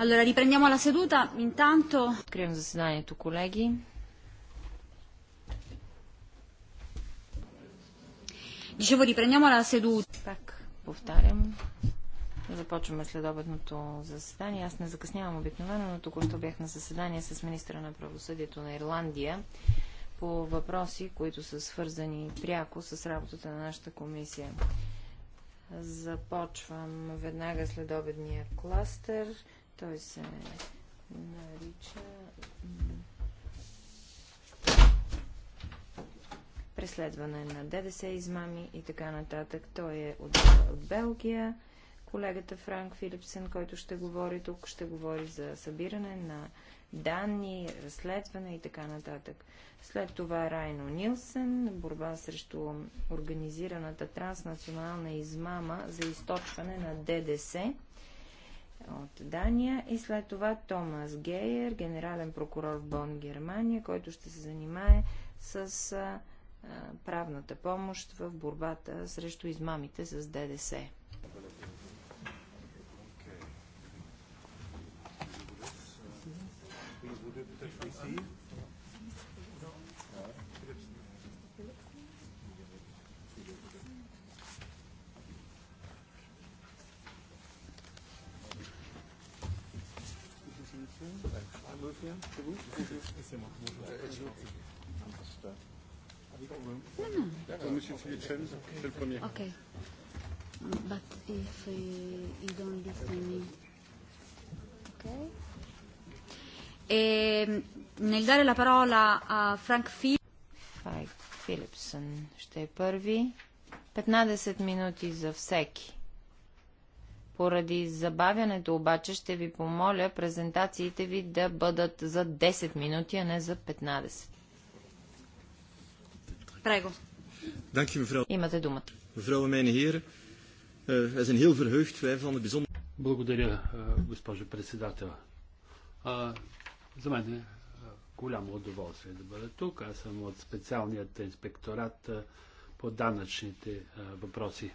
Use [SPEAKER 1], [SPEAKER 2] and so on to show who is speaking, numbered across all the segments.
[SPEAKER 1] Allora, riprendiamo la seduta. Intanto... Откривам заседанието, колеги. Dicevo, riprendiamo la seduta. Пак повтарям. Започваме следобедното заседание. Аз не закъснявам обикновено, но току-що бях на заседание с министра на правосъдието на Ирландия по въпроси, които са свързани пряко с работата на нашата комисия. Започвам веднага след обедния кластер. Той се нарича преследване на ДДС измами и така нататък. Той е от, от Белгия. Колегата Франк Филипсен, който ще говори тук, ще говори за събиране на данни, разследване и така нататък. След това Райно Нилсен, борба срещу организираната транснационална измама за източване на ДДС от Дания и след това Томас Гейер, генерален прокурор в Бон, Германия, който ще се занимае с правната помощ в борбата срещу измамите с ДДС.
[SPEAKER 2] But if uh, you don't listen
[SPEAKER 3] me. Okay.
[SPEAKER 4] E nel dare la parola a Frank Philipson,
[SPEAKER 1] ще е първи. 15 минути за всеки. Поради забавянето обаче ще ви помоля презентациите ви да бъдат за 10 минути, а не за 15. Прего.
[SPEAKER 2] Имате думата. Mevrouw Wij eh, er zijn heel verheugd, wij van de bijzonder... Благодаря, eh, госпожо председател. Eh, за мен е голямо удоволствие да бъда тук. Аз съм от специалният инспекторат по данъчните въпроси.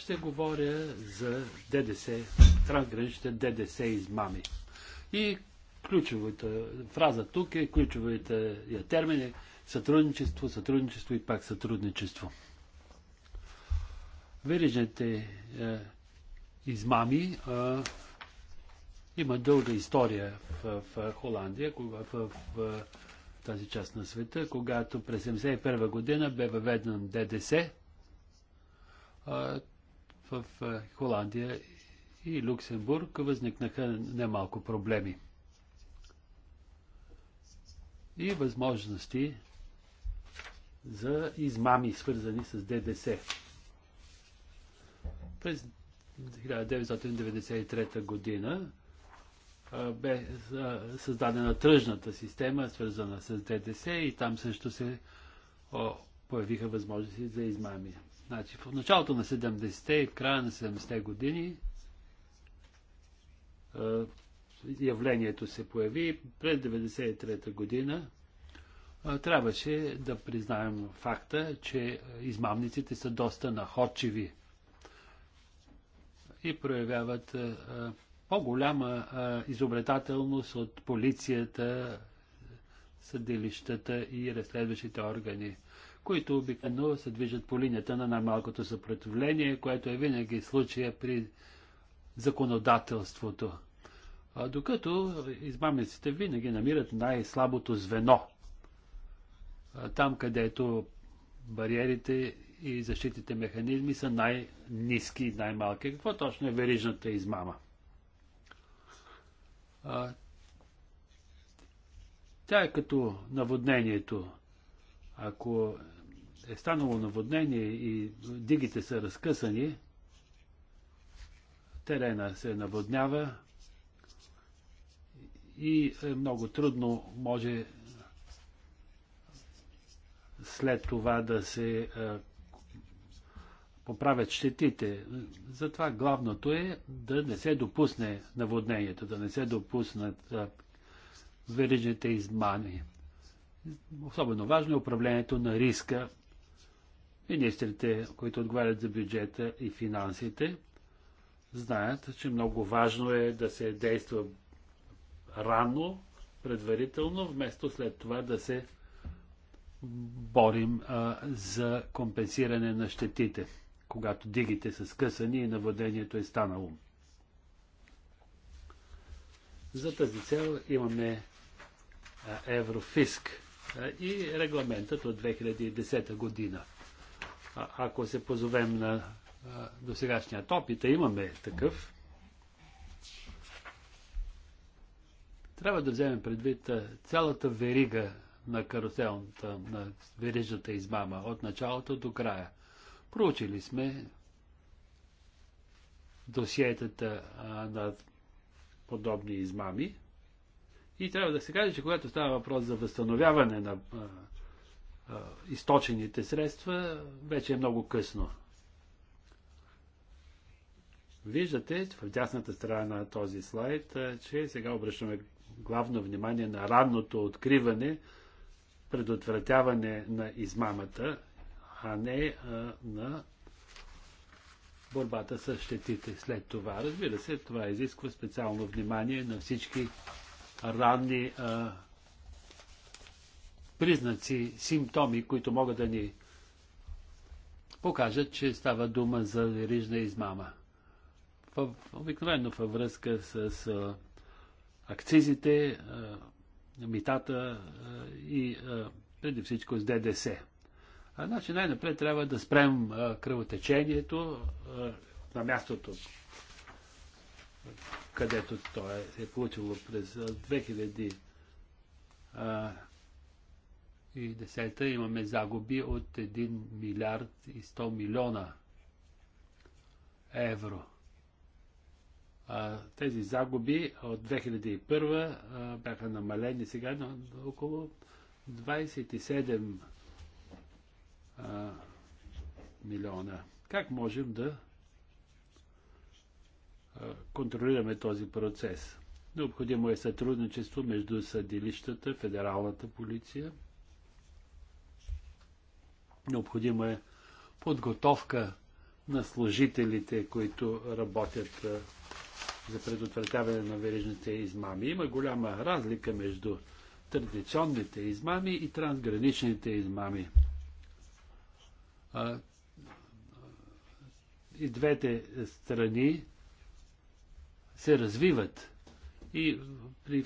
[SPEAKER 2] ще говоря за ДДС, трансграничните ДДС измами. И ключовата фраза тук е, ключовата е, термин е сътрудничество, сътрудничество и пак сътрудничество. Вирижните е, измами е, има дълга история в, в Холандия, кога, в, в, в тази част на света, когато през 1971 година бе въведен ДДС – в Холандия и Люксембург възникнаха немалко проблеми и възможности за измами, свързани с ДДС. През 1993 година бе създадена тръжната система, свързана с ДДС и там също се появиха възможности за измами. Значи, в началото на 70-те и в края на 70-те години явлението се появи. През 93-та година трябваше да признаем факта, че измамниците са доста находчиви и проявяват по-голяма изобретателност от полицията, съдилищата и разследващите органи които обикновено се движат по линията на най-малкото съпротивление, което е винаги случая при законодателството. А, докато измамниците винаги намират най-слабото звено. А, там, където бариерите и защитите механизми са най-низки и най-малки. Какво точно е верижната измама? А, тя е като наводнението. Ако е станало наводнение и дигите са разкъсани, терена се наводнява и е много трудно може след това да се е, поправят щетите. Затова главното е да не се допусне наводнението, да не се допуснат е, верижните измани. Особено важно е управлението на риска Министрите, които отговарят за бюджета и финансите, знаят, че много важно е да се действа рано, предварително, вместо след това да се борим а, за компенсиране на щетите, когато дигите са скъсани и наводението е станало. За тази цел имаме а, Еврофиск а, и регламентът от 2010 година ако се позовем на досегашният опит, а имаме такъв, трябва да вземем предвид цялата верига на каруселната, на верижната измама, от началото до края. Проучили сме досиетата на подобни измами и трябва да се каже, че когато става въпрос за възстановяване на източените средства, вече е много късно. Виждате в дясната страна на този слайд, че сега обръщаме главно внимание на ранното откриване, предотвратяване на измамата, а не на борбата с щетите след това. Разбира се, това изисква специално внимание на всички ранни а, признаци, симптоми, които могат да ни покажат, че става дума за верижна измама. В, обикновено във връзка с а, акцизите, а, митата а, и а, преди всичко с ДДС. А, значи най-напред трябва да спрем а, кръвотечението а, на мястото, където то е, е получило през 2000. А, 2010 имаме загуби от 1 милиард и 100 милиона евро. А, тези загуби от 2001 а, бяха намалени сега на около 27 а, милиона. Как можем да контролираме този процес? Необходимо е сътрудничество между съдилищата, федералната полиция – Необходима е подготовка на служителите, които работят за предотвратяване на верижните измами. Има голяма разлика между традиционните измами и трансграничните измами. И двете страни се развиват. И при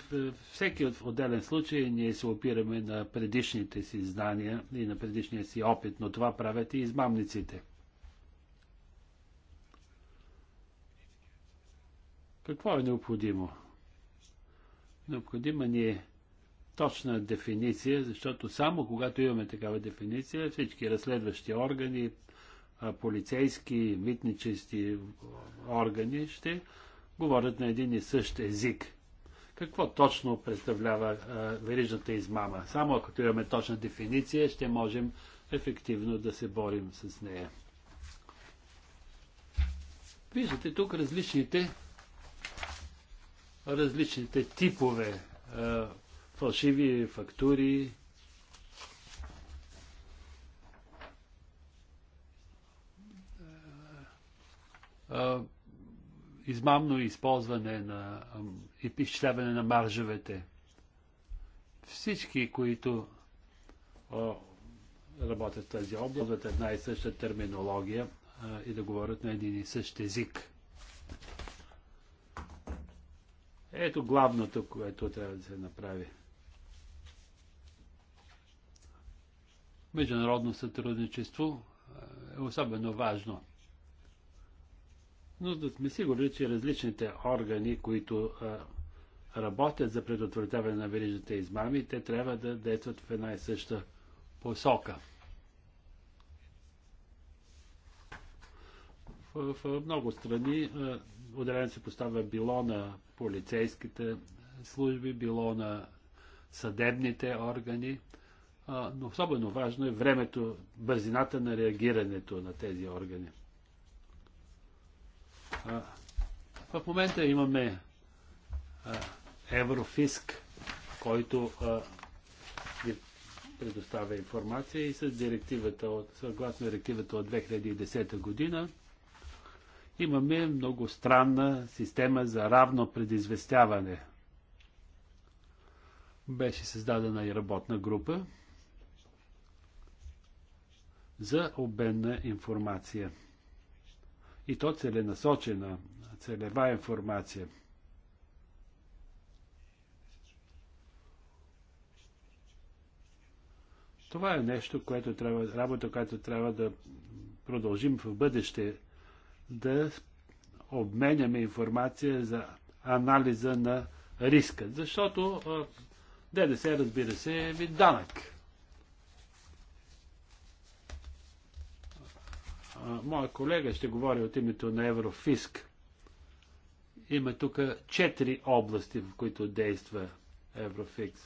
[SPEAKER 2] всеки отделен случай ние се опираме на предишните си знания и на предишния си опит, но това правят и измамниците. Какво е необходимо? Необходима ни е точна дефиниция, защото само когато имаме такава дефиниция, всички разследващи органи, полицейски, митнически органи ще говорят на един и същ език. Какво точно представлява верижната измама? Само ако имаме точна дефиниция, ще можем ефективно да се борим с нея. Виждате тук различните различните типове а, фалшиви фактури. А, измамно използване на и изчисляване на маржовете. Всички, които о, работят в тази област, една и съща терминология а, и да говорят на един и същ език. Ето главното, което трябва да се направи. Международно сътрудничество е особено важно – но да сме сигурни, че различните органи, които а, работят за предотвратяване на верижните измами, те трябва да действат в една и съща посока. В, в много страни ударение се поставя било на полицейските служби, било на съдебните органи, а, но особено важно е времето, бързината на реагирането на тези органи. В момента имаме Еврофиск, който ви предоставя информация и с директивата от, съгласно директивата от 2010 година имаме много странна система за равно предизвестяване. Беше създадена и работна група за обменна информация и то целенасочена, целева информация. Това е нещо, което трябва, работа, която трябва да продължим в бъдеще, да обменяме информация за анализа на риска. Защото ДДС, разбира се, е вид данък. Моя колега ще говори от името на Еврофиск. Има тук четири области, в които действа Еврофикс.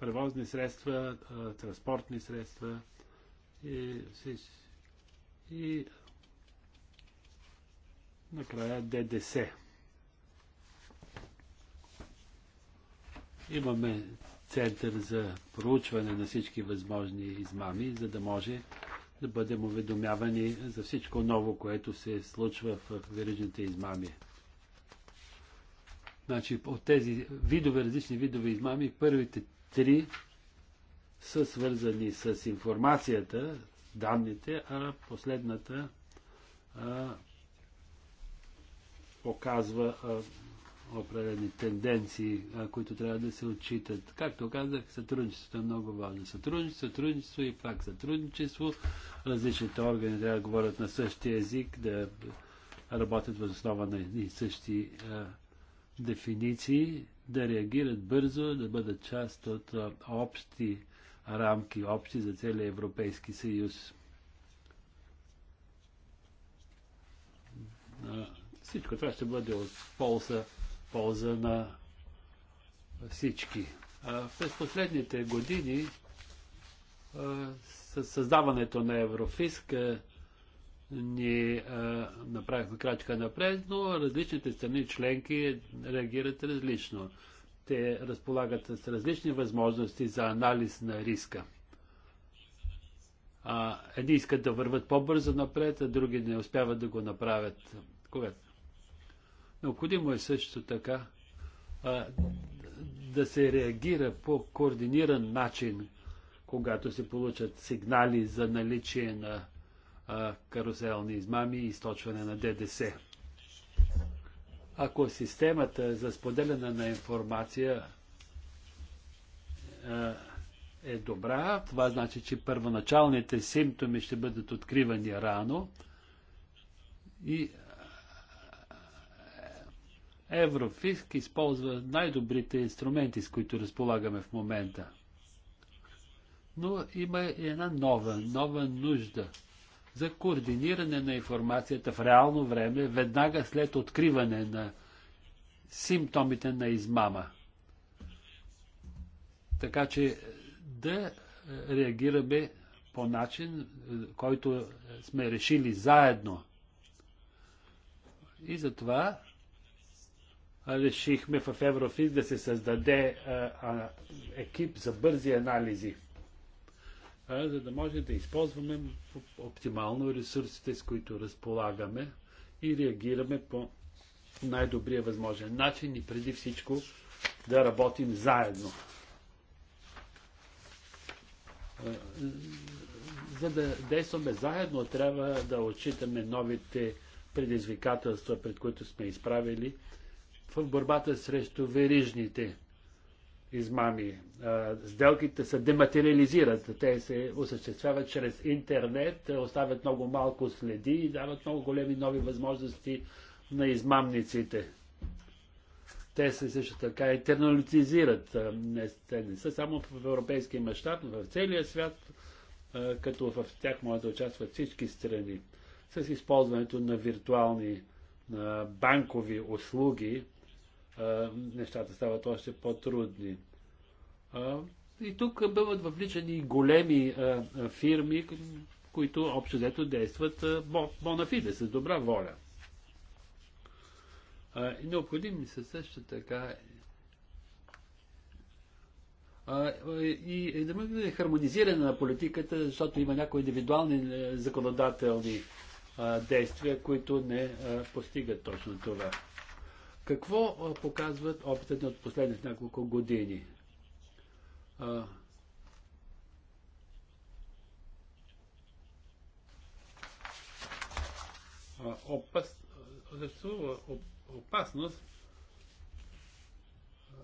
[SPEAKER 2] Превозни средства, транспортни средства и, и накрая ДДС. Имаме център за проучване на всички възможни измами, за да може да бъдем уведомявани за всичко ново, което се случва в верижните измами. Значи, от тези видове, различни видове измами, първите три са свързани с информацията, данните, а последната а, показва а, определени тенденции, които трябва да се отчитат. Както казах, сътрудничеството е много важно. Сътрудничество, сътрудничество и пак сътрудничество. Различните органи трябва да говорят на същия език, да работят въз основа на едни и същи а, дефиниции, да реагират бързо, да бъдат част от а, общи рамки, общи за целия Европейски съюз. А, всичко това ще бъде от полза полза на всички. През последните години със създаването на Еврофиск ни направихме крачка напред, но различните страни членки реагират различно. Те разполагат с различни възможности за анализ на риска. едни искат да върват по-бързо напред, а други не успяват да го направят. Когато Необходимо е също така а, да се реагира по координиран начин, когато се получат сигнали за наличие на а, каруселни измами и източване на ДДС. Ако системата за споделяне на информация а, е добра, това значи, че първоначалните симптоми ще бъдат откривани рано и Еврофиск използва най-добрите инструменти, с които разполагаме в момента. Но има и една нова, нова нужда за координиране на информацията в реално време, веднага след откриване на симптомите на измама. Така че да реагираме по начин, който сме решили заедно. И затова решихме в Еврофиз да се създаде екип за бързи анализи, за да може да използваме оптимално ресурсите, с които разполагаме и реагираме по най-добрия възможен начин и преди всичко да работим заедно. За да действаме заедно, трябва да отчитаме новите предизвикателства, пред които сме изправили в борбата срещу верижните измами. Сделките се дематериализират, те се осъществяват чрез интернет, оставят много малко следи и дават много големи нови възможности на измамниците. Те се също така интернализират. Не, те не са само в европейския мащаб, но в целия свят, като в тях могат да участват всички страни. С използването на виртуални банкови услуги, нещата стават още по-трудни. И тук биват въвличани големи фирми, които общо взето действат бонафиде, с добра воля. Необходими са също така и, да е хармонизиране на политиката, защото има някои индивидуални е, законодателни действия, които не постигат точно това. Какво показват опитът от последните няколко години? Опас, съществува опасност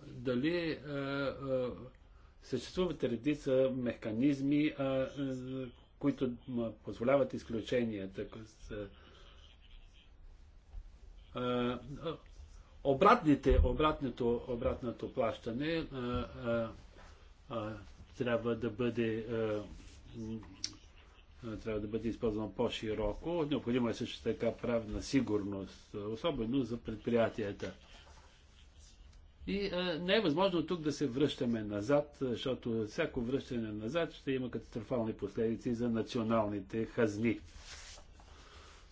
[SPEAKER 2] дали а, а, съществуват редица механизми, а, а, които позволяват изключенията обратните, обратното, обратното плащане а, а, а, трябва да бъде а, трябва да бъде използвано по-широко. Необходима е също така правна сигурност, особено за предприятията. И а, не е възможно тук да се връщаме назад, защото всяко връщане назад ще има катастрофални последици за националните хазни.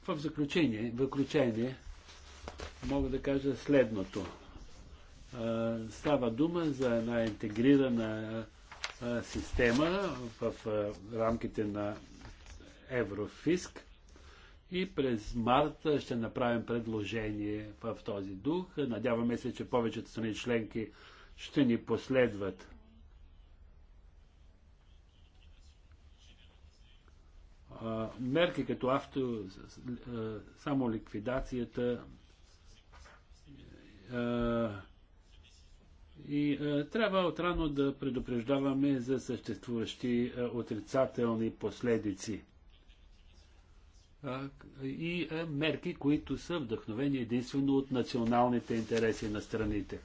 [SPEAKER 2] В заключение, в заключение мога да кажа следното. Става дума за една интегрирана система в рамките на Еврофиск и през март ще направим предложение в този дух. Надяваме се, че повечето страни членки ще ни последват. мерки като авто, само ликвидацията и трябва отрано да предупреждаваме за съществуващи отрицателни последици и мерки, които са вдъхновени единствено от националните интереси на страните.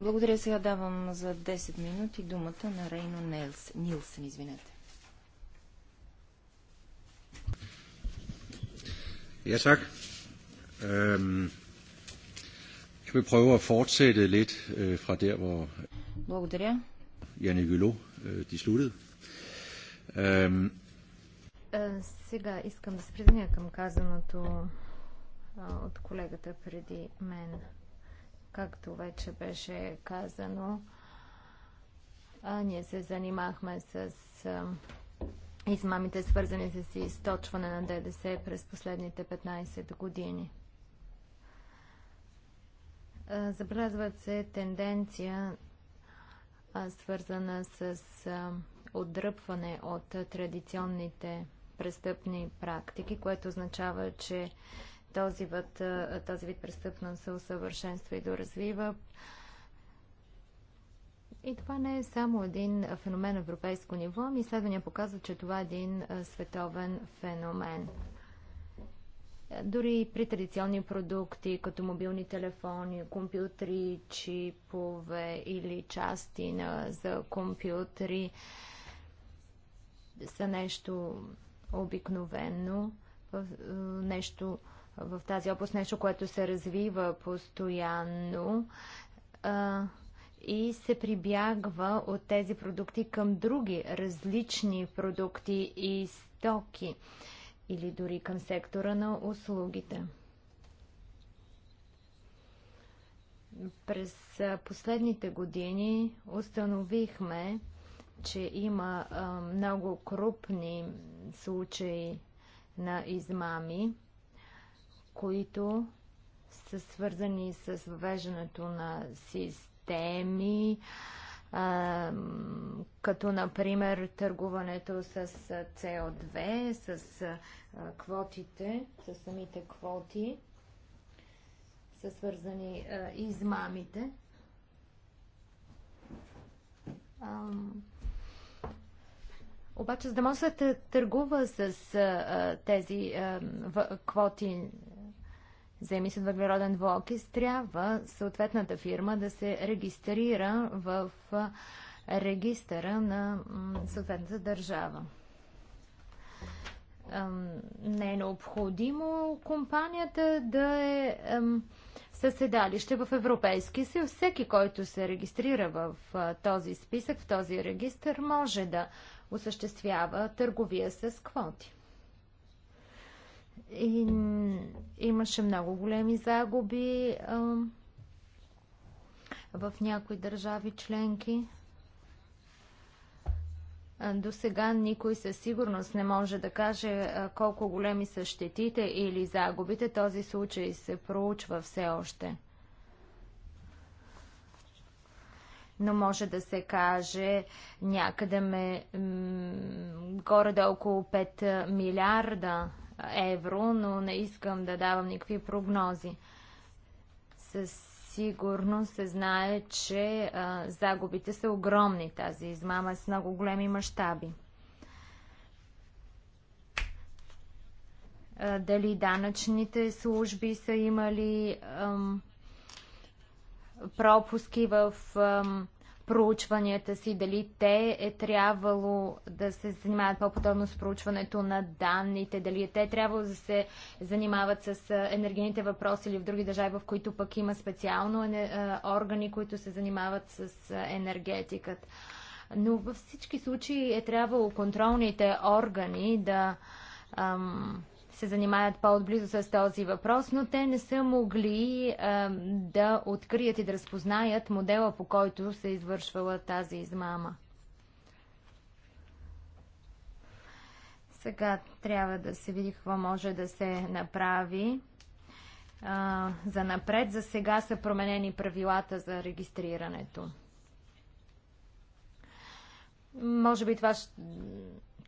[SPEAKER 1] Благодаря. Сега давам за 10 минути думата на Рейно Нилс. Нилсен. Извинете.
[SPEAKER 3] Ja, tak. Skal vi prøve at fortsætte lidt øh, fra der, hvor Благодаря. Janne øh, de sluttede. Øhm.
[SPEAKER 4] Е, сега искам да се присъединя към казаното от колегата преди мен. Както вече беше казано, ние се занимахме с измамите, свързани с източване на ДДС през последните 15 години. Забелязват се тенденция, свързана с отдръпване от традиционните престъпни практики, което означава, че този вид, този вид престъпност се усъвършенства и доразвива. И това не е само един феномен европейско ниво, ами изследвания показват, че това е един световен феномен. Дори при традиционни продукти, като мобилни телефони, компютри, чипове или части на, за компютри, са нещо обикновено, е, нещо в тази област, нещо, което се развива постоянно а, и се прибягва от тези продукти към други различни продукти и стоки. А, или дори към сектора на услугите. През последните години установихме, че има много крупни случаи на измами, които са свързани с въвеждането на системи, а, като например търгуването с CO2, с а, квотите, с самите квоти, са свързани а, измамите. А, обаче, за да може да търгува с а, тези а, в, квоти вземи емисия въглероден двуокис, трябва съответната фирма да се регистрира в регистъра на съответната държава. Не е необходимо компанията да е със седалище в Европейски съюз. Всеки, който се регистрира в този списък, в този регистр, може да осъществява търговия с квоти. И имаше много големи загуби а, в някои държави членки. До сега никой със сигурност не може да каже колко големи са щетите или загубите. Този случай се проучва все още. но може да се каже някъде ме, горе да около 5 милиарда евро, но не искам да давам никакви прогнози. Със сигурност се знае, че а, загубите са огромни. Тази измама е с много големи мащаби. Дали данъчните служби са имали ам, пропуски в ам, проучванията си, дали те е трябвало да се занимават по-подобно с проучването на данните, дали е те е трябвало да се занимават с енергийните въпроси или в други държави, в които пък има специално е, е, органи, които се занимават с енергетиката. Но във всички случаи е трябвало контролните органи да ам, се занимаят по-отблизо с този въпрос, но те не са могли а, да открият и да разпознаят модела, по който се е извършвала тази измама. Сега трябва да се види какво може да се направи. А, за напред, за сега са променени правилата за регистрирането. Може би това ще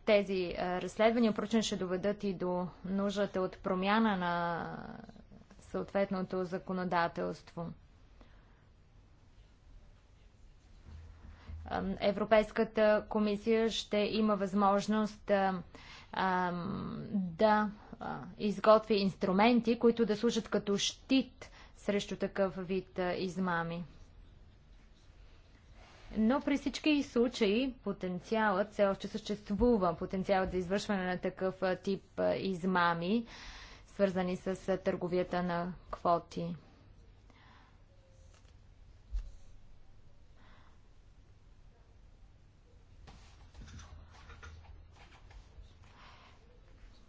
[SPEAKER 4] тези разследвания, прочен, ще доведат и до нуждата от промяна на съответното законодателство. Европейската комисия ще има възможност да изготви инструменти, които да служат като щит срещу такъв вид измами. Но при всички случаи потенциалът все още съществува, потенциалът за извършване на такъв тип измами, свързани с търговията на квоти.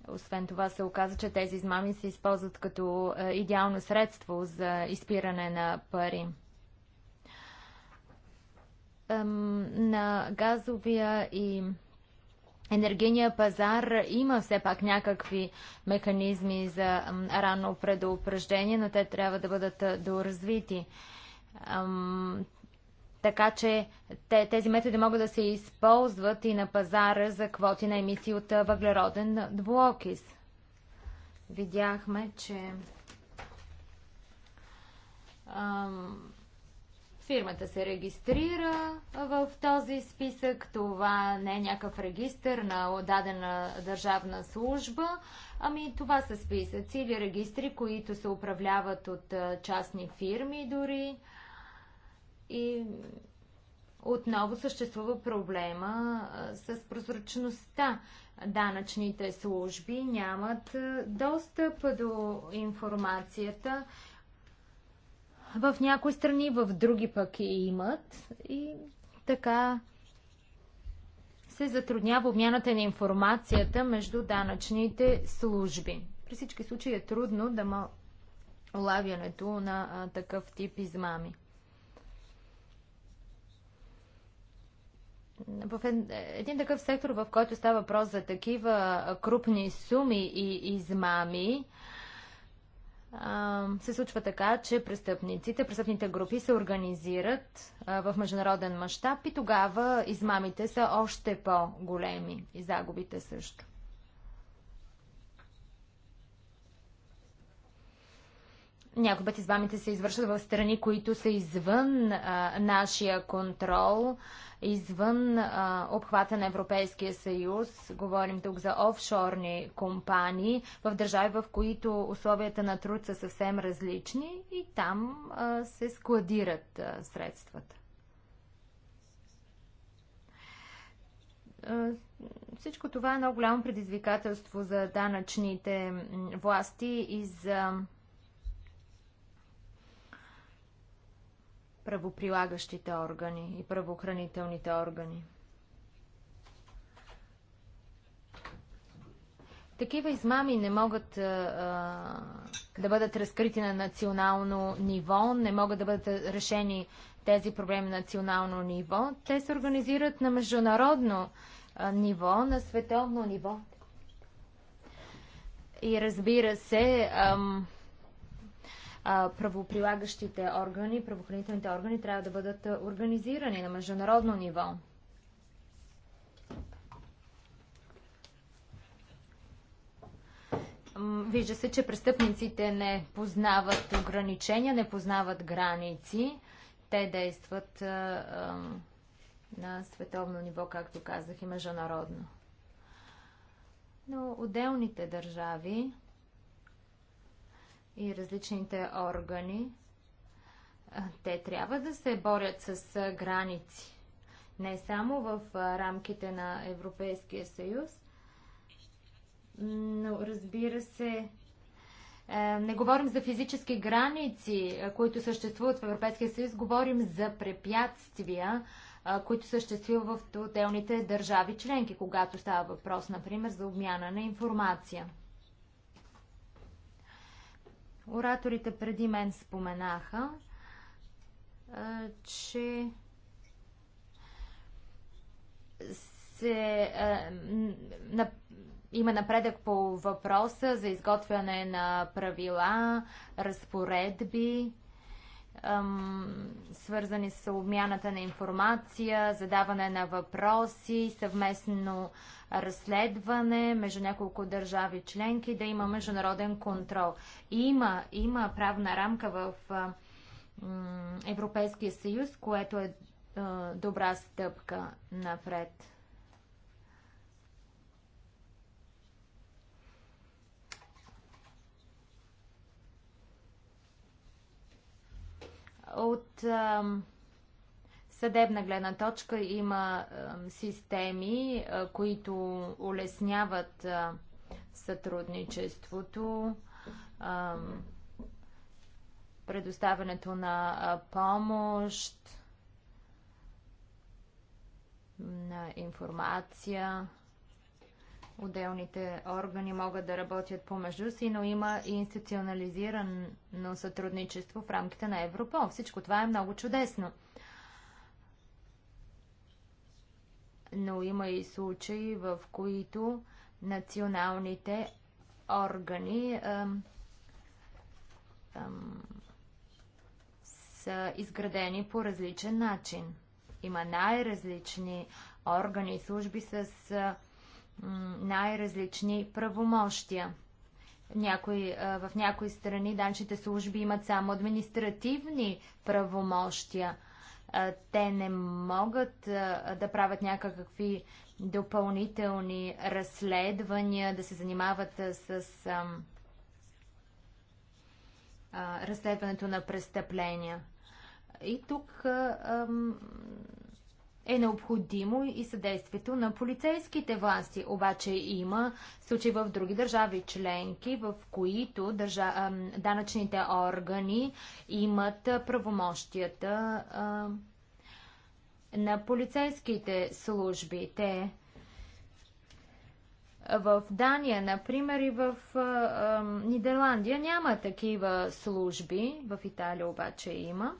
[SPEAKER 4] Освен това се оказа, че тези измами се използват като идеално средство за изпиране на пари на газовия и енергийния пазар има все пак някакви механизми за рано предупреждение, но те трябва да бъдат доразвити. Така че те, тези методи могат да се използват и на пазара за квоти на емисии от въглероден двуокис. Видяхме, че Фирмата се регистрира в този списък. Това не е някакъв регистр на дадена държавна служба, ами това са списъци или регистри, които се управляват от частни фирми дори. И отново съществува проблема с прозрачността. Данъчните служби нямат достъп до информацията в някои страни, в други пък и имат и така се затруднява обмяната на информацията между данъчните служби. При всички случаи е трудно да ма улавянето на а, такъв тип измами. В един такъв сектор, в който става въпрос за такива крупни суми и измами, се случва така, че престъпниците, престъпните групи се организират а, в международен мащаб и тогава измамите са още по-големи и загубите също. Някои пъти избамите се извършват в страни, които са извън а, нашия контрол, извън а, обхвата на Европейския съюз. Говорим тук за офшорни компании в държави, в които условията на труд са съвсем различни и там а, се складират а, средствата. Всичко това е едно голямо предизвикателство за данъчните власти и за правоприлагащите органи и правоохранителните органи. Такива измами не могат а, да бъдат разкрити на национално ниво, не могат да бъдат решени тези проблеми на национално ниво. Те се организират на международно а, ниво, на световно ниво. И разбира се, ам, правоприлагащите органи, правоохранителните органи трябва да бъдат организирани на международно ниво. Вижда се, че престъпниците не познават ограничения, не познават граници. Те действат а, а, на световно ниво, както казах, и международно. Но отделните държави и различните органи, те трябва да се борят с граници. Не само в рамките на Европейския съюз, но разбира се, не говорим за физически граници, които съществуват в Европейския съюз, говорим за препятствия, които съществуват в отделните държави членки, когато става въпрос, например, за обмяна на информация. Ораторите преди мен споменаха, че се, на, има напредък по въпроса за изготвяне на правила, разпоредби, свързани с обмяната на информация, задаване на въпроси, съвместно разследване между няколко държави членки, да има международен контрол. И има, има правна рамка в Европейския съюз, което е добра стъпка напред. От съдебна гледна точка има системи, които улесняват сътрудничеството, предоставянето на помощ, на информация отделните органи могат да работят помежду си, но има и институционализирано сътрудничество в рамките на Европол. Всичко това е много чудесно. Но има и случаи, в които националните органи ам, ам, са изградени по различен начин. Има най-различни органи и служби с ам, най-различни правомощия. Някой, в някои страни данчите служби имат само административни правомощия. Те не могат да правят някакви допълнителни разследвания, да се занимават с разследването на престъпления. И тук е необходимо и съдействието на полицейските власти. Обаче има случаи в други държави членки, в които държа... данъчните органи имат правомощията на полицейските служби. Те в Дания, например, и в а, а, Нидерландия няма такива служби, в Италия обаче има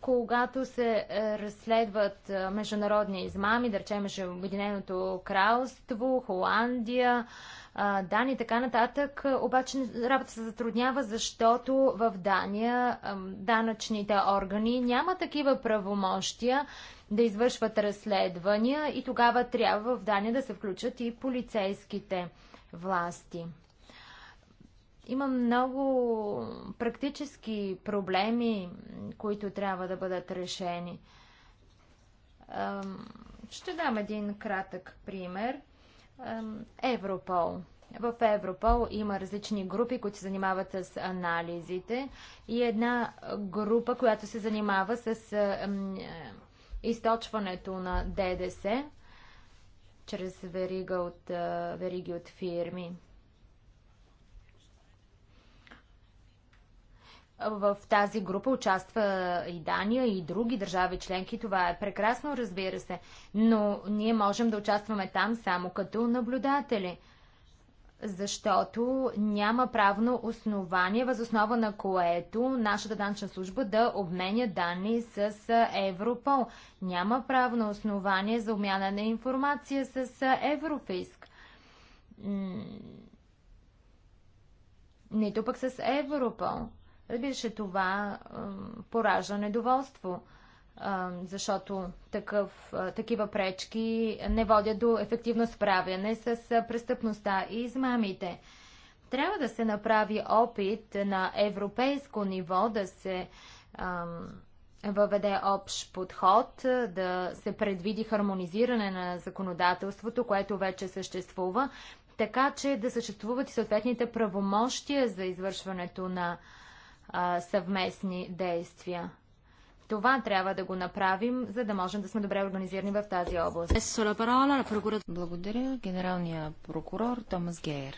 [SPEAKER 4] когато се е, разследват е, международни измами, да речем Обединеното кралство, Холандия, Дани и така нататък, е, обаче работа се затруднява, защото в Дания данъчните органи няма такива правомощия да извършват разследвания и тогава трябва в Дания да се включат и полицейските власти. Има много практически проблеми, които трябва да бъдат решени. Ще дам един кратък пример. Европол. В Европол има различни групи, които се занимават с анализите и една група, която се занимава с източването на ДДС чрез верига от, вериги от фирми. В тази група участва и Дания, и други държави членки. Това е прекрасно, разбира се, но ние можем да участваме там само като наблюдатели, защото няма правно основание, възоснова на което нашата данчна служба да обменя данни с Европол. Няма правно основание за обмяна на информация с Еврофиск нито пък с Европол. Разбира това поражда недоволство, защото такъв, такива пречки не водят до ефективно справяне с престъпността и измамите. Трябва да се направи опит на европейско ниво да се въведе общ подход, да се предвиди хармонизиране на законодателството, което вече съществува, така че да съществуват и съответните правомощия за извършването на а, съвместни действия. Това трябва да го направим, за да можем да сме добре организирани в тази област.
[SPEAKER 1] Благодаря, генералния прокурор Томас Гейер.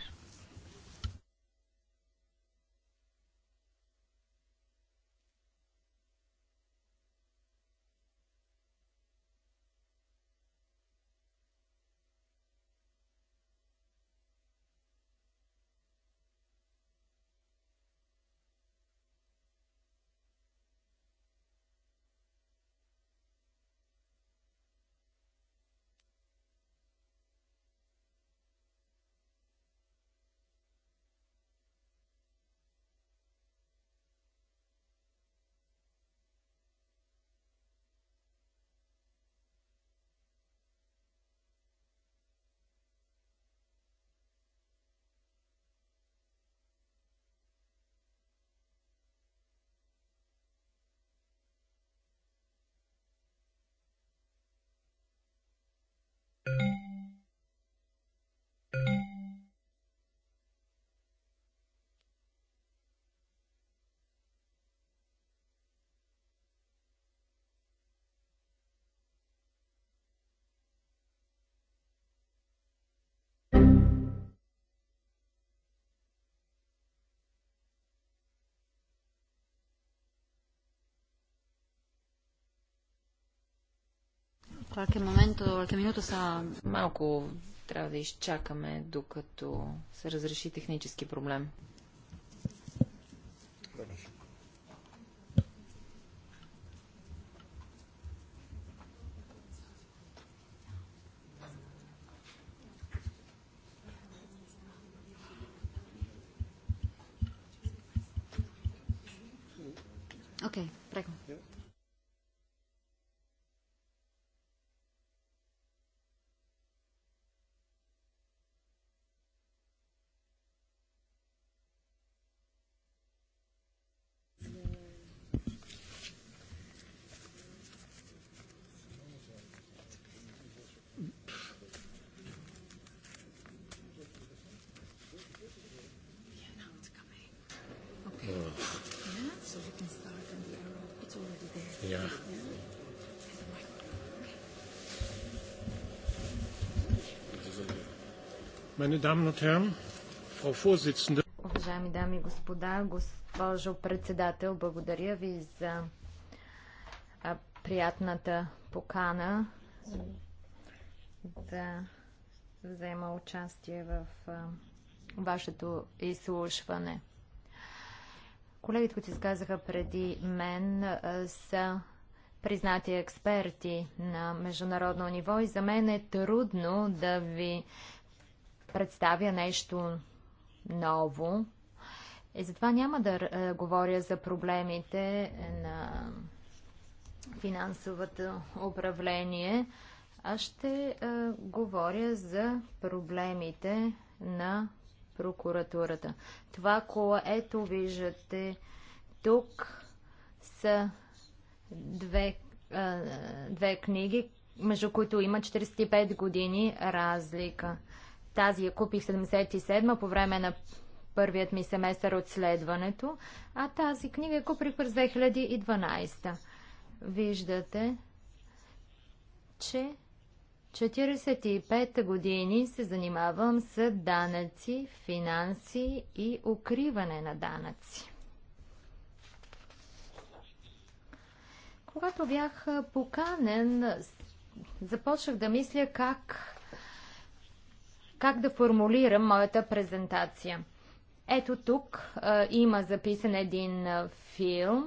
[SPEAKER 1] Малко трябва да изчакаме, докато се разреши технически проблем.
[SPEAKER 3] Уважаеми
[SPEAKER 4] дами и господа, госпожо председател, благодаря ви за приятната покана да взема участие в вашето изслушване. Колегите, които изказаха преди мен, са признати експерти на международно ниво и за мен е трудно да ви представя нещо ново. И е, затова няма да е, говоря за проблемите на финансовото управление, а ще е, говоря за проблемите на прокуратурата. Това, което виждате тук, са две, две книги, между които има 45 години разлика. Тази я купих 77 по време на първият ми семестър от следването, а тази книга я купих през 2012. Виждате, че 45 години се занимавам с данъци, финанси и укриване на данъци. Когато бях поканен, започнах да мисля как как да формулирам моята презентация. Ето тук а, има записан един а, филм.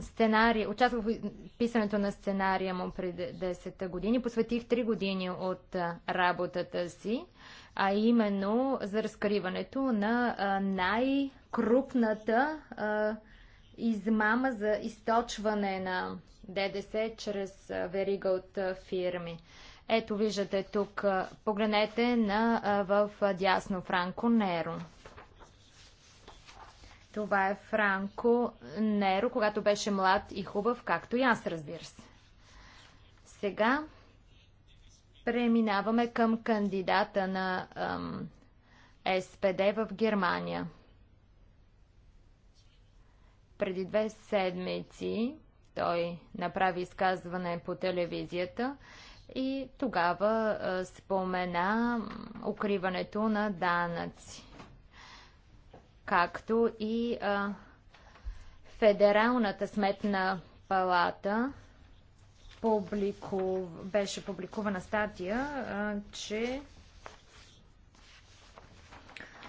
[SPEAKER 4] сценария, участвах в писането на сценария му преди 10 години. Посветих 3 години от а, работата си, а именно за разкриването на най-крупната измама за източване на ДДС чрез верига от фирми. Ето виждате тук, погледнете на, в дясно Франко Неро. Това е Франко Неро, когато беше млад и хубав, както и аз, разбира се. Сега преминаваме към кандидата на ам, СПД в Германия. Преди две седмици той направи изказване по телевизията и тогава спомена укриването на данъци, както и Федералната сметна палата публикув... беше публикувана статия, че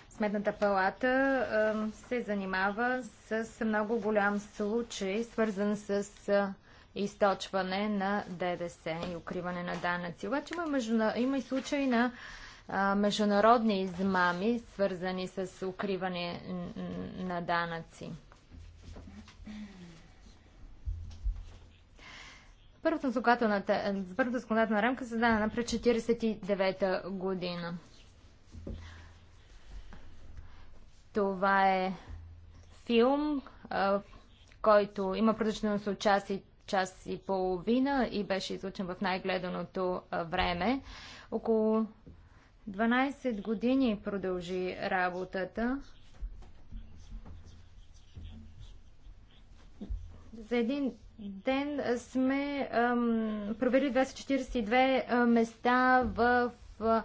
[SPEAKER 4] Сметната палата се занимава с много голям случай, свързан с източване на ДДС и укриване на данъци. Обаче има, междуна... има и случаи на а, международни измами, свързани с укриване на данъци. Първата законодателна рамка е създадена през 1949 година. Това е филм, който има продължителност участие час и половина и беше излучен в най-гледаното време. Около 12 години продължи работата. За един ден сме ам, провели 242 места в а,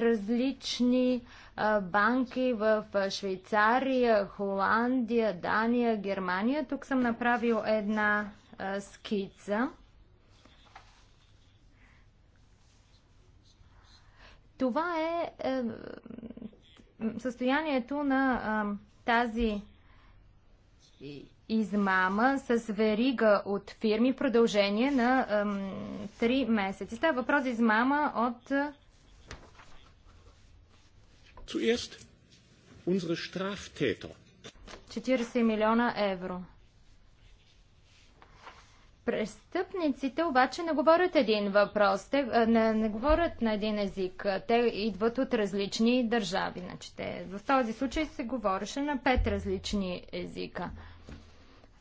[SPEAKER 4] различни а, банки в Швейцария, Холандия, Дания, Германия. Тук съм направил една скица. Това е, е състоянието на тази измама с верига от фирми в продължение на 3 месеца. Става въпрос за измама от.
[SPEAKER 3] Zuerst unsere Straftäter.
[SPEAKER 4] 40 милиона евро. Престъпниците обаче не говорят един въпрос, те не, не говорят на един език. Те идват от различни държави. Значи те, в този случай се говореше на пет различни езика.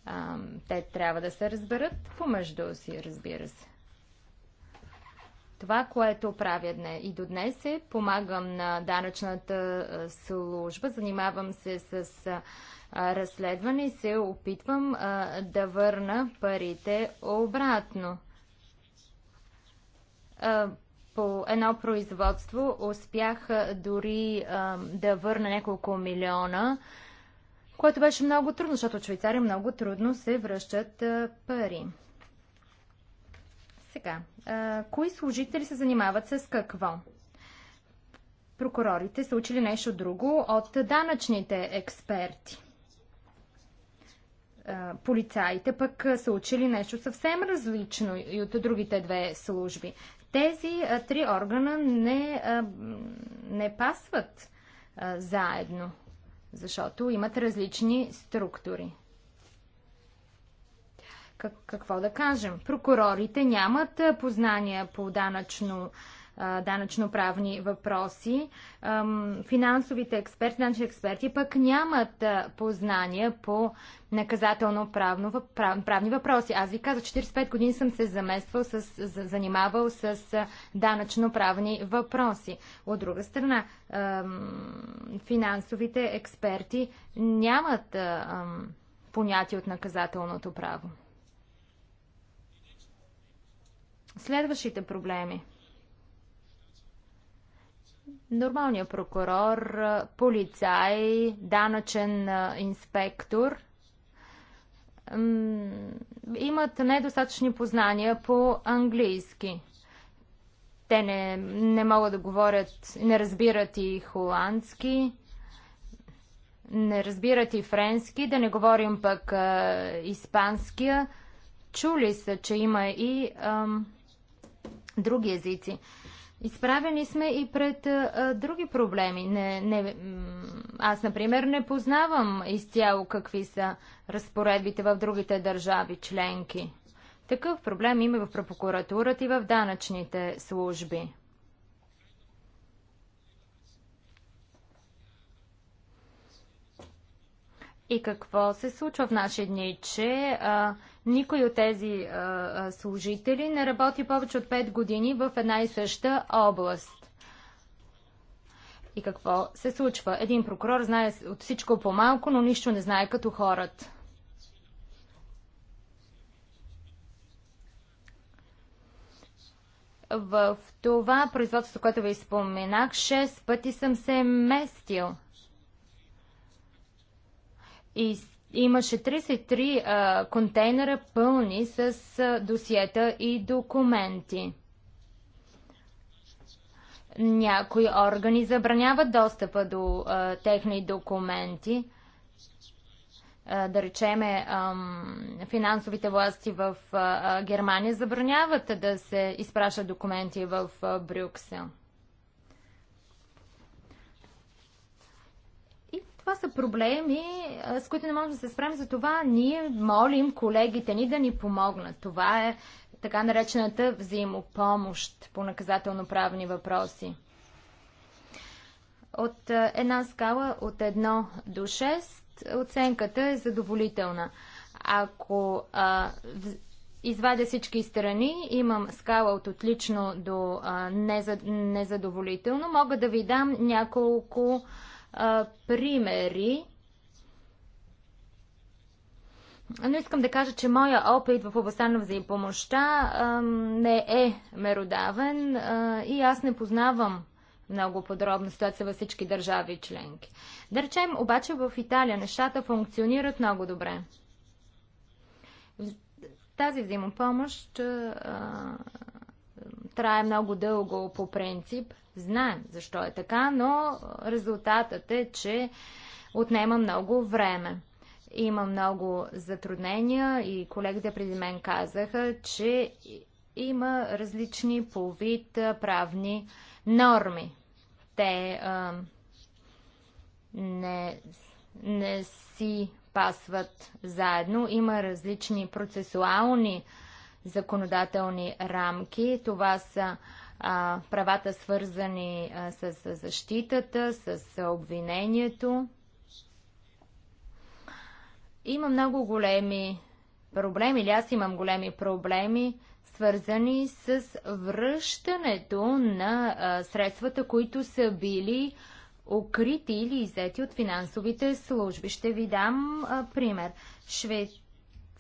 [SPEAKER 4] А, те трябва да се разберат помежду си, разбира се. Това, което правя днес и до днес е, помагам на данъчната служба, занимавам се с разследване и се опитвам а, да върна парите обратно. А, по едно производство успях а, дори да върна няколко милиона, което беше много трудно, защото от Швейцария много трудно се връщат пари. Сега, кои служители се занимават с какво? Прокурорите са учили нещо друго от данъчните експерти полицаите пък са учили нещо съвсем различно и от другите две служби. Тези три органа не, не пасват заедно, защото имат различни структури. какво да кажем? Прокурорите нямат познания по данъчно данъчно-правни въпроси. Финансовите експерти, данъчни експерти пък нямат познания по наказателно-правни въпроси. Аз ви казах, 45 години съм се замествал с, занимавал с данъчно-правни въпроси. От друга страна, финансовите експерти нямат понятие от наказателното право. Следващите проблеми – нормалния прокурор, полицай, данъчен инспектор имат недостатъчни познания по английски. Те не, не могат да говорят, не разбират и холандски, не разбират и френски, да не говорим пък а, испанския. Чули са, че има и а, други езици. Изправени сме и пред а, други проблеми. Не, не, аз, например, не познавам изцяло какви са разпоредбите в другите държави членки. Такъв проблем има в прокуратурата и в данъчните служби. И какво се случва в наши дни, че а, никой от тези служители не работи повече от 5 години в една и съща област. И какво се случва? Един прокурор знае от всичко по-малко, но нищо не знае като хората. В това производство, което ви споменах, 6 пъти съм се местил. И Имаше 33 а, контейнера пълни с а, досиета и документи. Някои органи забраняват достъпа до а, техни документи. да речеме, финансовите власти в Германия забраняват да се изпращат документи в Брюксел. Това са проблеми, с които не можем да се справим, затова ние молим колегите ни да ни помогнат. Това е така наречената взаимопомощ по наказателно-правни въпроси. От една скала от 1 до 6 оценката е задоволителна. Ако а, в, извадя всички страни, имам скала от отлично до а, незад, незадоволително, мога да ви дам няколко а, а, примери. Но искам да кажа, че моя опит в областта на взаимопомощта а, не е меродавен а, и аз не познавам много подробно ситуация във всички държави и членки. Да речем, обаче в Италия нещата функционират много добре. Тази взаимопомощ а, трае много дълго по принцип. Знаем защо е така, но резултатът е, че отнема много време. Има много затруднения и колегите преди мен казаха, че има различни по вид правни норми. Те а, не, не си пасват заедно. Има различни процесуални а, законодателни рамки. Това са а, правата свързани а, с, защитата, с обвинението. Има много големи проблеми, или аз имам големи проблеми, свързани с връщането на а, средствата, които са били укрити или иззети от финансовите служби. Ще ви дам а, пример. Швейцария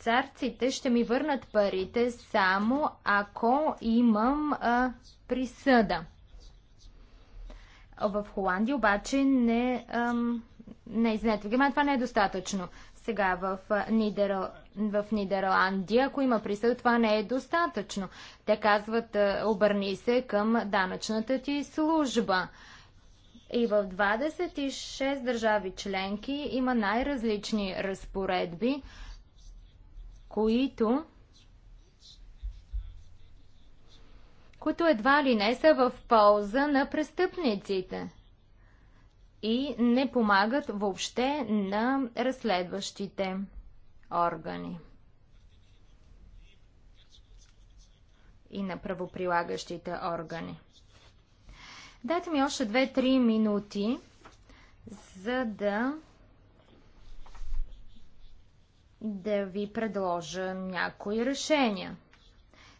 [SPEAKER 4] швейцарците ще ми върнат парите само ако имам а, присъда. В Холандия обаче не. Ам, не, е извинете, това не е достатъчно. Сега в, Нидерл... в Нидерландия, ако има присъда, това не е достатъчно. Те казват, обърни се към данъчната ти служба. И в 26 държави членки има най-различни разпоредби които които едва ли не са в полза на престъпниците и не помагат въобще на разследващите органи и на правоприлагащите органи. Дайте ми още 2-3 минути, за да да ви предложа някои решения.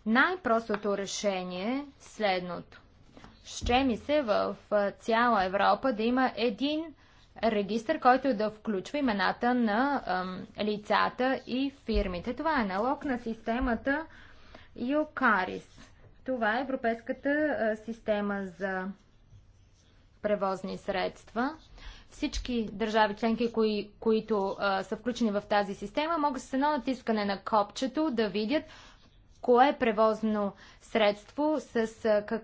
[SPEAKER 4] Най-простото решение е следното. Ще ми се в цяла Европа да има един регистр, който да включва имената на лицата и фирмите. Това е налог на системата ЮКАРИС. Това е Европейската система за превозни средства всички държави членки, кои, които а, са включени в тази система, могат с едно натискане на копчето да видят кое е превозно средство, с а, как,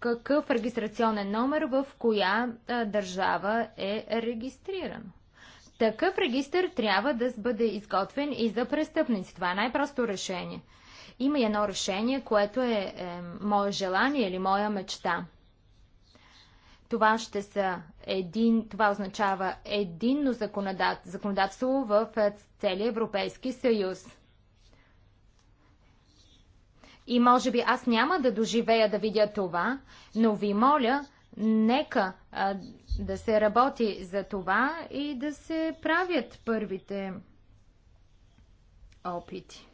[SPEAKER 4] какъв регистрационен номер в коя а, държава е регистриран. Такъв регистр трябва да бъде изготвен и за престъпници. Това е най-просто решение. Има едно решение, което е, е мое желание или моя мечта – това ще са един, това означава единно законодателство в е, целия Европейски съюз. И може би аз няма да доживея да видя това, но ви моля, нека а, да се работи за това и да се правят първите опити.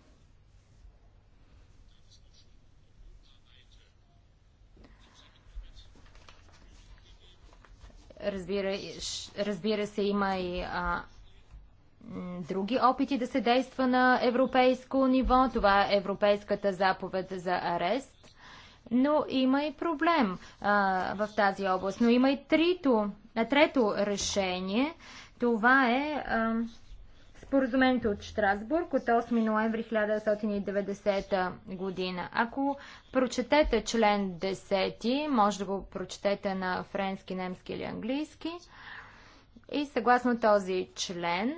[SPEAKER 4] Разбира, разбира се, има и а, други опити да се действа на европейско ниво. Това е Европейската заповед за арест. Но има и проблем а, в тази област. Но има и трито, трето решение. Това е. А, Споразумението от Штрасбург от 8 ноември 1990 година. Ако прочетете член 10, може да го прочетете на френски, немски или английски. И съгласно този член,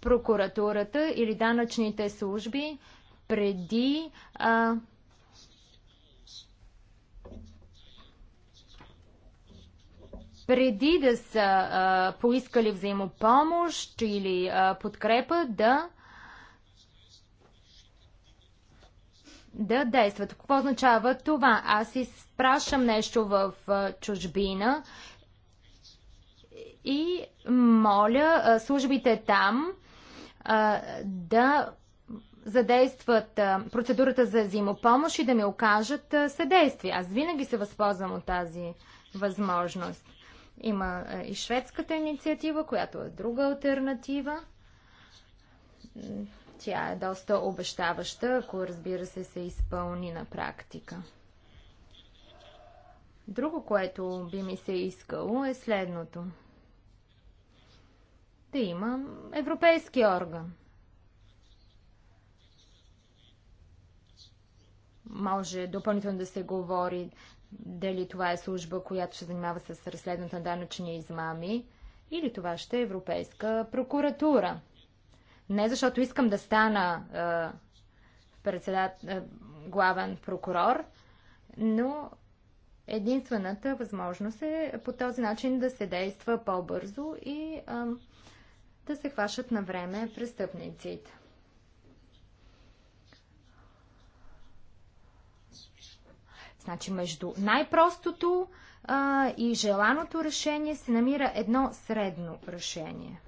[SPEAKER 4] прокуратурата или данъчните служби преди а, преди да са а, поискали взаимопомощ или а, подкрепа, да да действат. Какво означава това? Аз изпращам нещо в а, чужбина и моля а, службите там а, да задействат процедурата за взаимопомощ и да ми окажат съдействие. Аз винаги се възползвам от тази възможност. Има е, и шведската инициатива, която е друга альтернатива. Тя е доста обещаваща, ако разбира се се изпълни на практика. Друго, което би ми се искало е следното. Да има европейски орган. Може допълнително да се говори дали това е служба, която ще занимава с разследването на данъчни измами, или това ще е Европейска прокуратура. Не защото искам да стана е, е, главен прокурор, но единствената възможност е по този начин да се действа по-бързо и е, да се хващат на време престъпниците. Значи между най-простото и желаното решение се намира едно средно решение.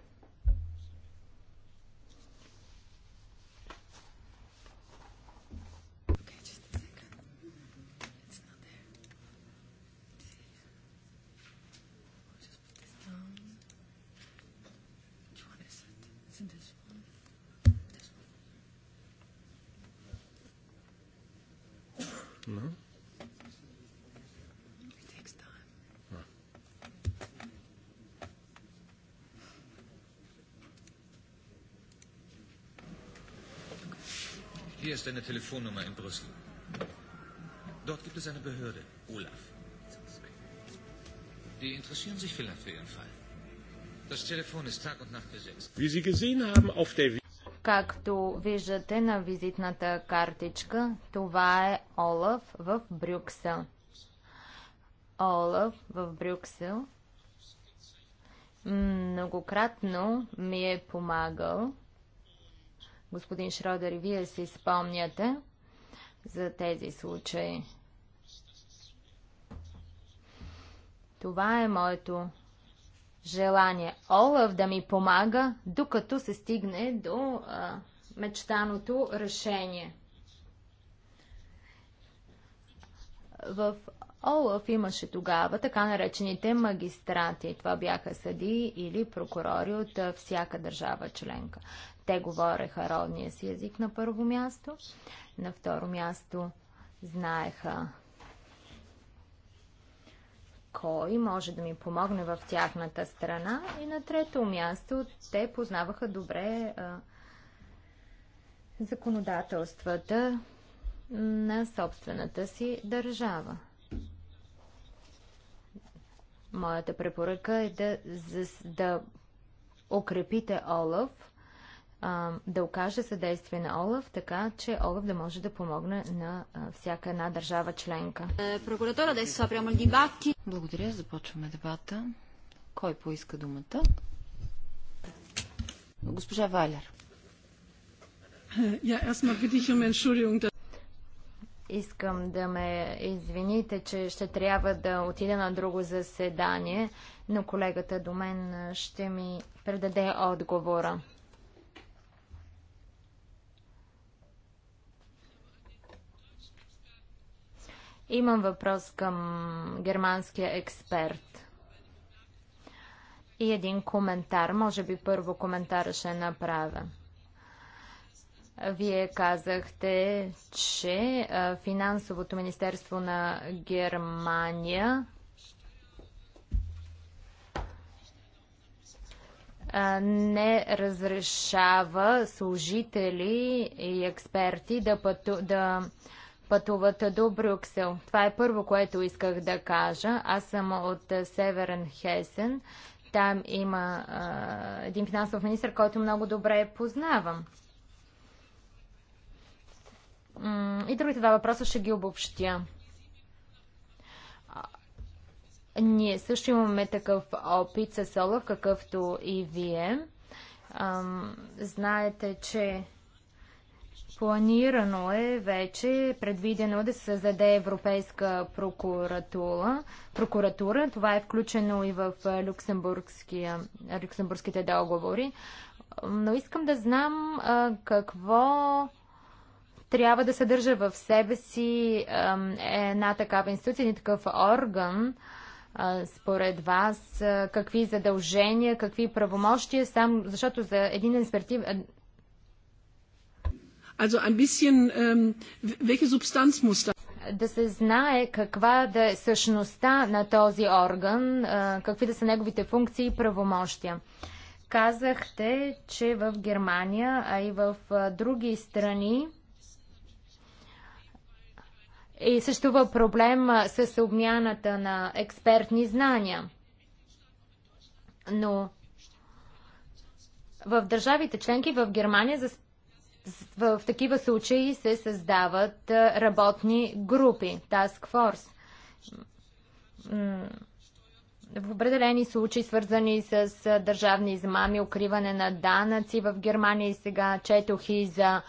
[SPEAKER 3] seine Telefonnummer in Brüssel. Dort gibt es eine Behörde, Olaf. Die interessieren sich vielleicht für Ihren Fall. Das Telefon ist Tag und Nacht besetzt.
[SPEAKER 2] Wie Sie gesehen haben, auf der
[SPEAKER 4] Както виждате на визитната картичка, това е Олаф в Брюксел. Олаф в Брюксел многократно ми е помагал Господин Шродер, вие си спомняте за тези случаи. Това е моето желание. Олаф да ми помага, докато се стигне до а, мечтаното решение. В Олаф имаше тогава така наречените магистрати. Това бяха съди или прокурори от всяка държава членка. Те говореха родния си език на първо място. На второ място знаеха кой може да ми помогне в тяхната страна. И на трето място те познаваха добре а, законодателствата на собствената си държава. Моята препоръка е да, да укрепите Олаф а, да окаже съдействие на ОЛАФ, така че ОЛАФ да може да помогне на а, всяка една държава членка. Е, прокуратура, да апрямо дебати. Благодаря, започваме
[SPEAKER 1] дебата. Кой поиска думата? Госпожа Валер.
[SPEAKER 4] Е, я, аз ма ich
[SPEAKER 3] um Entschuldigung,
[SPEAKER 4] Искам да ме извините, че ще трябва да отида на друго заседание, но колегата до мен ще ми предаде отговора. Имам въпрос към германския експерт. И един коментар. Може би първо коментара ще направя. Вие казахте, че финансовото министерство на Германия не разрешава служители и експерти да, пъту, да, пътуват до Брюксел. Това е първо, което исках да кажа. Аз съм от Северен Хесен. Там има а, един финансов министр, който много добре познавам. И другите два въпроса ще ги обобщя. Ние също имаме такъв опит с Олаф, какъвто и вие. знаете, че Планирано е вече, е предвидено да се създаде Европейска прокуратура. прокуратура. Това е включено и в люксембургските договори. Но искам да знам а, какво трябва да съдържа в себе си а, една такава институция, един такъв орган, а, според вас, какви задължения, какви правомощия, сам, защото за един административен
[SPEAKER 3] Also ein bisschen, ähm, welche Substanz muss da? Да се
[SPEAKER 4] знае каква да е същността на този орган, какви да са неговите функции и правомощия. Казахте, че в Германия, а и в други страни и е, съществува проблем с обмяната на експертни знания. Но в държавите членки в Германия за в такива случаи се създават работни групи, task force. В определени случаи, свързани с държавни измами, укриване на данъци в Германия и сега четох и за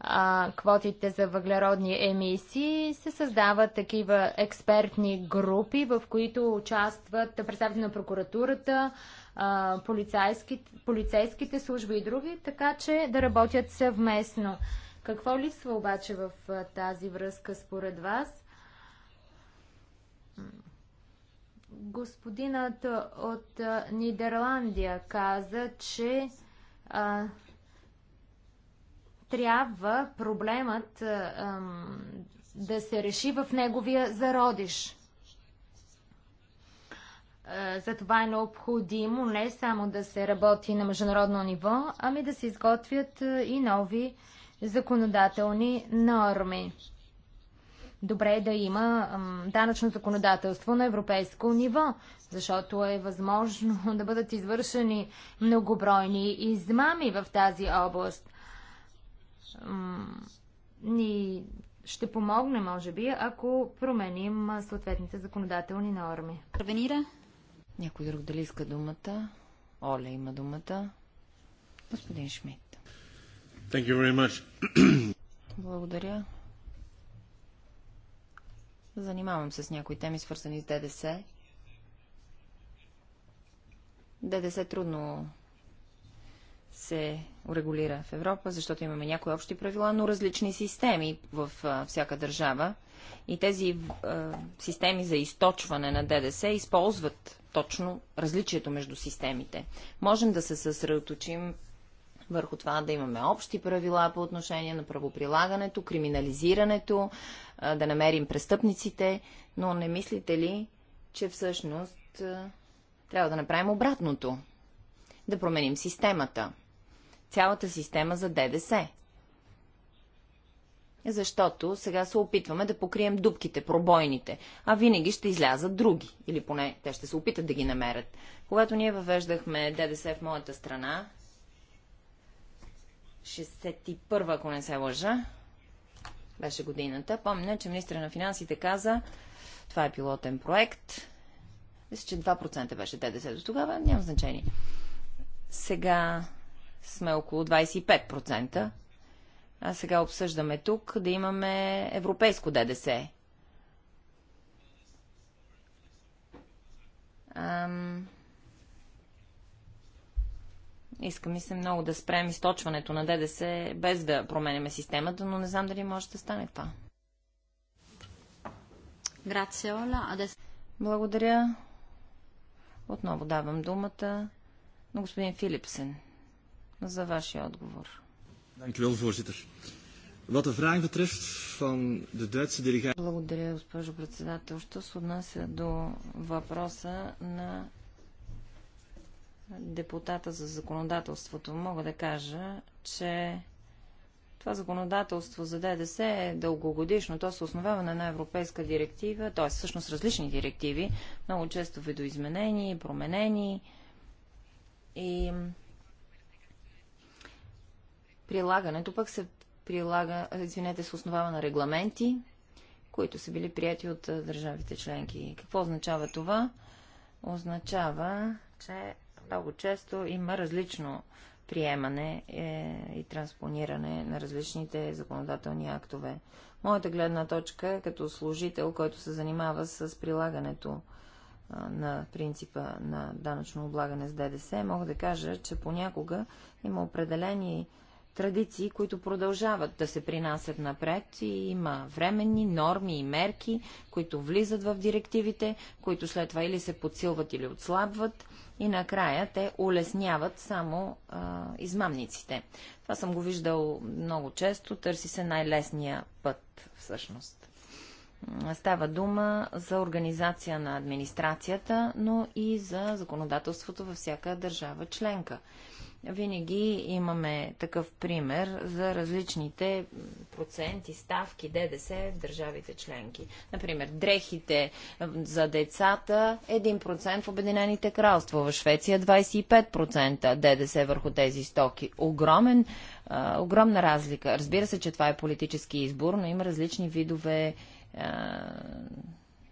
[SPEAKER 4] а, квотите за въглеродни емисии, се създават такива експертни групи, в които участват представители на прокуратурата, полицейските, полицейските служби и други, така че да работят съвместно. Какво липсва обаче в тази връзка според вас? Господинът от Нидерландия каза, че а, трябва проблемът а, да се реши в неговия зародиш. Затова е необходимо не само да се работи на международно ниво, ами да се изготвят и нови законодателни норми. Добре е да има данъчно законодателство на европейско ниво, защото е възможно да бъдат извършени многобройни измами в тази област. Ни ще помогне, може би, ако променим съответните законодателни норми. Интервенира?
[SPEAKER 1] Някой друг дали иска думата? Оля има думата. Господин Шмидт.
[SPEAKER 3] Thank you very much.
[SPEAKER 1] Благодаря. Занимавам се с някои теми, свързани с ДДС. ДДС трудно се урегулира в Европа, защото имаме някои общи правила, но различни системи в всяка държава. И тези е, системи за източване на ДДС използват точно различието между системите. Можем да се съсредоточим върху това да имаме общи правила по отношение на правоприлагането, криминализирането, е, да намерим престъпниците, но не мислите ли, че всъщност е, трябва да направим обратното? Да променим системата. Цялата система за ДДС защото сега се опитваме да покрием дубките, пробойните, а винаги ще излязат други, или поне те ще се опитат да ги намерят. Когато ние въвеждахме ДДС в моята страна, 61 ако не се лъжа, беше годината, помня, че министра на финансите каза, това е пилотен проект, мисля, че 2% беше ДДС до тогава, няма значение. Сега сме около 25%, а сега обсъждаме тук, да имаме европейско ДДС. Ам... Иска ми се много да спрем източването на ДДС, без да променяме системата, но не знам дали може да стане това. Благодаря. Отново давам думата на господин Филипсен за вашия отговор
[SPEAKER 2] voorzitter. Wat de vraag betreft van de Duitse delegatie...
[SPEAKER 1] Благодаря, госпожо председател. Що се отнася до въпроса на депутата за законодателството, мога да кажа, че това законодателство за ДДС е дългогодишно. То се основава на една европейска директива, т.е. всъщност различни директиви, много често видоизменени, променени и Прилагането пък се прилага, извинете, се основава на регламенти, които са били прияти от държавите членки. Какво означава това? Означава, че много често има различно приемане е, и транспониране на различните законодателни актове. Моята гледна точка е като служител, който се занимава с прилагането на принципа на данъчно облагане с ДДС, мога да кажа, че понякога има определени традиции, които продължават да се принасят напред и има временни норми и мерки, които влизат в директивите, които след това или се подсилват или отслабват и накрая те улесняват само а, измамниците. Това съм го виждал много често, търси се най-лесния път всъщност. Става дума за организация на администрацията, но и за законодателството във всяка държава членка. Винаги имаме такъв пример за различните проценти, ставки, ДДС в държавите членки. Например, дрехите за децата 1% в Обединените кралства, в Швеция 25% ДДС върху тези стоки. Огромен, огромна разлика. Разбира се, че това е политически избор, но има различни видове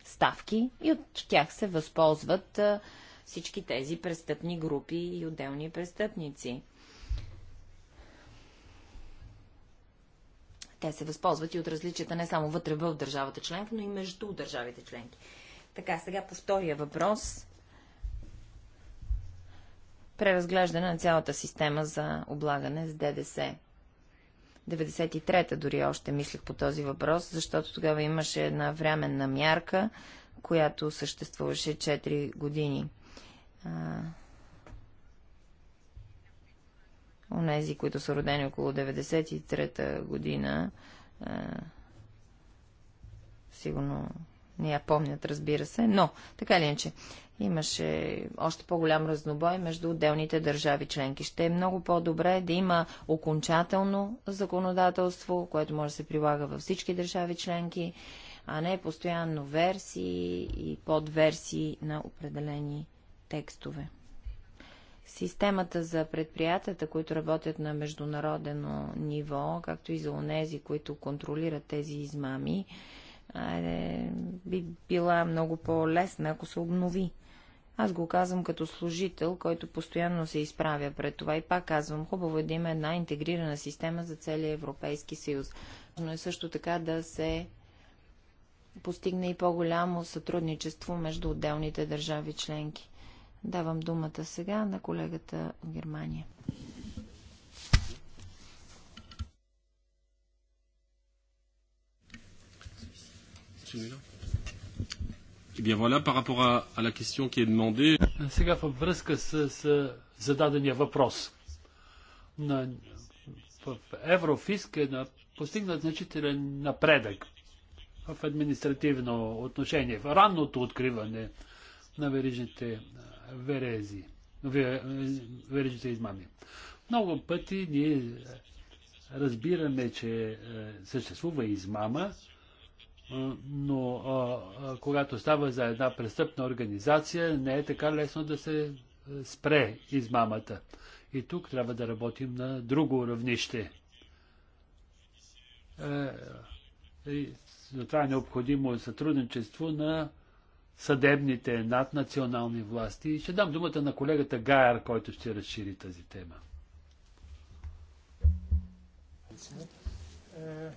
[SPEAKER 1] ставки и от тях се възползват а, всички тези престъпни групи и отделни престъпници. Те се възползват и от различията не само вътре в държавата членка, но и между държавите членки. Така, сега по втория въпрос. Преразглеждане на цялата система за облагане с ДДС. 93-та дори още мислех по този въпрос, защото тогава имаше една временна мярка, която съществуваше 4 години онези, които са родени около 93-та година, а, сигурно не я помнят, разбира се, но така ли иначе имаше още по-голям разнобой между отделните държави членки. Ще е много по-добре да има окончателно законодателство, което може да се прилага във всички държави членки, а не постоянно версии и подверсии на определени текстове. Системата за предприятията, които работят на международно ниво, както и за онези, които контролират тези измами, е, би била много по-лесна, ако се обнови. Аз го казвам като служител, който постоянно се изправя пред това и пак казвам, хубаво е да има една интегрирана система за целия Европейски съюз. Но е също така да се постигне и по-голямо сътрудничество между отделните държави членки. Давам думата сега на колегата от Германия.
[SPEAKER 2] Eh сега във връзка с, с зададения въпрос. На, в Еврофиск е на, постигнат значителен напредък в административно отношение, в ранното откриване на верижните верези, вережите измами. Много пъти ние разбираме, че е, съществува измама, е, но е, когато става за една престъпна организация, не е така лесно да се спре измамата. И тук трябва да работим на друго равнище. затова е необходимо сътрудничество на съдебните наднационални власти. ще дам думата на колегата Гайер, който ще разшири тази тема.
[SPEAKER 3] Äh,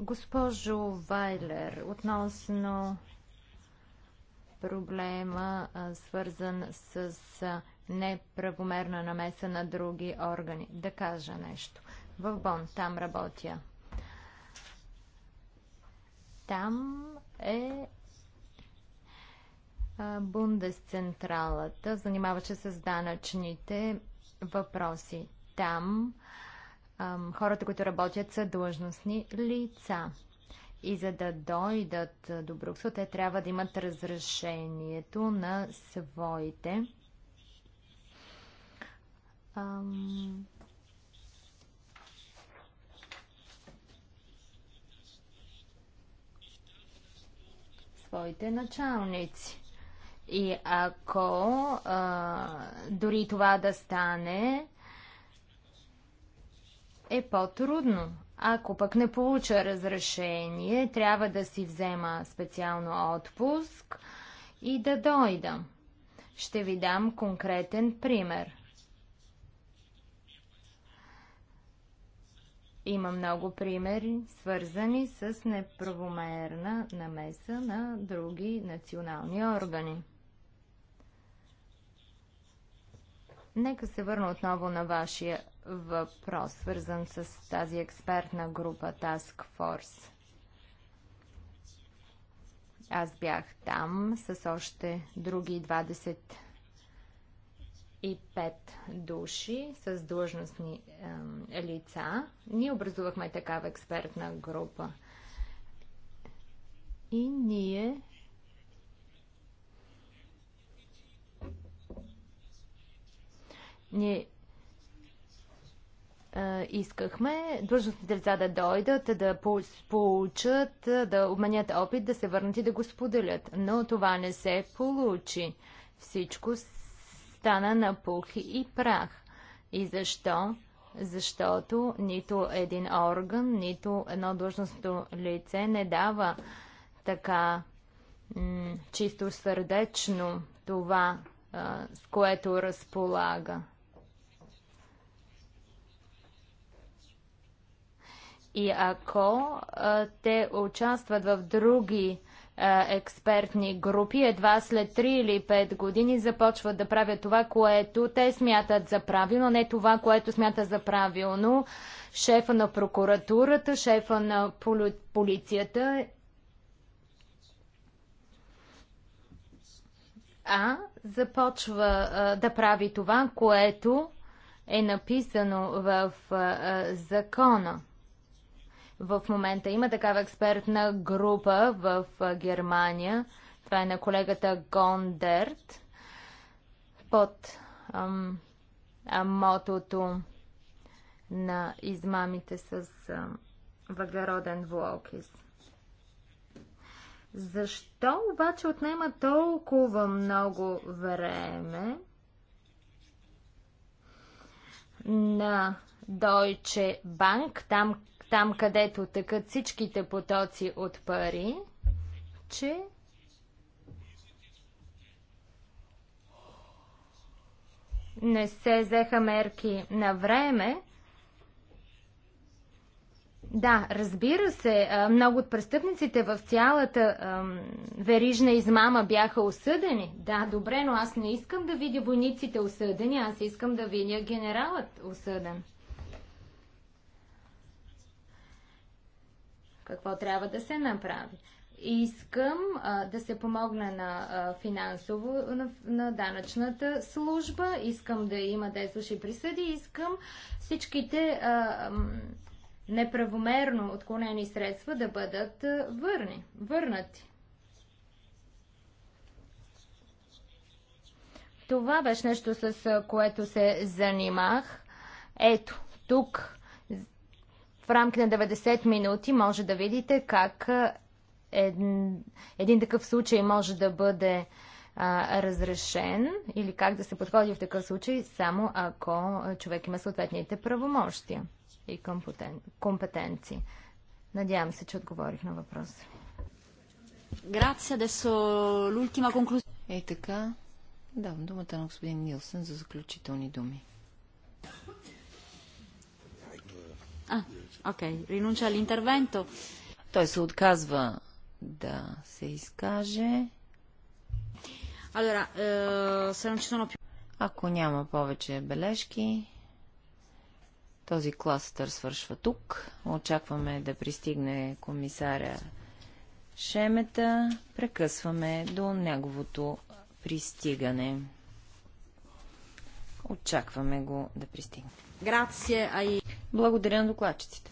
[SPEAKER 4] Госпожо Вайлер, относно проблема, свързан с неправомерна намеса на други органи. Да кажа нещо. В Бон, там работя. Там е Бундесцентралата, занимаваше се с данъчните въпроси. Там ам, хората, които работят, са длъжностни лица. И за да дойдат до Бруксел, те трябва да имат разрешението на своите Ам... своите началници. И ако а, дори това да стане, е по-трудно. Ако пък не получа разрешение, трябва да си взема специално отпуск и да дойда. Ще ви дам конкретен пример. Има много примери, свързани с неправомерна намеса на други национални органи. Нека се върна отново на вашия въпрос, свързан с тази експертна група Task Force. Аз бях там с още други 25 души с длъжностни е, лица. Ние образувахме такава експертна група. И ние ние е, искахме длъжностните лица да дойдат, да получат, да обменят опит, да се върнат и да го споделят. Но това не се получи. Всичко се стана на пух и прах. И защо? Защото нито един орган, нито едно длъжностно лице не дава така чисто сърдечно това, а, с което разполага. И ако а, те участват в други е, експертни групи едва след 3 или 5 години започват да правят това, което те смятат за правилно, не това, което смята за правилно шефа на прокуратурата, шефа на поли... полицията. А започва а, е, да прави това, което е написано в а, е, закона. В момента има такава експертна група в Германия. Това е на колегата Гондерт под ам, ам, мотото на измамите с ам, въглероден двуокис. Защо обаче отнема толкова много време на Deutsche Bank, там там където тъкат всичките потоци от пари, че не се взеха мерки на време. Да, разбира се, много от престъпниците в цялата верижна измама бяха осъдени. Да, добре, но аз не искам да видя войниците осъдени, аз искам да видя генералът осъден. какво трябва да се направи. Искам а, да се помогна на а, финансово, на, на данъчната служба, искам да има действащи присъди, искам всичките а, неправомерно отклонени средства да бъдат върни, върнати. Това беше нещо, с което се занимах. Ето, тук в рамките на 90 минути може да видите как един, един такъв случай може да бъде а, разрешен или как да се подходи в такъв случай, само ако човек има съответните правомощия и компетенции. Надявам се, че отговорих на въпроса.
[SPEAKER 1] Грация, десо Е така, давам думата на господин Нилсен за заключителни думи. А. Окей, ринунча ли интервенто? Той се отказва да се изкаже. Allora, eh, più... Ако няма повече бележки, този кластър свършва тук. Очакваме да пристигне комисаря Шемета. Прекъсваме до неговото пристигане. Очакваме го да пристигне. Грация, ai благодаря на докладчиците.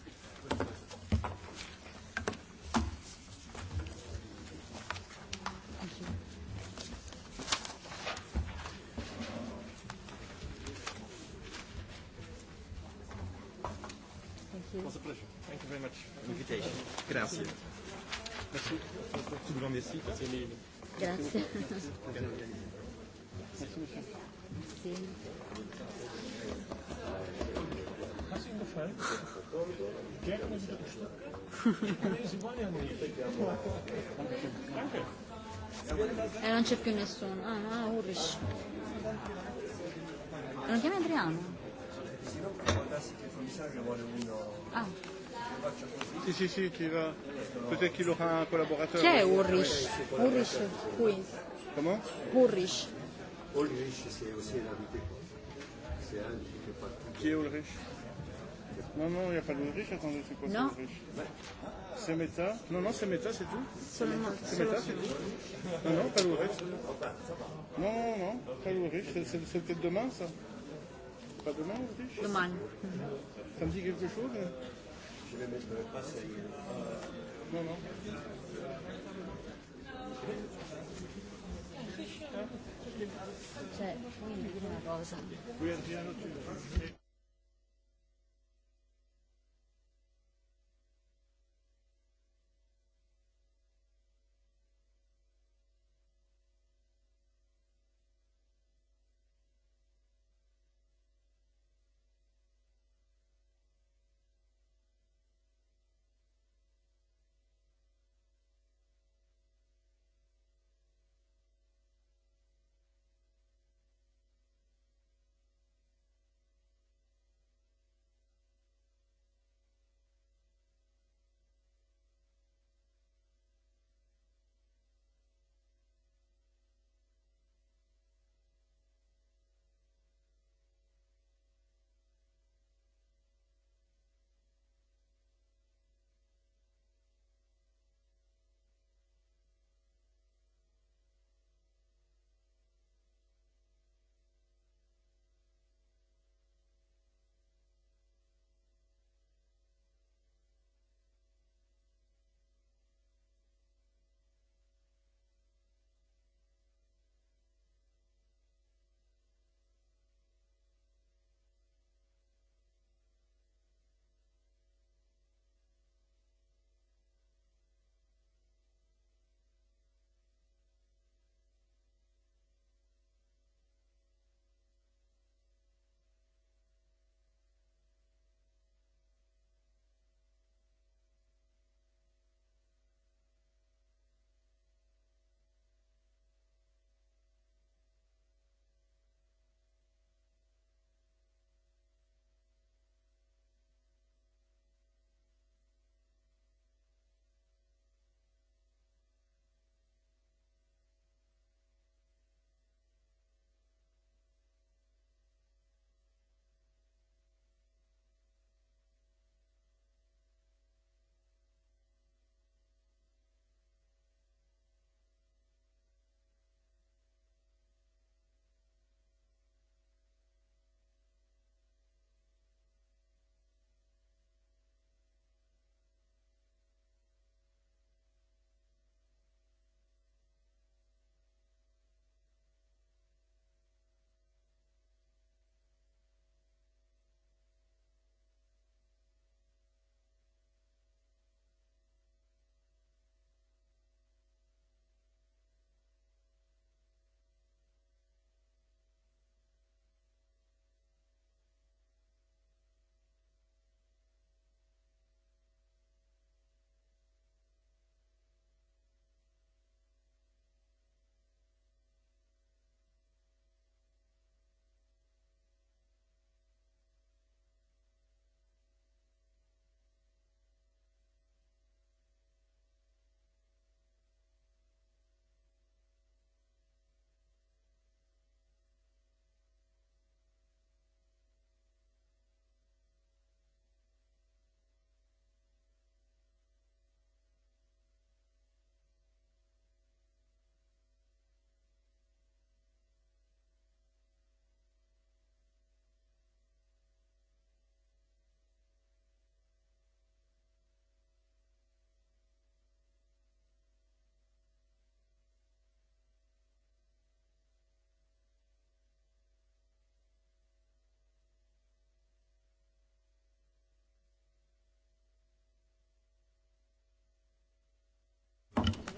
[SPEAKER 4] c'è più nessuno. Ah, no, Ulrich. Non chiami Adriano? Ah.
[SPEAKER 2] Sì, sì, sì, chi va. Peut-être qu'il aura un collaborateur. Chi è Ulrich? Ulrich,
[SPEAKER 3] qui. Comment Ulrich. Ulrich, c'est aussi l'invité. C'est un qui Chi è Qui No, no, io non, il n'y a pas d'Ulrich. Attendez, c'est quoi Ulrich C'est méta. Non, non, c'est méta, c'est tout. C'est méta, c'est tout. Non, non, pas l'ouvrir. Non, non,
[SPEAKER 2] non, pas l'ouvrir. C'est peut-être demain, ça Pas demain, vous dites Demain. Ça me dit quelque chose
[SPEAKER 3] Je vais mettre le passe Non, non. C'è, qui una cosa. Qui è il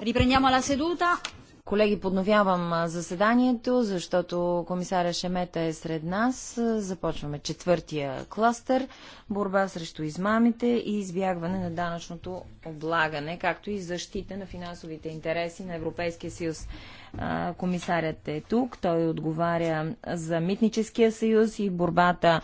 [SPEAKER 4] Riprendiamo la seduta.
[SPEAKER 1] Колеги, подновявам заседанието, защото комисаря Шемета е сред нас. Започваме четвъртия кластър – борба срещу измамите и избягване на данъчното облагане, както и защита на финансовите интереси на Европейския съюз. Комисарят е тук, той отговаря за Митническия съюз и борбата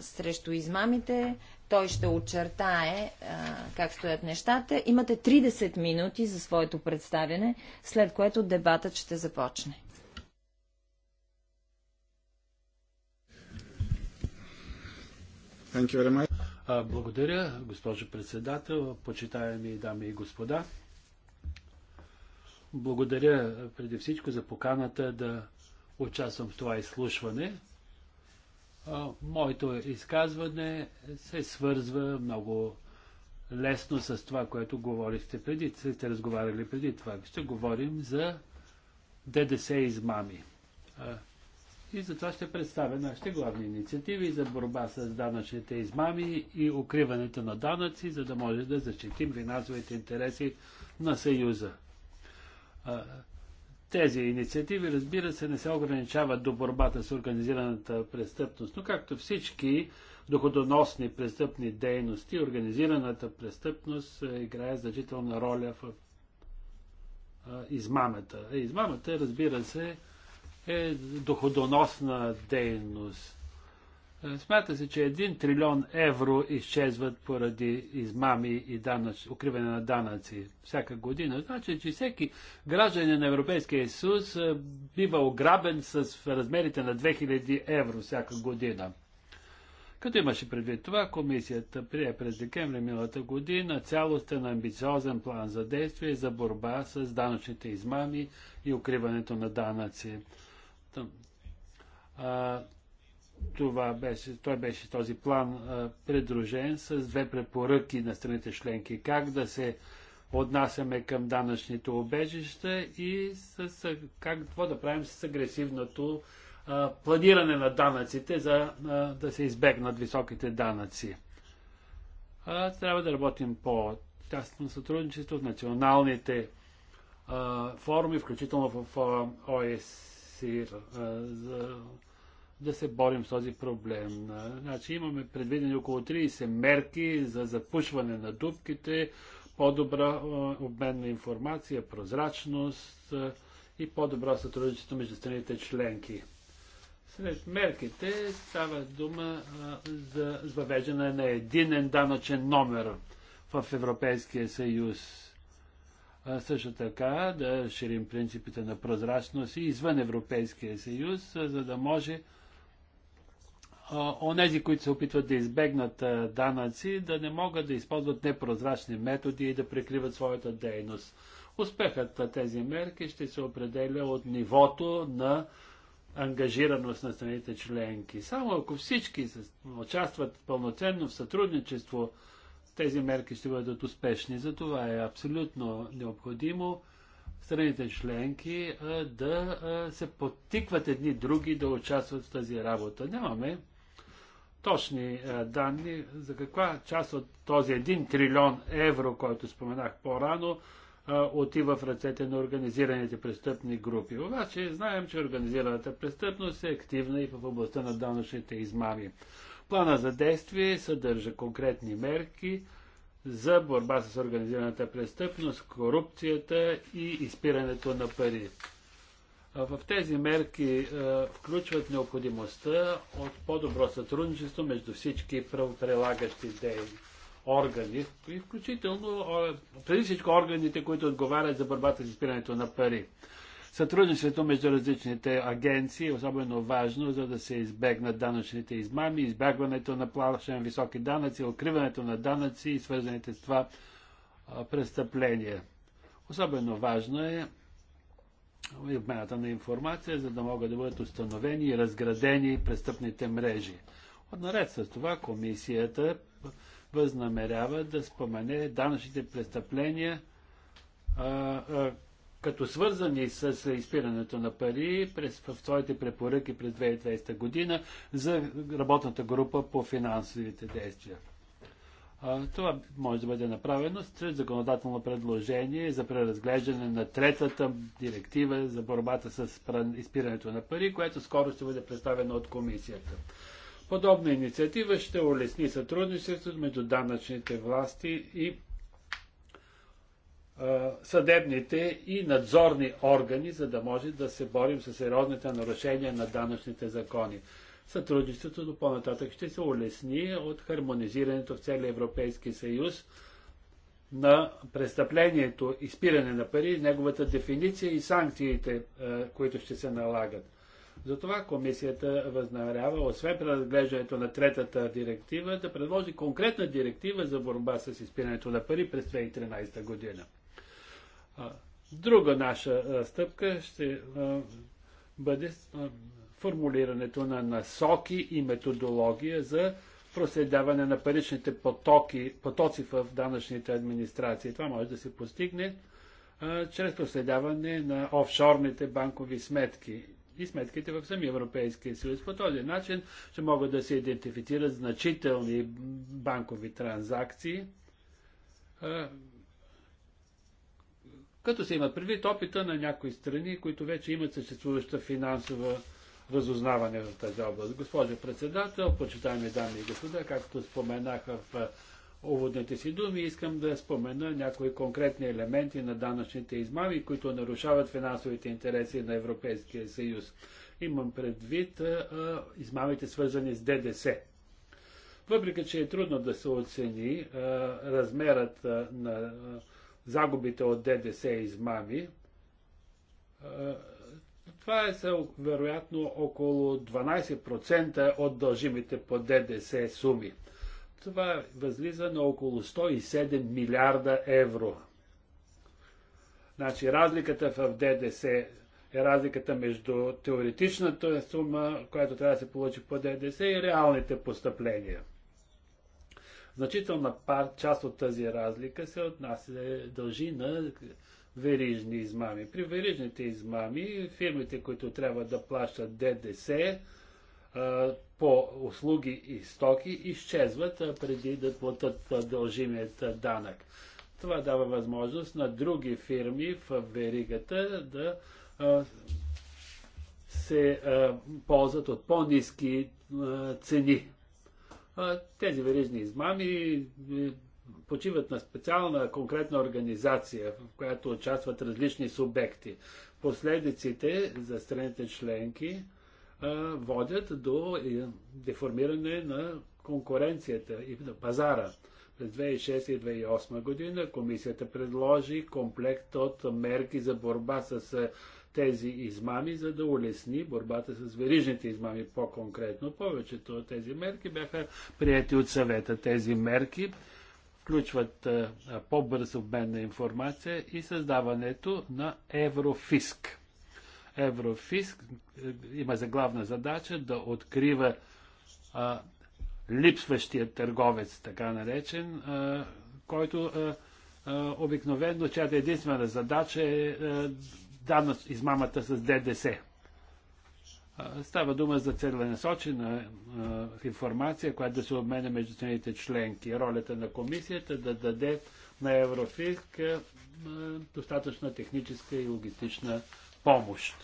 [SPEAKER 1] срещу измамите, той ще очертае а, как стоят нещата. Имате 30 минути за своето представяне, след което дебатът ще започне.
[SPEAKER 2] Благодаря, госпожо председател, почитаеми дами и господа. Благодаря преди всичко за поканата да участвам в това изслушване моето изказване се свързва много лесно с това, което говорихте преди, сте разговаряли преди това. Ще говорим за ДДС измами. И затова ще представя нашите главни инициативи за борба с данъчните измами и укриването на данъци, за да може да защитим финансовите интереси на Съюза. Тези инициативи, разбира се, не се ограничават до борбата с организираната престъпност, но както всички доходоносни престъпни дейности, организираната престъпност е, играе значителна роля в измамата. Е, измамата, разбира се, е доходоносна дейност. Е, смята се, че 1 трилион евро изчезват поради измами и данъч, укриване на данъци всяка година. Значи, че всеки гражданин на Европейския съюз е, бива ограбен с размерите на 2000 евро всяка година. Като имаше предвид това, комисията прие през декември миналата година цялостен амбициозен план за действие за борба с данъчните измами и укриването на данъци това беше, той беше този план придружен с две препоръки на страните членки. Как да се отнасяме към данъчните обежища и с, с, как, какво да правим с агресивното а, планиране на данъците, за а, да се избегнат високите данъци. А, трябва да работим по тясно сътрудничество в националните а, форуми, включително в, в ОСИР. Е а, за, да се борим с този проблем. Значи имаме предвидени около 30 мерки за запушване на дубките, по-добра обмен на информация, прозрачност и по-добро сътрудничество между страните членки. След мерките става дума за въвеждане на единен данъчен номер в Европейския съюз. също така да ширим принципите на прозрачност и извън Европейския съюз, за да може онези, които се опитват да избегнат данъци, да не могат да използват непрозрачни методи и да прикриват своята дейност. Успехът на тези мерки ще се определя от нивото на ангажираност на страните членки. Само ако всички участват пълноценно в сътрудничество, тези мерки ще бъдат успешни. Затова е абсолютно необходимо страните членки да се подтикват едни други да участват в тази работа. Нямаме точни е, данни за каква част от този 1 трилион евро, който споменах по-рано, е, отива в ръцете на организираните престъпни групи. Обаче знаем, че организираната престъпност е активна и в областта на данъчните измами. Плана за действие съдържа конкретни мерки за борба с организираната престъпност, корупцията и изпирането на пари. В тези мерки включват необходимостта от по-добро сътрудничество между всички правоприлагащи дейности органи, включително преди всичко органите, които отговарят за борбата с изпирането на пари. Сътрудничеството между различните агенции е особено важно, за да се избегнат данъчните измами, избягването на плащане на високи данъци, укриването на данъци и свързаните с това престъпления. Особено важно е и обмената на информация, за да могат да бъдат установени и разградени престъпните мрежи. От наред с това комисията възнамерява да спомене данъчните престъпления а, а, като свързани с изпирането на пари през, в своите препоръки през 2020 година за работната група по финансовите действия. Това може да бъде направено чрез законодателно предложение за преразглеждане на третата директива за борбата с изпирането на пари, което скоро ще бъде представено от комисията. Подобна инициатива ще улесни сътрудничеството между данъчните власти и съдебните и надзорни органи, за да може да се борим с сериозните нарушения на данъчните закони сътрудничеството до по-нататък ще се улесни от хармонизирането в целия Европейски съюз на престъплението изпиране на пари, неговата дефиниция и санкциите, е, които ще се налагат. Затова комисията възнамерява, освен преразглеждането на третата директива, да предложи конкретна директива за борба с изпирането на пари през 2013 година. Друга наша стъпка ще бъде формулирането на насоки и методология за проследяване на паричните потоки, потоци в данъчните администрации. Това може да се постигне а, чрез проследяване на офшорните банкови сметки и сметките в самия Европейския съюз. По този начин ще могат да се идентифицират значителни банкови транзакции, а, като се има предвид опита на някои страни, които вече имат съществуваща финансова разузнаване в тази област. Госпожо председател, почитаеми дами и господа, както споменах в уводните си думи, искам да спомена някои конкретни елементи на данъчните измами, които нарушават финансовите интереси на Европейския съюз. Имам предвид а, измамите свързани с ДДС. Въпреки, че е трудно да се оцени а, размерът а, на а, загубите от ДДС измами, а, това е са, вероятно около 12% от дължимите по ДДС суми. Това възлиза на около 107 милиарда евро. Значи разликата в ДДС е разликата между теоретичната сума, която трябва да се получи по ДДС и реалните постъпления. Значителна част от тази разлика се отнася, дължи на верижни измами. При верижните измами фирмите, които трябва да плащат ДДС по услуги и стоки, изчезват преди да платят дължимият данък. Това дава възможност на други фирми в веригата да се ползват от по-низки цени. Тези верижни измами почиват на специална конкретна организация, в която участват различни субекти. Последиците за страните членки водят до деформиране на конкуренцията и на пазара. През 2006 и 2008 година комисията предложи комплект от мерки за борба с тези измами, за да улесни борбата с верижните измами по-конкретно. Повечето от тези мерки бяха прияти от съвета. Тези мерки включват по-бърз обмен на информация и създаването на Еврофиск. Еврофиск е, има за главна задача да открива а, липсващия търговец, така наречен, а, който а, а, обикновено, чиято единствена задача е а, данъч, измамата с ДДС. Става дума за целенасочена информация, която да се обменя между страните членки. Ролята на комисията да даде на Еврофиск достатъчна техническа и логистична помощ.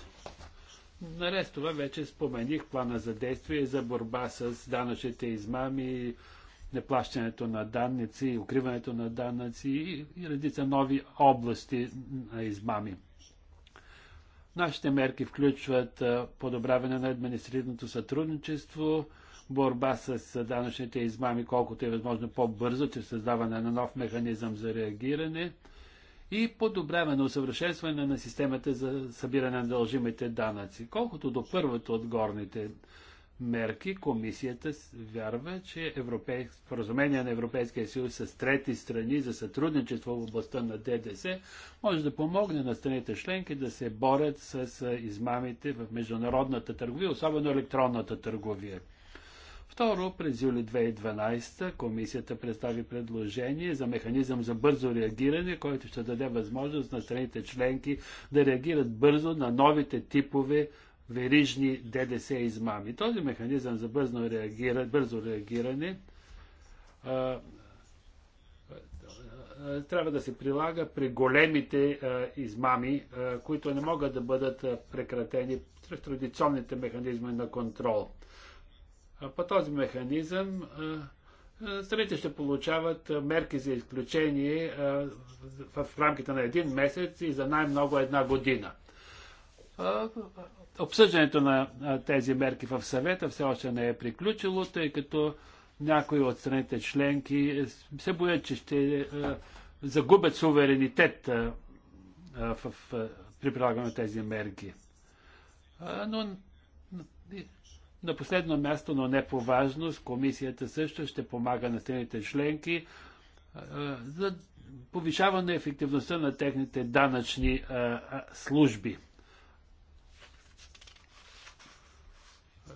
[SPEAKER 2] Наред с това вече спомених плана за действие за борба с данъчните измами, неплащането на данници, укриването на данъци и редица нови области на измами. Нашите мерки включват подобряване на административното сътрудничество, борба с данъчните измами колкото е възможно по-бързо, чрез създаване на нов механизъм за реагиране и подобряване, усъвършенстване на системата за събиране на дължимите данъци. Колкото до първото от горните мерки, комисията вярва, че споразумение на Европейския съюз с трети страни за сътрудничество в областта на ДДС може да помогне на страните членки да се борят с измамите в международната търговия, особено електронната търговия. Второ, през юли 2012 комисията представи предложение за механизъм за бързо реагиране, който ще даде възможност на страните членки да реагират бързо на новите типове верижни ДДС измами. Този механизъм за бързо, реагира, бързо реагиране трябва да се прилага при големите а, измами, а, които не могат да бъдат прекратени чрез традиционните механизми на контрол. А, по този механизъм страните ще получават мерки за изключение а, в рамките на един месец и за най-много една година. Обсъждането на тези мерки в съвета все още не е приключило, тъй като някои от страните членки е, се боят, че ще е, загубят суверенитет в, при прилагане на тези мерки. Но на последно място, но не по важност, комисията също ще помага на страните членки за повишаване ефективността на техните данъчни служби.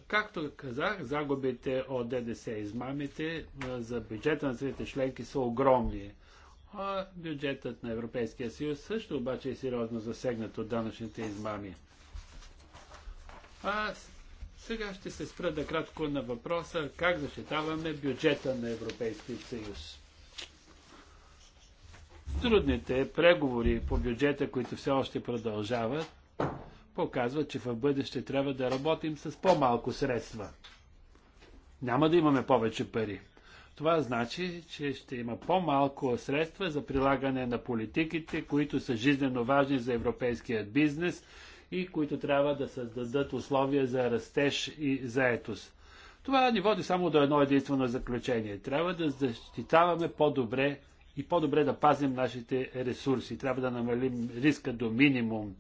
[SPEAKER 2] Както казах, загубите от ДДС и измамите за бюджета на страните членки са огромни. А бюджетът на Европейския съюз също обаче е сериозно засегнат от данъчните измами. А сега ще се спра да кратко на въпроса как защитаваме бюджета на Европейския съюз. Трудните преговори по бюджета, които все още продължават, показва, че в бъдеще трябва да работим с по-малко средства. Няма да имаме повече пари. Това значи, че ще има по-малко средства за прилагане на политиките, които са жизненно важни за европейския бизнес и които трябва да създадат условия за растеж и заетост. Това ни води само до едно единствено заключение. Трябва да защитаваме по-добре и по-добре да пазим нашите ресурси. Трябва да намалим риска до минимум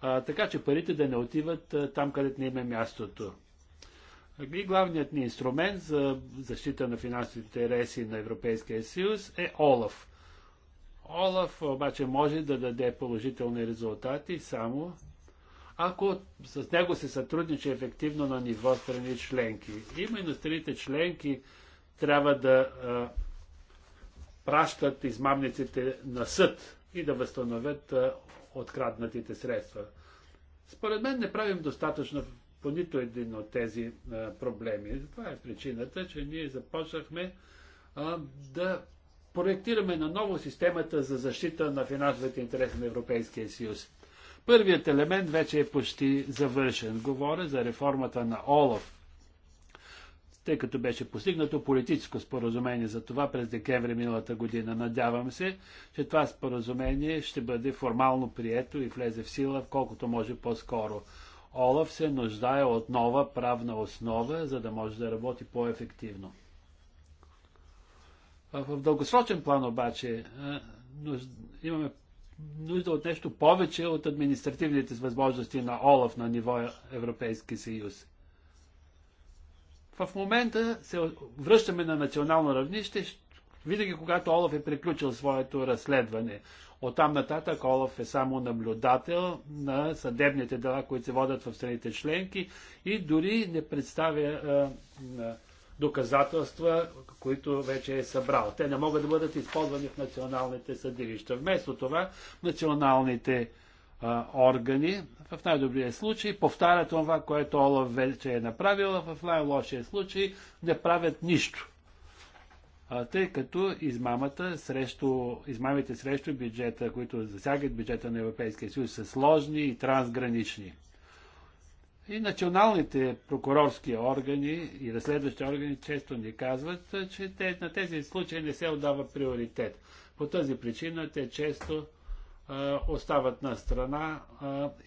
[SPEAKER 2] а, така че парите да не отиват а, там, където не има е мястото. И главният ни инструмент за защита на финансовите интереси на Европейския съюз е ОЛАФ. ОЛАФ обаче може да даде положителни резултати само ако с него се сътрудничи ефективно на ниво страни членки. Именно страните членки трябва да а, пращат измамниците на съд и да възстановят а, откраднатите средства. Според мен не правим достатъчно по нито един от тези а, проблеми. Това е причината, че ние започнахме а, да проектираме на ново системата за защита на финансовите интереси на Европейския съюз. Първият елемент вече е почти завършен. Говоря за реформата на ОЛАФ тъй като беше постигнато политическо споразумение за това през декември миналата година. Надявам се, че това споразумение ще бъде формално прието и влезе в сила колкото може по-скоро. Олаф се нуждае от нова правна основа, за да може да работи по-ефективно. В дългосрочен план обаче имаме нужда от нещо повече от административните възможности на Олаф на ниво Европейски съюз. В момента се връщаме на национално равнище, винаги когато Олаф е приключил своето разследване. От там нататък Олаф е само наблюдател на съдебните дела, които се водят в страните членки и дори не представя а, доказателства, които вече е събрал. Те не могат да бъдат използвани в националните съдилища. Вместо това националните а, органи, в най-добрия случай повтарят това, което Олаф вече е направила, в най-лошия случай не правят нищо. А, тъй като измамата срещу, измамите срещу бюджета, които засягат бюджета на Европейския съюз, са сложни и трансгранични. И националните прокурорски органи и разследващи органи често ни казват, че те, на тези случаи не се отдава приоритет. По тази причина те често остават на страна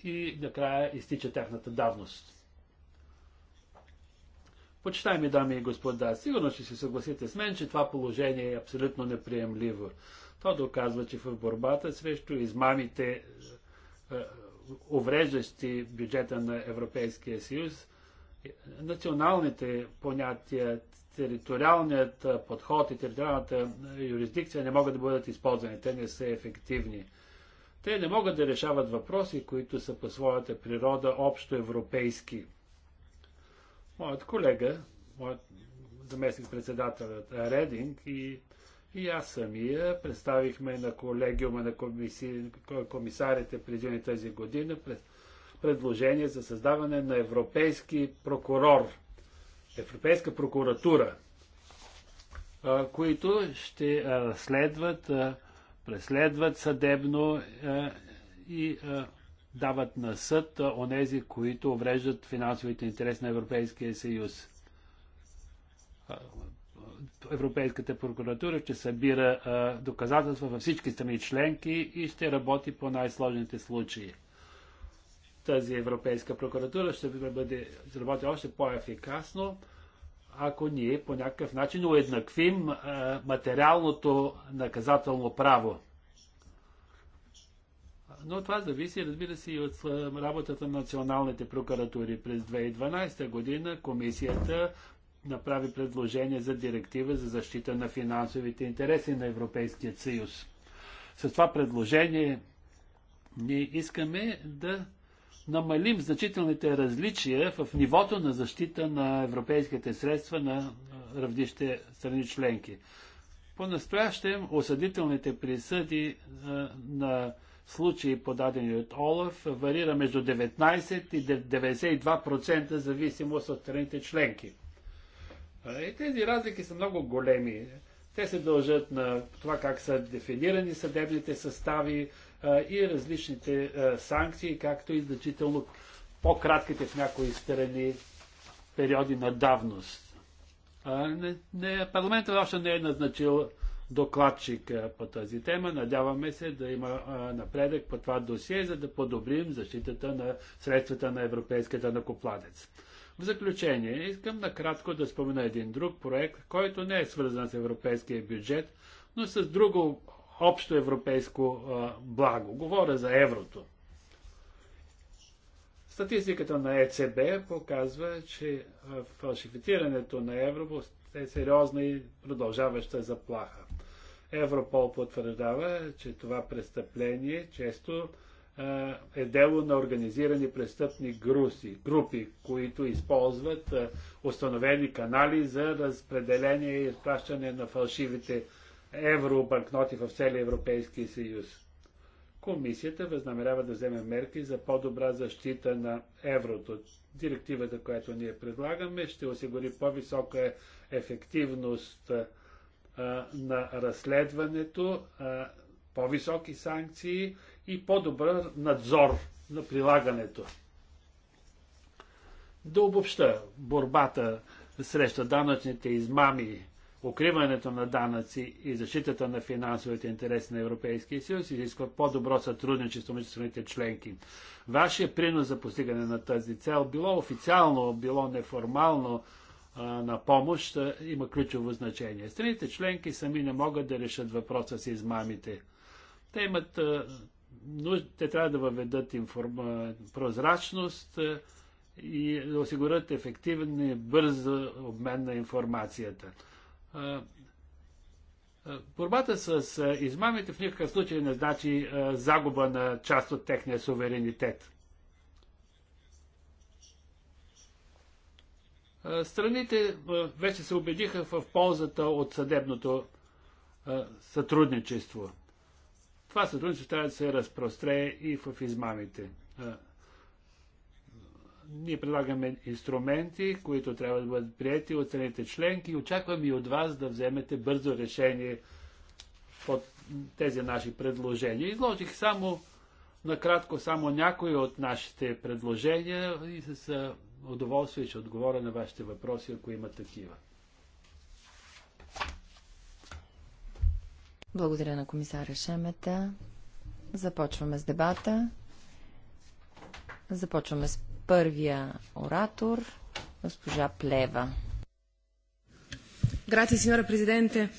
[SPEAKER 2] и накрая изтича тяхната давност. Почитаеми дами и господа, сигурно ще се съгласите с мен, че това положение е абсолютно неприемливо. То доказва, че в борбата срещу измамите, увреждащи бюджета на Европейския съюз, националните понятия, териториалният подход и териториалната юрисдикция не могат да бъдат използвани. Те не са ефективни. Те не могат да решават въпроси, които са по своята природа общо европейски. Моят колега, моят заместник председателят Рединг и, и аз самия представихме на колегиума на комиси, комисарите преди юни тази година предложение за създаване на европейски прокурор, европейска прокуратура, които ще следват преследват съдебно е, и е, дават на съд е, онези, които увреждат финансовите интереси на Европейския съюз. Европейската прокуратура ще събира а, доказателства във всички страни членки и ще работи по най-сложните случаи. Тази Европейска прокуратура ще бъде, работи още по-ефикасно, ако ние по някакъв начин уеднаквим е, материалното наказателно право. Но това зависи, разбира се, и от е, работата на националните прокуратури. През 2012 година комисията направи предложение за директива за защита на финансовите интереси на Европейския съюз. С това предложение ние искаме да намалим значителните различия в нивото на защита на европейските средства на равнище страни членки. По-настоящем осъдителните присъди на случаи, подадени от ОЛАФ, варира между 19 и 92% зависимост от страните членки. И тези разлики са много големи. Те се дължат на това как са дефинирани съдебните състави, и различните санкции, както и значително по-кратките в някои страни периоди на давност. Не, не, парламентът още не е назначил докладчик по тази тема. Надяваме се да има напредък по това досие, за да подобрим защитата на средствата на европейската накопладец. В заключение, искам накратко да спомена един друг проект, който не е свързан с европейския бюджет, но с друго общо европейско благо. Говоря за еврото. Статистиката на ЕЦБ показва, че фалшифицирането на евро е сериозна и продължаваща заплаха. Европол потвърждава, че това престъпление често е дело на организирани престъпни груси, групи, които използват установени канали за разпределение и изплащане на фалшивите евробанкноти в целия Европейския съюз. Комисията възнамерява да вземе мерки за по-добра защита на еврото. Директивата, която ние предлагаме, ще осигури по-висока ефективност на разследването, по-високи санкции и по-добър надзор на прилагането. Да обобща борбата срещу данъчните измами укриването на данъци и защитата на финансовите интереси на Европейския съюз изисква по-добро сътрудничество между страните членки. Вашия принос за постигане на тази цел, било официално, било неформално на помощ, има ключово значение. Страните членки сами не могат да решат въпроса с измамите. Те имат нужда, те трябва да въведат информ... прозрачност и да осигурят ефективен и бърз обмен на информацията. Борбата с измамите в никакъв случай не значи загуба на част от техния суверенитет. Страните вече се убедиха в ползата от съдебното сътрудничество. Това сътрудничество трябва да се разпростре и в измамите ние предлагаме инструменти, които трябва да бъдат прияти от страните членки. Очаквам и от вас да вземете бързо решение под тези наши предложения. Изложих само накратко само някои от нашите предложения и с удоволствие ще отговоря на вашите въпроси, ако има такива.
[SPEAKER 1] Благодаря на комисаря Шемета. Започваме с дебата. Започваме с първия оратор, госпожа Плева. Грати, signora президенте.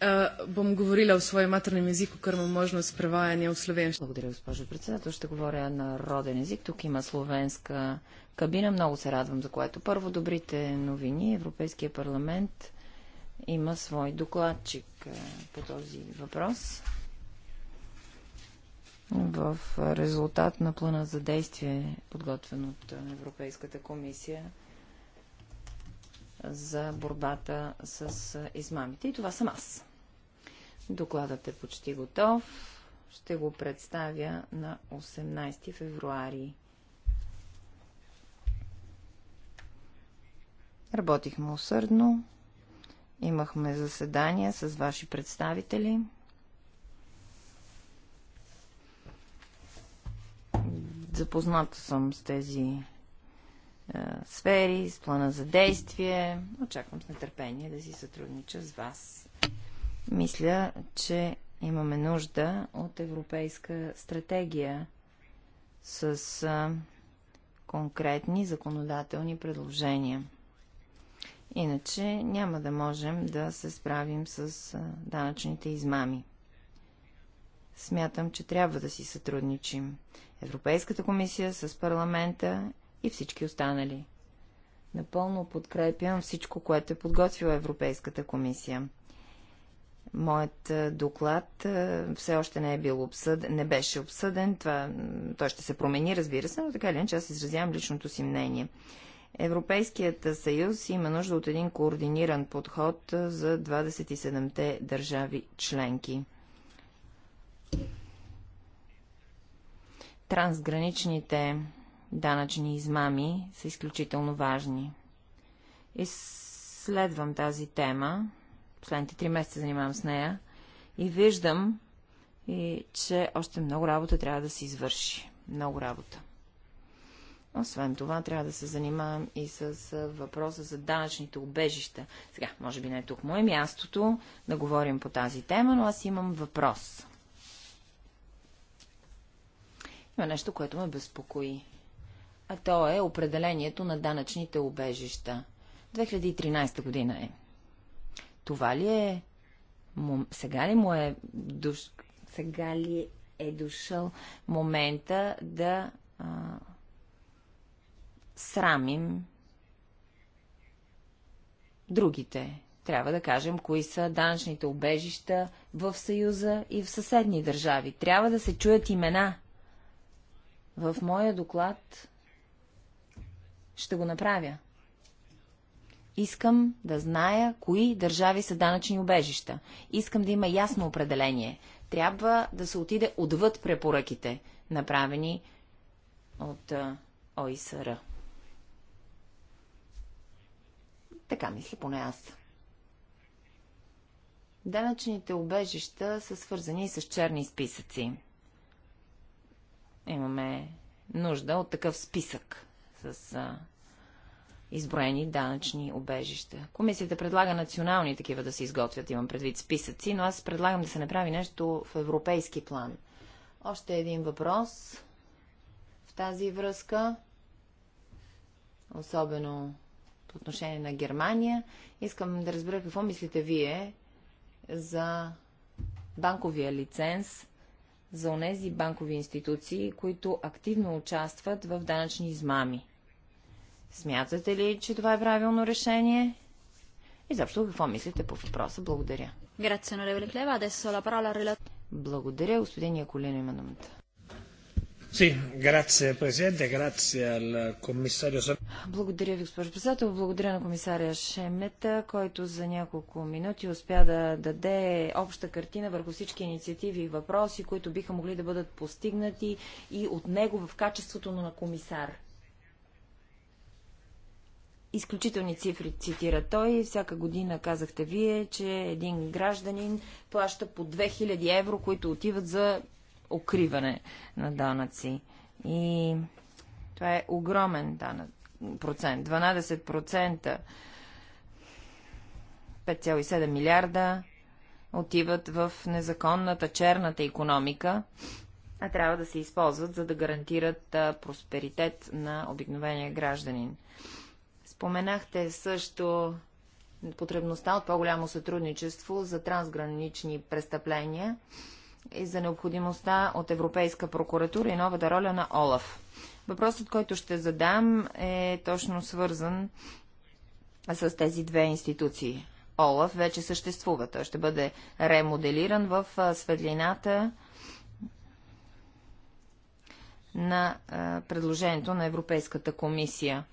[SPEAKER 1] Е, бом говорила в своя svojem maternem окърма ker с možnost от v Благодаря, госпожо председател. Ще говоря на роден език. Тук има словенска кабина. Много се радвам за което. Първо, добрите новини. Европейския парламент има свой докладчик е, по този въпрос в резултат на плана за действие, подготвен от Европейската комисия за борбата с измамите. И това съм аз. Докладът е почти готов. Ще го представя на 18 февруари. Работихме усърдно. Имахме заседания с ваши представители. Запозната съм с тези е, сфери, с плана за действие. Очаквам с нетърпение да си сътруднича с вас. Мисля, че имаме нужда от европейска стратегия с е, конкретни законодателни предложения. Иначе няма да можем да се справим с е, данъчните измами. Смятам, че трябва да си сътрудничим. Европейската комисия, с парламента и всички останали. Напълно подкрепям всичко, което е подготвила Европейската комисия. Моят доклад все още не е бил обсъд... не беше обсъден. Това, той ще се промени, разбира се, но така ли, че аз изразявам личното си мнение. Европейският съюз има нужда от един координиран подход за 27-те държави членки трансграничните данъчни измами са изключително важни. Изследвам тази тема, последните три месеца занимавам с нея и виждам, и, че още много работа трябва да се извърши. Много работа. Освен това, трябва да се занимавам и с въпроса за данъчните убежища. Сега, може би не е тук мое мястото да говорим по тази тема, но аз имам въпрос. Има нещо, което ме безпокои. А то е определението на данъчните убежища. 2013 година е. Това ли е... Сега ли му е... Душ... Сега ли е дошъл момента да а... срамим другите. Трябва да кажем, кои са данъчните обежища в Съюза и в съседни държави. Трябва да се чуят имена, в моя доклад ще го направя. Искам да зная кои държави са данъчни убежища. Искам да има ясно определение. Трябва да се отиде отвъд препоръките, направени от ОИСР. Така мисля поне аз. Данъчните убежища са свързани с черни списъци. Имаме нужда от такъв списък с а, изброени данъчни обежища. Комисията предлага национални такива да се изготвят, имам предвид списъци, но аз предлагам да се направи нещо в европейски план. Още един въпрос в тази връзка, особено по отношение на Германия. Искам да разбера какво мислите вие за банковия лиценз за онези банкови институции, които активно участват в данъчни измами. Смятате ли, че това е правилно решение? И защо какво мислите по въпроса? Благодаря. Благодаря, господин Яколин, има думата. Благодаря ви, госпожо председател. Благодаря на комисаря Шемета, който за няколко минути успя да даде обща картина върху всички инициативи и въпроси, които биха могли да бъдат постигнати и от него в качеството на комисар. Изключителни цифри цитира той. Всяка година казахте вие, че един гражданин плаща по 2000 евро, които отиват за укриване на данъци. И това е огромен данък процент. 12%, 5,7 милиарда отиват в незаконната черната економика, а трябва да се използват, за да гарантират просперитет на обикновения гражданин. Споменахте също потребността от по-голямо сътрудничество за трансгранични престъпления – и за необходимостта от Европейска прокуратура и новата роля на ОЛАФ. Въпросът, който ще задам е точно свързан с тези две институции. ОЛАФ вече съществува. Той ще бъде ремоделиран в светлината на предложението на Европейската комисия.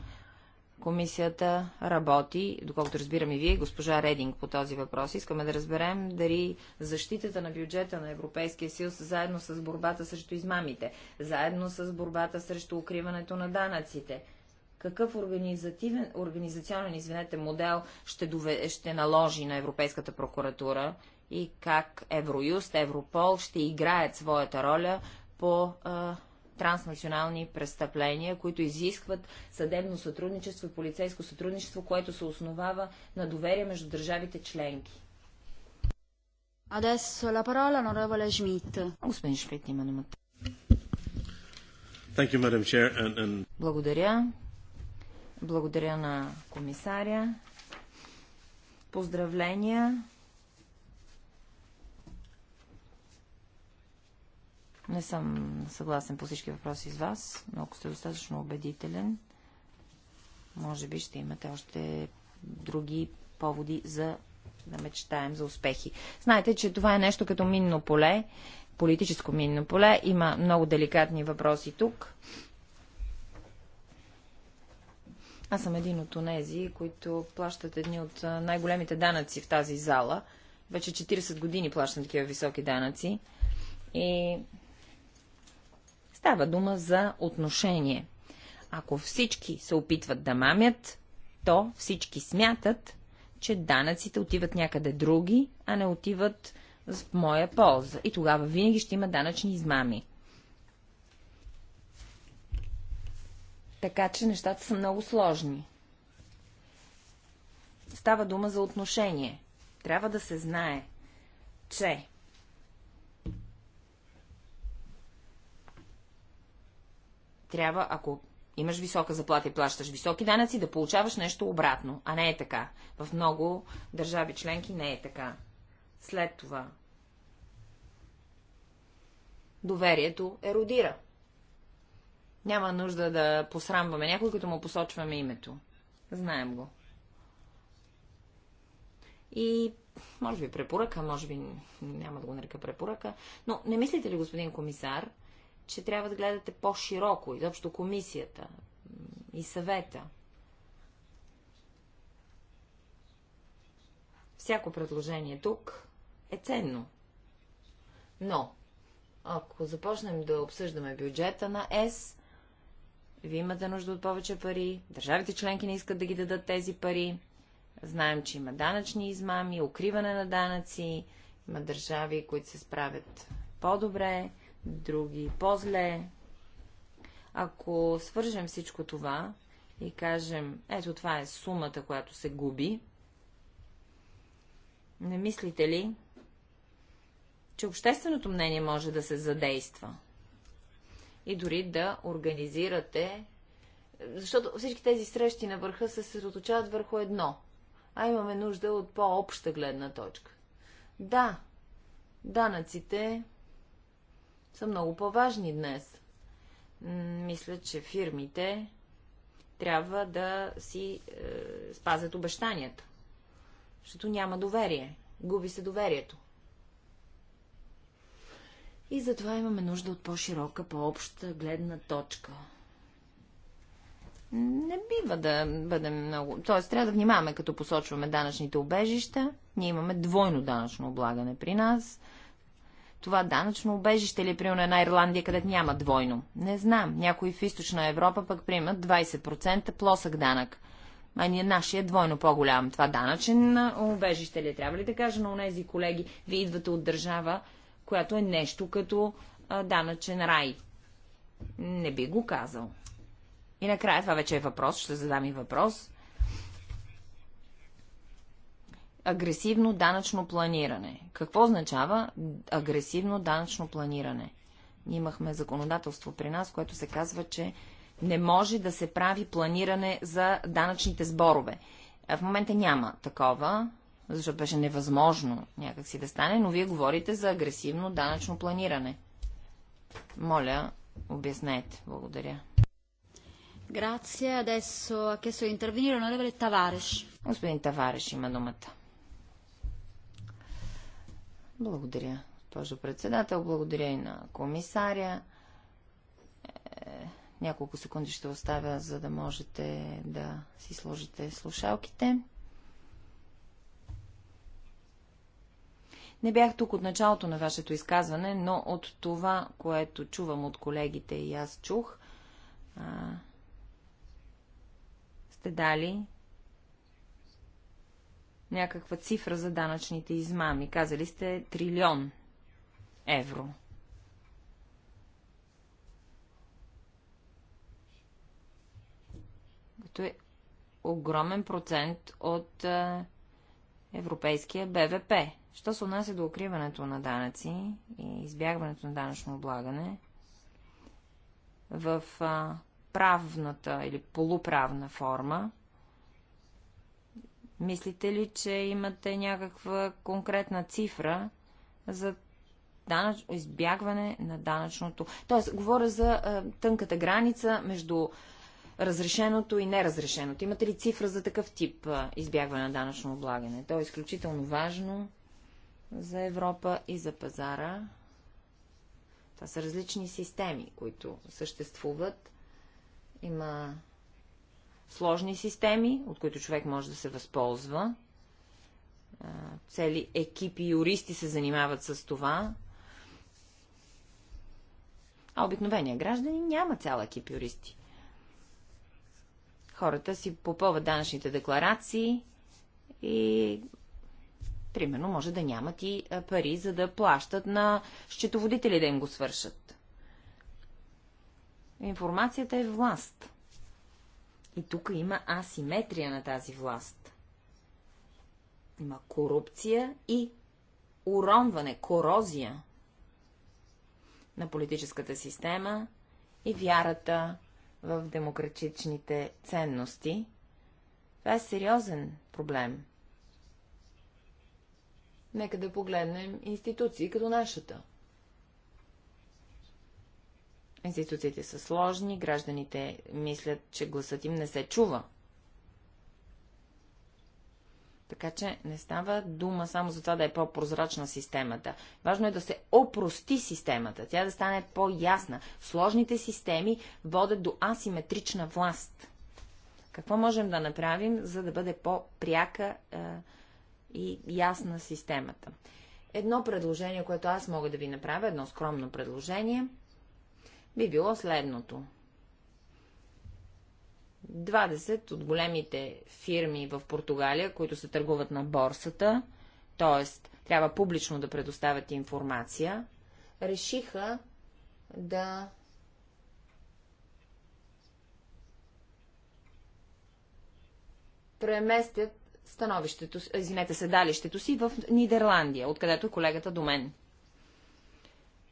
[SPEAKER 1] Комисията работи, доколкото разбирам и вие, госпожа Рединг по този въпрос. Искаме да разберем дали защитата на бюджета на Европейския съюз заедно с борбата срещу измамите, заедно с борбата срещу укриването на данъците, какъв организативен, организационен извинете, модел ще, дове, ще наложи на Европейската прокуратура и как Евроюст, Европол ще играят своята роля по а, транснационални престъпления, които изискват съдебно сътрудничество и полицейско сътрудничество, което се основава на доверие между държавите членки. Господин Шмидт има думата.
[SPEAKER 3] And...
[SPEAKER 1] Благодаря. Благодаря на комисаря. Поздравления Не съм съгласен по всички въпроси с вас, но ако сте достатъчно убедителен, може би ще имате още други поводи за да мечтаем за успехи. Знаете, че това е нещо като минно поле, политическо минно поле. Има много деликатни въпроси тук. Аз съм един от онези, които плащат едни от най-големите данъци в тази зала. Вече 40 години плащам такива високи данъци. И Става дума за отношение. Ако всички се опитват да мамят, то всички смятат, че данъците отиват някъде други, а не отиват в моя полза. И тогава винаги ще има данъчни измами. Така че нещата са много сложни. Става дума за отношение. Трябва да се знае, че Трябва, ако имаш висока заплата и плащаш високи данъци, да получаваш нещо обратно. А не е така. В много държави членки не е така. След това. Доверието еродира. Няма нужда да посрамваме някой, като му посочваме името. Знаем го. И, може би препоръка, може би няма да го нарека препоръка, но не мислите ли, господин комисар, че трябва да гледате по-широко, изобщо комисията и съвета. Всяко предложение тук е ценно. Но, ако започнем да обсъждаме бюджета на ЕС, вие имате нужда от повече пари, държавите членки не искат да ги дадат тези пари, знаем, че има данъчни измами, укриване на данъци, има държави, които се справят по-добре, други по-зле. Ако свържем всичко това и кажем, ето това е сумата, която се губи, не мислите ли, че общественото мнение може да се задейства? И дори да организирате, защото всички тези срещи на върха се съсредоточават върху едно, а имаме нужда от по-обща гледна точка. Да, данъците са много по-важни днес. Мисля, че фирмите трябва да си е, спазят обещанията, защото няма доверие. Губи се доверието. И затова имаме нужда от по-широка, по-обща гледна точка. Не бива да бъдем много... Тоест, трябва да внимаваме, като посочваме данъчните обежища. Ние имаме двойно данъчно облагане при нас – това данъчно убежище или примерно на Ирландия, където няма двойно. Не знам. Някои в източна Европа пък приемат 20% плосък данък. А ние нашия е двойно по-голям. Това данъчен убежище ли? Е? Трябва ли да кажа на тези колеги, вие идвате от държава, която е нещо като а, данъчен рай? Не би го казал. И накрая това вече е въпрос, ще задам и въпрос. агресивно данъчно планиране. Какво означава агресивно данъчно планиране? Ние имахме законодателство при нас, което се казва, че не може да се прави планиране за данъчните сборове. В момента няма такова, защото беше невъзможно някакси да стане, но вие говорите за агресивно данъчно планиране. Моля, обяснете. Благодаря.
[SPEAKER 4] Grazie, adesso ha chiesto di intervenire l'onorevole Tavares.
[SPEAKER 1] Господин Тавареш има думата. Благодаря, госпожо председател. Благодаря и на комисаря. Е, няколко секунди ще оставя, за да можете да си сложите слушалките. Не бях тук от началото на вашето изказване, но от това, което чувам от колегите и аз чух, а, сте дали някаква цифра за данъчните измами. Казали сте трилион евро. Като е огромен процент от е, европейския БВП. Що се отнася до укриването на данъци и избягването на данъчно облагане, в правната или полуправна форма, Мислите ли, че имате някаква конкретна цифра за данъч... избягване на данъчното? Тоест, говоря за а, тънката граница между разрешеното и неразрешеното. Имате ли цифра за такъв тип а, избягване на данъчно облагане? То е изключително важно за Европа и за пазара. Това са различни системи, които съществуват. Има сложни системи, от които човек може да се възползва. Цели екипи юристи се занимават с това. А обикновения граждани няма цял екип юристи. Хората си попълват данъчните декларации и примерно може да нямат и пари, за да плащат на счетоводители да им го свършат. Информацията е власт. И тук има асиметрия на тази власт. Има корупция и уронване, корозия на политическата система и вярата в демократичните ценности. Това е сериозен проблем. Нека да погледнем институции като нашата – Институциите са сложни, гражданите мислят, че гласът им не се чува. Така че не става дума само за това да е по-прозрачна системата. Важно е да се опрости системата, тя да стане по-ясна. Сложните системи водят до асиметрична власт. Какво можем да направим, за да бъде по-пряка е, и ясна системата? Едно предложение, което аз мога да ви направя, едно скромно предложение – би било следното. 20 от големите фирми в Португалия, които се търгуват на борсата, т.е. трябва публично да предоставят информация, решиха да преместят становището, извинете, седалището си в Нидерландия, откъдето е колегата до мен.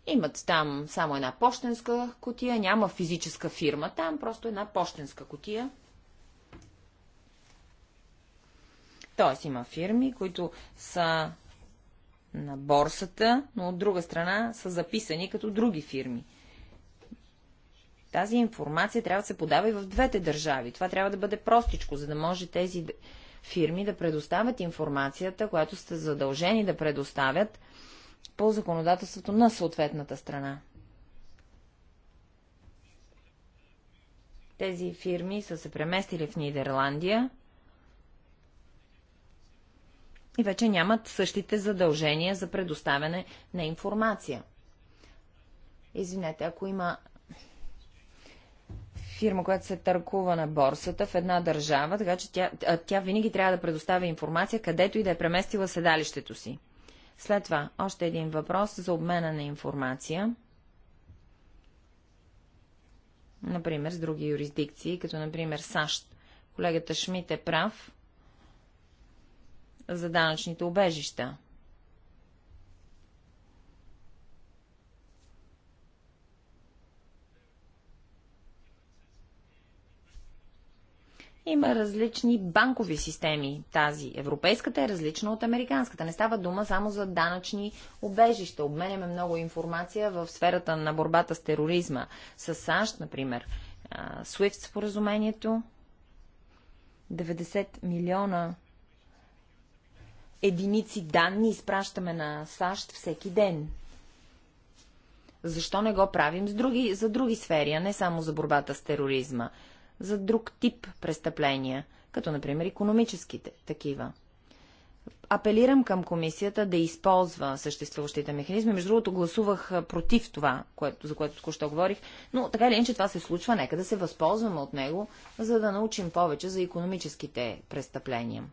[SPEAKER 1] Имат там само една почтенска котия, няма физическа фирма там, просто една почтенска котия. Тоест има фирми, които са на борсата, но от друга страна са записани като други фирми. Тази информация трябва да се подава и в двете държави. Това трябва да бъде простичко, за да може тези фирми да предоставят информацията, която сте задължени да предоставят – по законодателството на съответната страна. Тези фирми са се преместили в Нидерландия и вече нямат същите задължения за предоставяне на информация. Извинете, ако има фирма, която се търкува на борсата в една държава, така че тя, тя винаги трябва да предоставя информация, където и да е преместила седалището си. След това, още един въпрос за обмена на информация. Например, с други юрисдикции, като например САЩ. Колегата Шмидт е прав за данъчните убежища. Има различни банкови системи. Тази европейската е различна от американската. Не става дума само за данъчни обежища. Обменяме много информация в сферата на борбата с тероризма. С САЩ, например, SWIFT споразумението, 90 милиона единици данни изпращаме на САЩ всеки ден. Защо не го правим с други, за други сфери, а не само за борбата с тероризма? за друг тип престъпления, като например економическите такива. Апелирам към комисията да използва съществуващите механизми. Между другото, гласувах против това, което, за което току-що говорих, но така или иначе това се случва, нека да се възползваме от него, за да научим повече за економическите престъпления.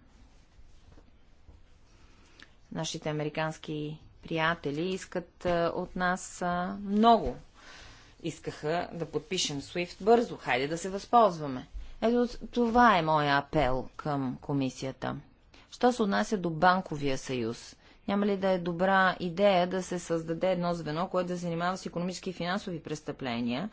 [SPEAKER 1] Нашите американски приятели искат от нас много Искаха да подпишем SWIFT бързо, хайде да се възползваме. Ето това е моя апел към комисията. Що се отнася до банковия съюз? Няма ли да е добра идея да се създаде едно звено, което да занимава с економически и финансови престъпления,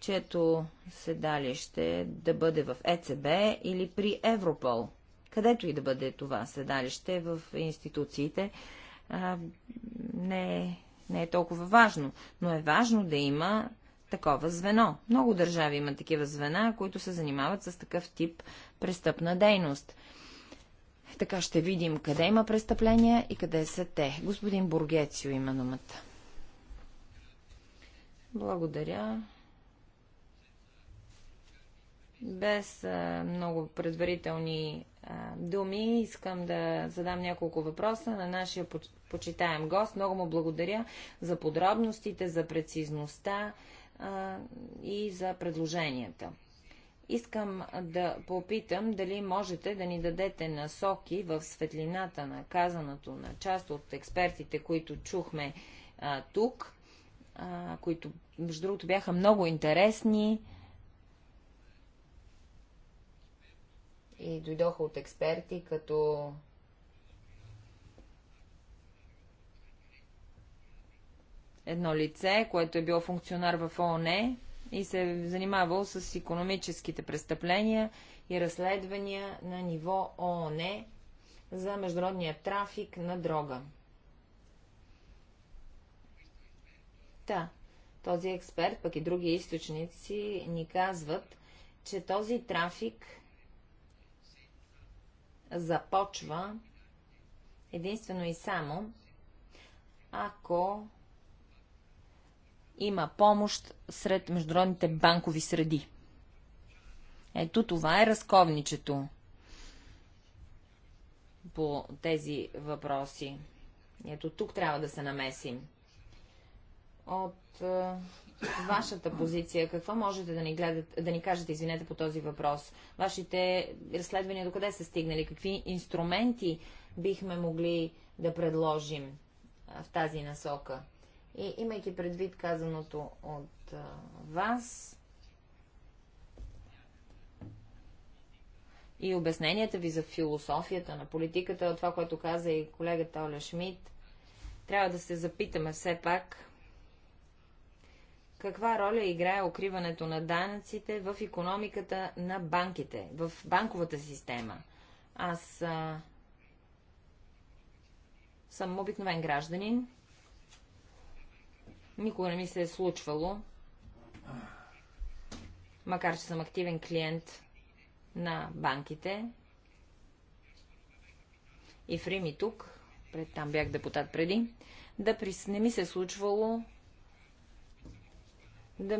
[SPEAKER 1] чето седалище да бъде в ЕЦБ или при Европол? Където и да бъде това седалище в институциите, а, не е не е толкова важно, но е важно да има такова звено. Много държави има такива звена, които се занимават с такъв тип престъпна дейност. Така ще видим къде има престъпления и къде са те. Господин Бургецио има думата. Благодаря. Без а, много предварителни думи. Искам да задам няколко въпроса на нашия почитаем гост. Много му благодаря за подробностите, за прецизността а, и за предложенията. Искам да попитам дали можете да ни дадете насоки в светлината на казаното на част от експертите, които чухме а, тук, а, които, между другото, бяха много интересни. А, и дойдоха от експерти, като едно лице, което е било функционар в ООН и се е занимавал с економическите престъпления и разследвания на ниво ООН за международния трафик на дрога. Та, да, този експерт, пък и други източници ни казват, че този трафик започва единствено и само, ако има помощ сред международните банкови среди. Ето това е разковничето по тези въпроси. Ето тук трябва да се намесим. От е, вашата позиция, какво можете да ни, гледат, да ни кажете, извинете, по този въпрос? Вашите разследвания докъде са стигнали? Какви инструменти бихме могли да предложим в тази насока? И имайки предвид казаното от вас и обясненията ви за философията на политиката, това, което каза и колегата Оля Шмидт, трябва да се запитаме все пак каква роля играе укриването на данъците в економиката на банките, в банковата система? Аз а, съм обикновен гражданин. Никога не ми се е случвало, макар че съм активен клиент на банките. И в Рим и тук, пред, там бях депутат преди, да прис... не ми се е случвало да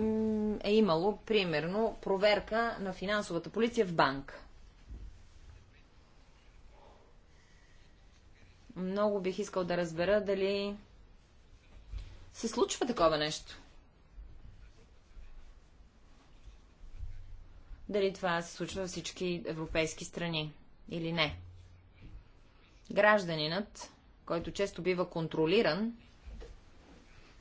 [SPEAKER 1] е имало, примерно, проверка на финансовата полиция в банк. Много бих искал да разбера дали се случва такова нещо. Дали това се случва във всички европейски страни или не. Гражданинът, който често бива контролиран,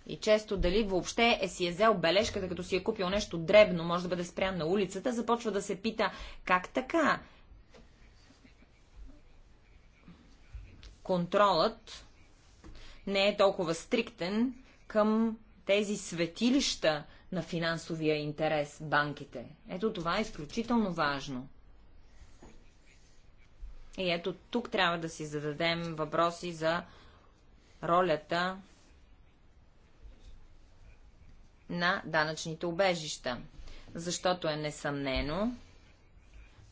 [SPEAKER 1] и често дали въобще е си е взел бележката, като си е купил нещо дребно, може да бъде спрян на улицата, започва да се пита как така. Контролът не е толкова стриктен към тези светилища на финансовия интерес, банките. Ето това е изключително важно. И ето тук трябва да си зададем въпроси за ролята на данъчните убежища. Защото е несъмнено,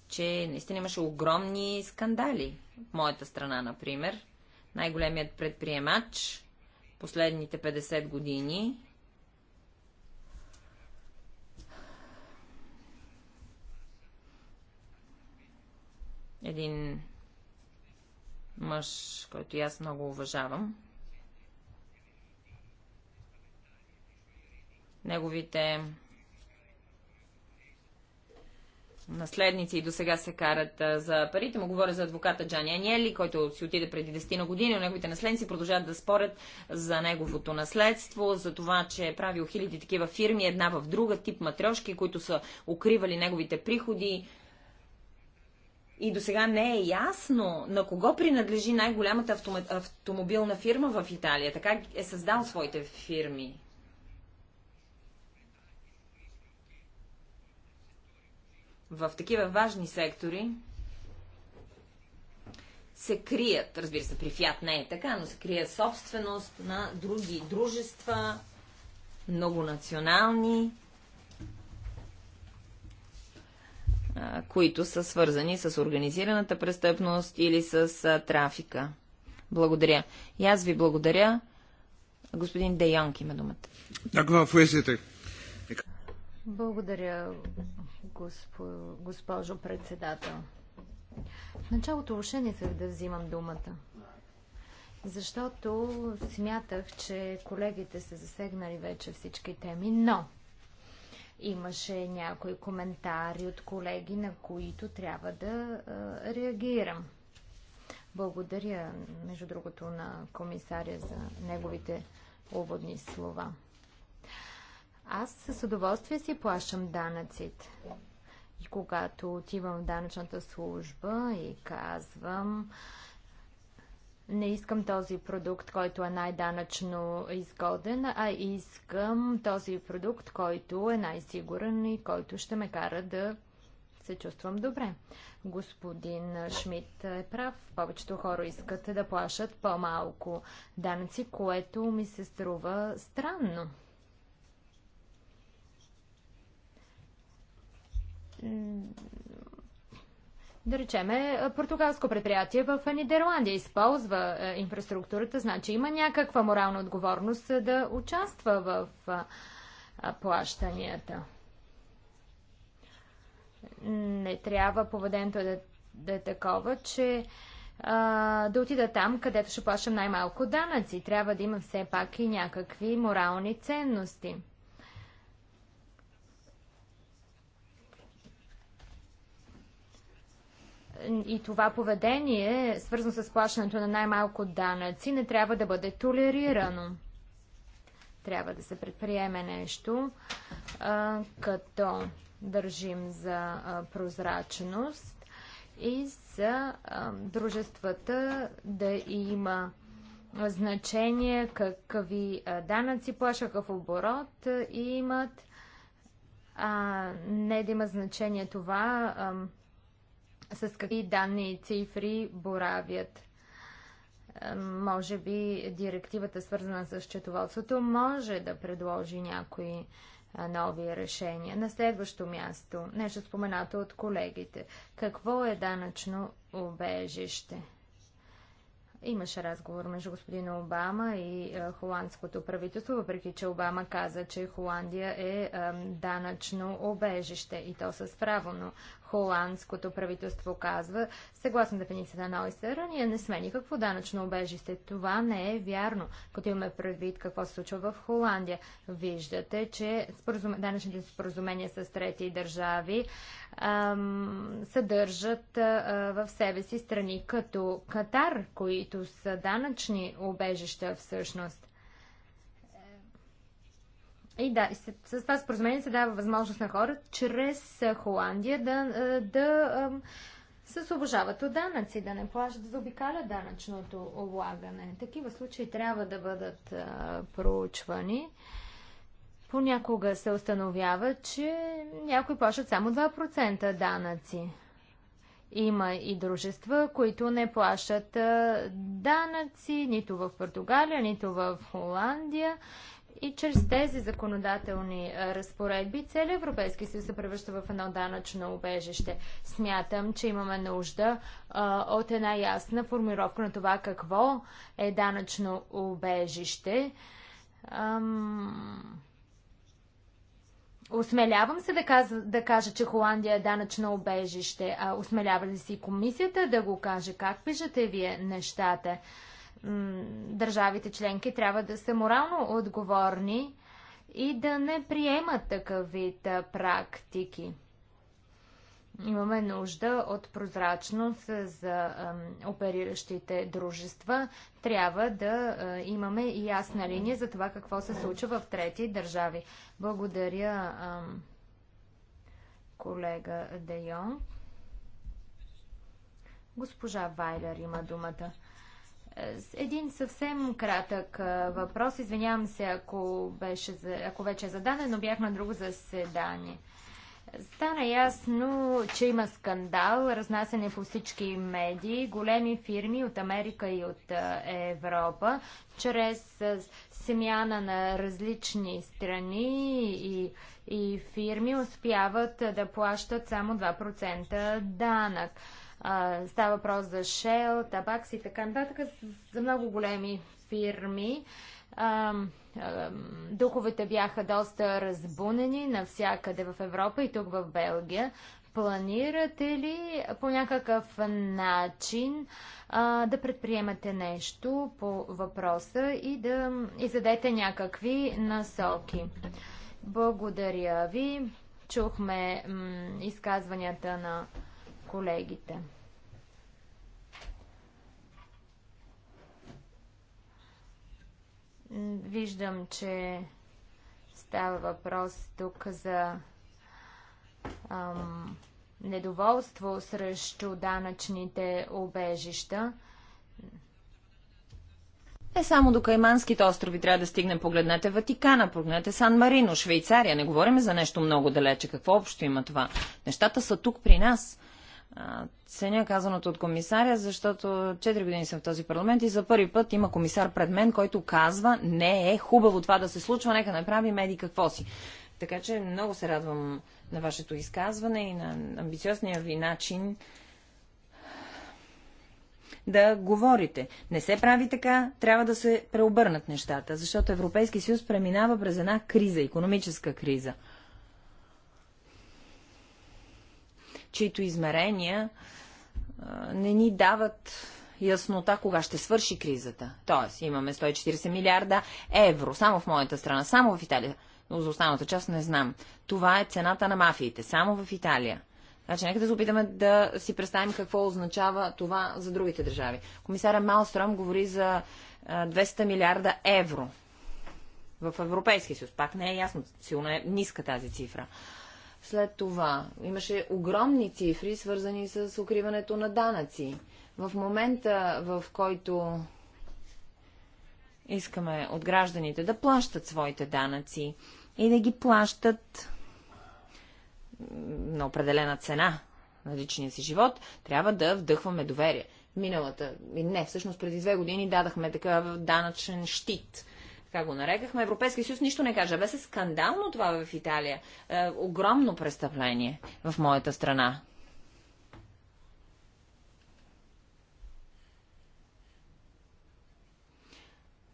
[SPEAKER 1] че наистина имаше огромни скандали. В моята страна, например, най-големият предприемач последните 50 години един мъж, който и аз много уважавам, неговите наследници и до сега се карат за парите. Му говоря за адвоката Джани Аниели, който си отиде преди 10 на години, но неговите наследници продължават да спорят за неговото наследство, за това, че е правил хиляди такива фирми, една в друга, тип матрешки, които са укривали неговите приходи. И до сега не е ясно на кого принадлежи най-голямата автомобилна фирма в Италия. Така е създал своите фирми. в такива важни сектори се крият, разбира се, при Фиат не е така, но се крият собственост на други дружества, многонационални, които са свързани с организираната престъпност или с трафика. Благодаря. И аз ви благодаря. Господин Де Йонг има думата.
[SPEAKER 4] Благодаря, госпожо председател. В началото уше не се да взимам думата, защото смятах, че колегите са засегнали вече всички теми, но имаше някои коментари от колеги, на които трябва да реагирам. Благодаря, между другото, на комисаря за неговите уводни слова. Аз с удоволствие си плащам данъците. И когато отивам в данъчната служба и казвам, не искам този продукт, който е най-данъчно изгоден, а искам този продукт, който е най-сигурен и който ще ме кара да се чувствам добре. Господин Шмидт е прав. Повечето хора искат да плащат по-малко данъци, което ми се струва странно. да речеме, португалско предприятие в Нидерландия използва е, инфраструктурата, значи има някаква морална отговорност е, да участва в е, плащанията. Не трябва поведението да, да е такова, че а, да отида там, където ще плащам най-малко данъци. Трябва да има все пак и някакви морални ценности. и това поведение, свързано с плащането на най-малко данъци, не трябва да бъде толерирано. Трябва да се предприеме нещо, а, като държим за а, прозрачност и за а, дружествата да има значение какви данъци плаща, какъв оборот имат, а не да има значение това с какви данни и цифри боравят. Е, може би директивата, свързана с счетоводството, може да предложи някои е, нови решения. На следващо място, нещо споменато от колегите. Какво е данъчно убежище? Имаше разговор между господин Обама и а, е, холандското правителство, въпреки че Обама каза, че Холандия е, а, е, данъчно обежище и то с право, но холандското правителство казва, съгласно дефиницията на Ойстера, ние не сме никакво данъчно обежище. Това не е вярно, като имаме предвид какво се случва в Холандия. Виждате, че споразум... данъчните споразумения с трети държави съдържат в себе си страни като Катар, които са данъчни обежища всъщност. И да, с, с това споразумение се дава възможност на хора чрез Холандия да, да, да се освобождават от данъци, да не плащат, да заобикалят данъчното облагане. Такива случаи трябва да бъдат а, проучвани. Понякога се установява, че някои плащат само 2% данъци. Има и дружества, които не плащат данъци нито в Португалия, нито в Холандия. И чрез тези законодателни разпоредби целият Европейски съюз се превръща в едно данъчно убежище. Смятам, че имаме нужда а, от една ясна формировка на това какво е данъчно убежище. Ам Осмелявам се да, каза, да кажа, че Холандия е данъчно обежище. А осмелява ли си комисията да го каже? Как виждате вие нещата? Държавите членки трябва да са морално отговорни и да не приемат такъв вид практики. Имаме нужда от прозрачност за опериращите дружества. Трябва да имаме и ясна линия за това какво се случва в трети държави. Благодаря, колега Дейон. Госпожа Вайлер има думата. Е, един съвсем кратък въпрос. Извинявам се, ако, беше, ако вече е зададен, но бях на друго заседание. Стана ясно, че има скандал, разнасяне по всички медии, големи фирми от Америка и от Европа, чрез семяна на различни страни и, и фирми успяват да плащат само 2% данък. става въпрос за Shell, табакс и така нататък, за много големи фирми. Духовете бяха доста разбунени навсякъде в Европа и тук в Белгия. Планирате ли по някакъв начин а, да предприемате нещо по въпроса и да издадете някакви насоки? Благодаря ви. Чухме изказванията на колегите. Виждам, че става въпрос тук за ам, недоволство срещу данъчните обежища.
[SPEAKER 1] Не само до Кайманските острови трябва да стигнем. Погледнете Ватикана, погледнете Сан Марино, Швейцария. Не говорим за нещо много далече. Какво общо има това? Нещата са тук при нас. Ценя казаното от комисаря, защото 4 години съм в този парламент и за първи път има комисар пред мен, който казва, не е хубаво това да се случва, нека направи меди какво си. Така че много се радвам на вашето изказване и на амбициозния ви начин да говорите. Не се прави така, трябва да се преобърнат нещата, защото Европейски съюз преминава през една криза, економическа криза – чието измерения не ни дават яснота кога ще свърши кризата. Тоест, имаме 140 милиарда евро, само в моята страна, само в Италия. Но за останалата част не знам. Това е цената на мафиите, само в Италия. Значи, нека да се опитаме да си представим какво означава това за другите държави. Комисаря Малстром говори за 200 милиарда евро в Европейския съюз. Пак не е ясно, силно е ниска тази цифра. След това имаше огромни цифри, свързани с укриването на данъци. В момента, в който искаме от гражданите да плащат своите данъци и да ги плащат на определена цена на личния си живот, трябва да вдъхваме доверие. Миналата, не, всъщност преди две години дадахме такъв данъчен щит как го нарекахме, Европейския съюз нищо не каже. Беше скандално това в Италия. Е, огромно престъпление в моята страна.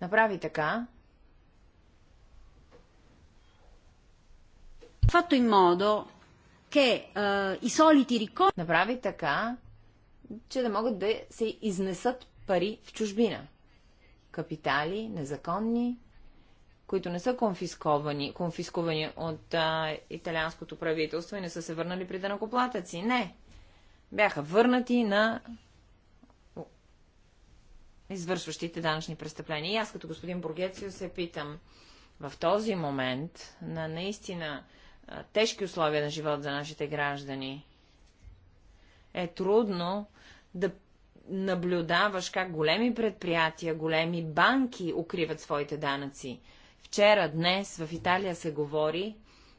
[SPEAKER 1] Направи така, Фато in modo che uh, i soliti ricordi... Направи така, че да могат да се изнесат пари в чужбина. Капитали, незаконни които не са конфисковани, конфискувани от а, италианското правителство и не са се върнали при данакоплатъци. Не. Бяха върнати на извършващите данъчни престъпления. И аз като господин Бургецио се питам, в този момент на наистина тежки условия на живот за нашите граждани, е трудно да наблюдаваш как големи предприятия, големи банки укриват своите данъци. Вчера, днес в Италия се говори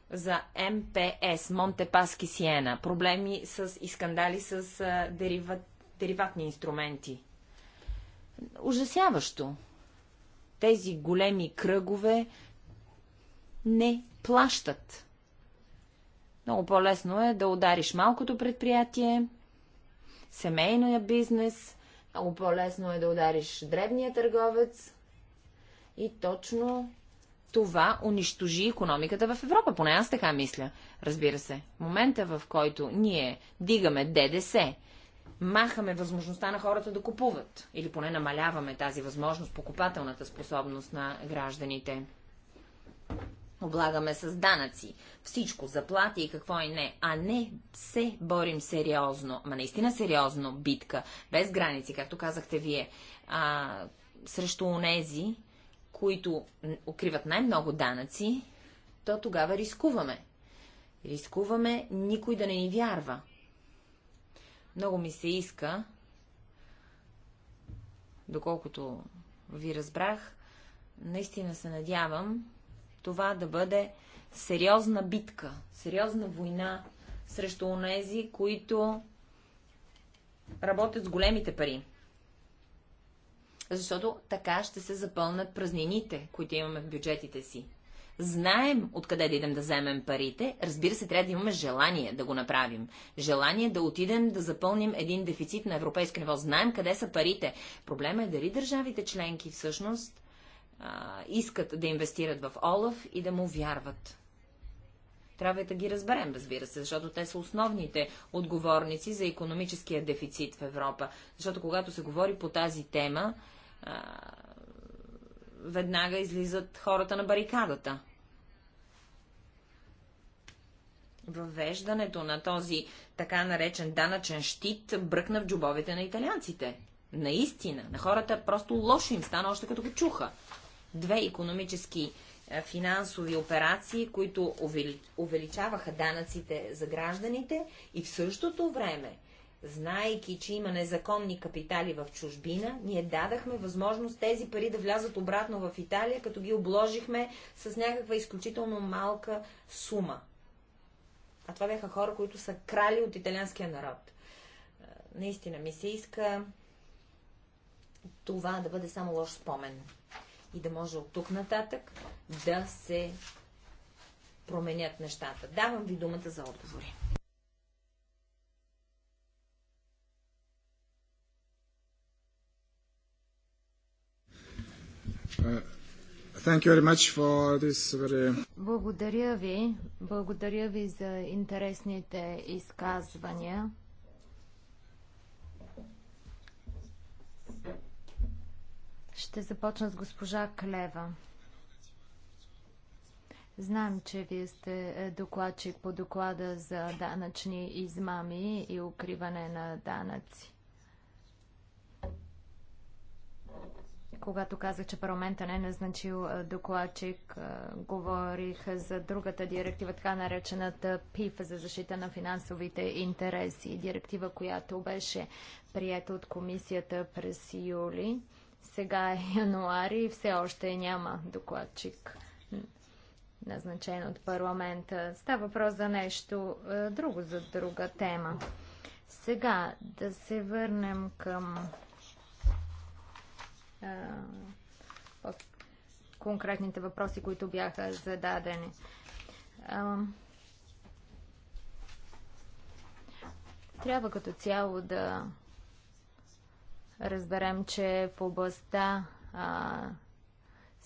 [SPEAKER 1] за МПС, Монтепаски Сиена, проблеми с, и скандали с а, дериват, дериватни инструменти. Ужасяващо. Тези големи кръгове не плащат. Много по-лесно е да удариш малкото предприятие, семейния бизнес, много по-лесно е да удариш дребния търговец и точно това унищожи економиката в Европа. Поне аз така мисля. Разбира се, момента в който ние дигаме ДДС, махаме възможността на хората да купуват, или поне намаляваме тази възможност, покупателната способност на гражданите. Облагаме с данъци, всичко, заплати и какво и не, а не се борим сериозно, ма наистина сериозно битка, без граници, както казахте вие, а, срещу онези, които укриват най-много данъци, то тогава рискуваме. Рискуваме никой да не ни вярва. Много ми се иска, доколкото ви разбрах, наистина се надявам това да бъде сериозна битка, сериозна война срещу онези, които работят с големите пари защото така ще се запълнат празнините, които имаме в бюджетите си. Знаем откъде да идем да вземем парите. Разбира се, трябва да имаме желание да го направим. Желание да отидем да запълним един дефицит на европейско ниво. Знаем къде са парите. Проблема е дали държавите членки всъщност а, искат да инвестират в Олаф и да му вярват. Трябва да ги разберем, разбира се, защото те са основните отговорници за економическия дефицит в Европа. Защото когато се говори по тази тема, веднага излизат хората на барикадата. Въвеждането на този така наречен данъчен щит бръкна в джобовете на италианците. Наистина, на хората просто лошо им стана, още като го чуха. Две економически е, финансови операции, които увеличаваха данъците за гражданите и в същото време, знаеки, че има незаконни капитали в чужбина, ние дадахме възможност тези пари да влязат обратно в Италия, като ги обложихме с някаква изключително малка сума. А това бяха хора, които са крали от италианския народ. Е, наистина ми се иска това да бъде само лош спомен и да може от тук нататък да се променят нещата. Давам ви думата за отговори.
[SPEAKER 3] Uh, very...
[SPEAKER 4] Благодаря ви. Благодаря ви за интересните изказвания. Ще започна с госпожа Клева. Знам, че вие сте е, докладчик по доклада за данъчни измами и укриване на данъци. Когато казах, че парламента не е назначил е, докладчик, е, говорих за другата директива, така наречената ПИФ за защита на финансовите интереси. Директива, която беше приета от комисията през юли сега е януари и все още няма докладчик назначен от парламента. Става въпрос за нещо е, друго, за друга тема. Сега да се върнем към а, е, конкретните въпроси, които бяха зададени. А, е, трябва като цяло да разберем, че в областта а,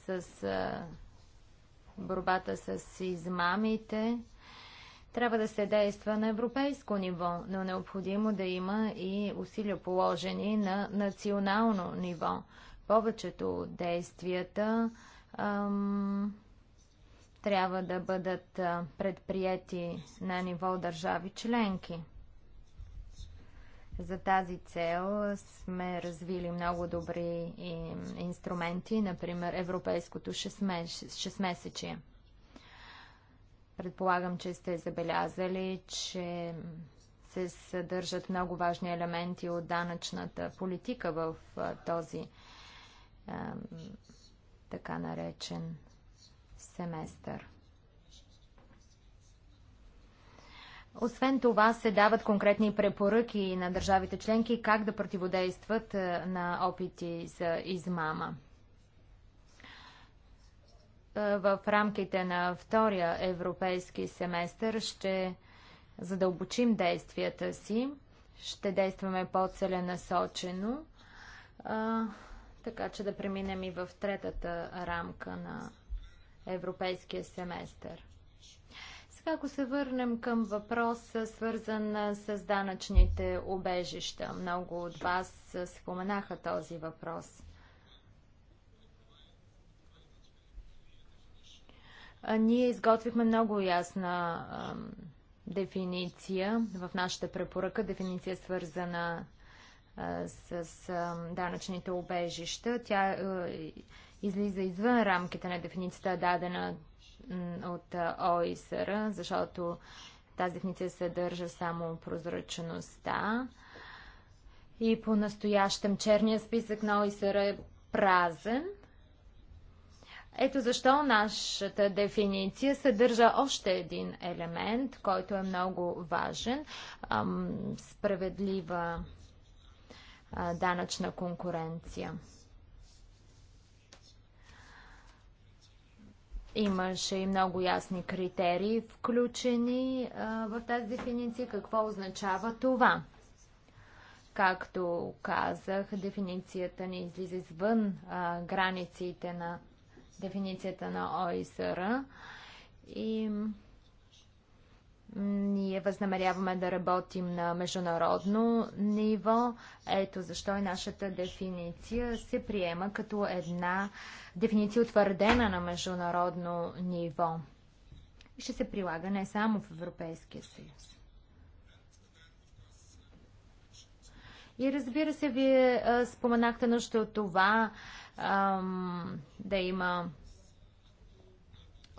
[SPEAKER 4] с а, борбата с измамите трябва да се действа на европейско ниво, но е необходимо да има и усилия положени на национално ниво. Повечето действията ам, трябва да бъдат предприяти на ниво държави членки. За тази цел сме развили много добри инструменти, например Европейското 6-месечие. Предполагам, че сте забелязали, че се съдържат много важни елементи от данъчната политика в този така наречен семестър. Освен това се дават конкретни препоръки на държавите членки как да противодействат е, на опити за измама. Е, в рамките на втория европейски семестър ще задълбочим действията си, ще действаме по-целенасочено, е, така че да преминем и в третата рамка на европейския семестър. Сега, ако се върнем към въпроса, свързан с данъчните обежища, много от вас споменаха този въпрос. Ние изготвихме много ясна а, дефиниция в нашата препоръка, дефиниция свързана с, данъчните обежища. Тя излиза извън рамките на дефиницията, дадена от ОИСР, защото тази дефиниция съдържа само прозрачността. И по-настоящем черния списък на ОИСР е празен. Ето защо нашата дефиниция съдържа още един елемент, който е много важен справедлива данъчна конкуренция. Имаше и много ясни критерии включени а, в тази дефиниция. Какво означава това? Както казах, дефиницията ни излиза извън а, границите на дефиницията на ОИСР и ние възнамеряваме да работим на международно ниво. Ето защо и нашата дефиниция се приема като една дефиниция утвърдена на международно ниво. И ще се прилага не само в Европейския съюз. И разбира се, вие споменахте нещо от това ам, да има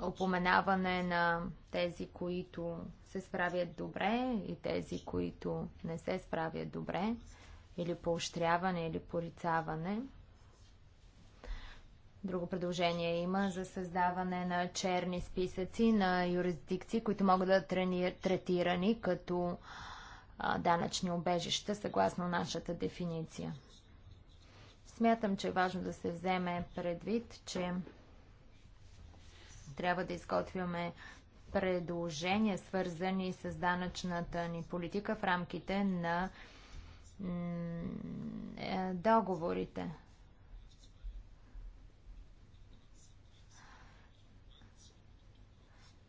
[SPEAKER 4] опоменаване на тези, които се справят добре и тези, които не се справят добре, или поощряване, или порицаване. Друго предложение има за създаване на черни списъци на юрисдикции, които могат да третирани като а, данъчни обежища, съгласно нашата дефиниция. Смятам, че е важно да се вземе предвид, че трябва да изготвяме предложения, свързани с данъчната ни политика в рамките на е, договорите.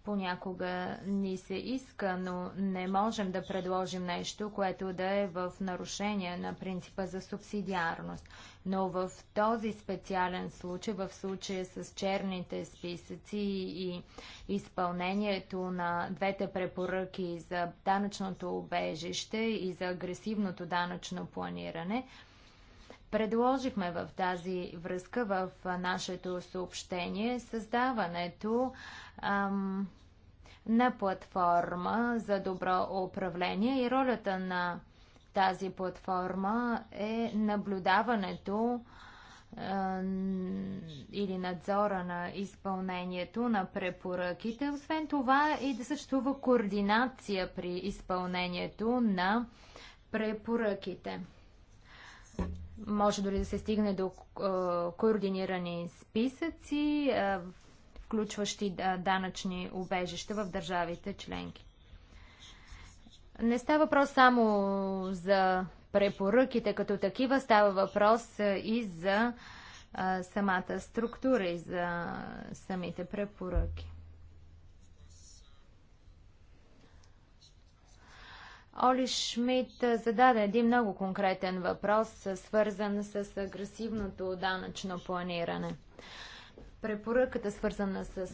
[SPEAKER 4] Понякога ни се иска, но не можем да предложим нещо, което да е в нарушение на принципа за субсидиарност. Но в този специален случай, в случая с черните списъци и изпълнението на двете препоръки за данъчното убежище и за агресивното данъчно планиране – Предложихме в тази връзка в нашето съобщение създаването ам, на платформа за добро управление и ролята на тази платформа е наблюдаването или надзора на изпълнението на препоръките. Освен това и да съществува координация при изпълнението на препоръките. Може дори да се стигне до е, координирани списъци, е, включващи е, данъчни убежища в държавите членки. Не става въпрос само за препоръките като такива, става въпрос и за самата структура и за самите препоръки. Оли Шмидт зададе един много конкретен въпрос, свързан с агресивното данъчно планиране. Препоръката, свързана с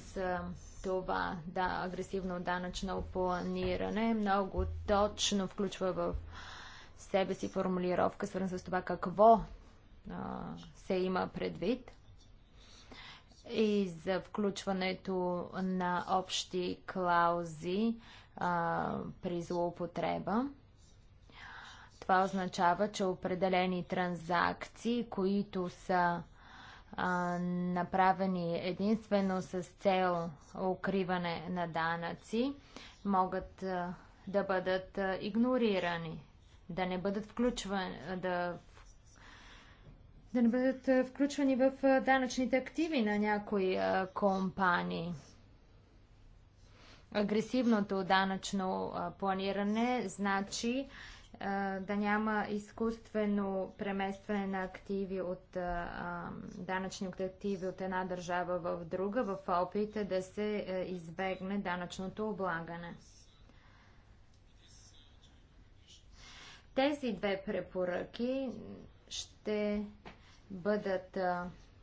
[SPEAKER 4] това да, агресивно данъчно планиране, много точно включва в себе си формулировка, свързана с това какво а, се има предвид и за включването на общи клаузи а, при злоупотреба. Това означава, че определени транзакции, които са а, направени единствено с цел укриване на данъци, могат а, да бъдат а, игнорирани, да не бъдат включвани, да, да не бъдат включвани в данъчните активи на някои компании агресивното данъчно планиране значи да няма изкуствено преместване на активи от данъчни активи от една държава в друга в опита е да се е, избегне данъчното облагане. Тези две препоръки ще бъдат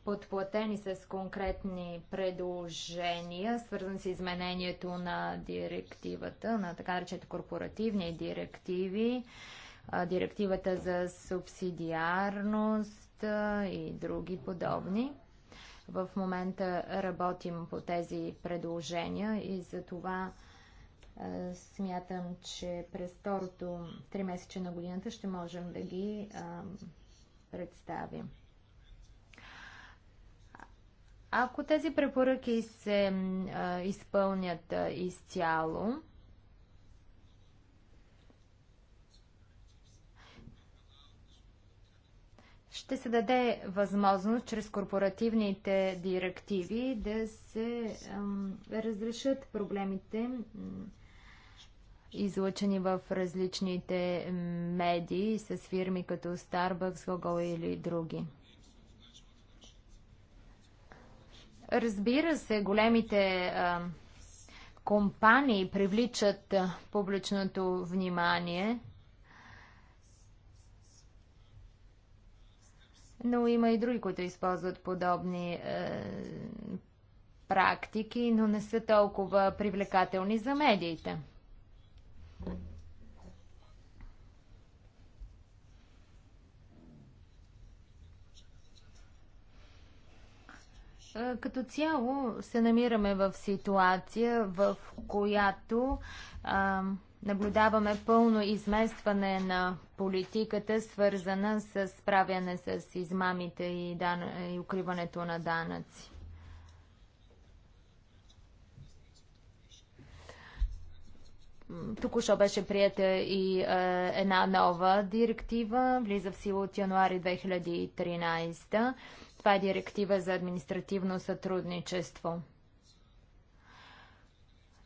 [SPEAKER 4] подплатени с конкретни предложения, свързани с изменението на директивата, на така наречените корпоративни директиви, директивата за субсидиарност и други подобни. В момента работим по тези предложения и за това смятам, че през второто месеца на годината ще можем да ги представим. Ако тези препоръки се а, изпълнят а, изцяло, ще се даде възможност чрез корпоративните директиви да се разрешат проблемите, излъчени в различните медии с фирми като Starbucks, Google или други. Разбира се, големите а, компании привличат а, публичното внимание, но има и други, които използват подобни а, практики, но не са толкова привлекателни за медиите. Е, като цяло се намираме в ситуация, в която а, наблюдаваме пълно изместване на политиката, свързана с справяне с измамите и, дан... и укриването на данъци. Току-що беше прията и е, една нова директива, влиза в сила от януари 2013. Това е директива за административно сътрудничество.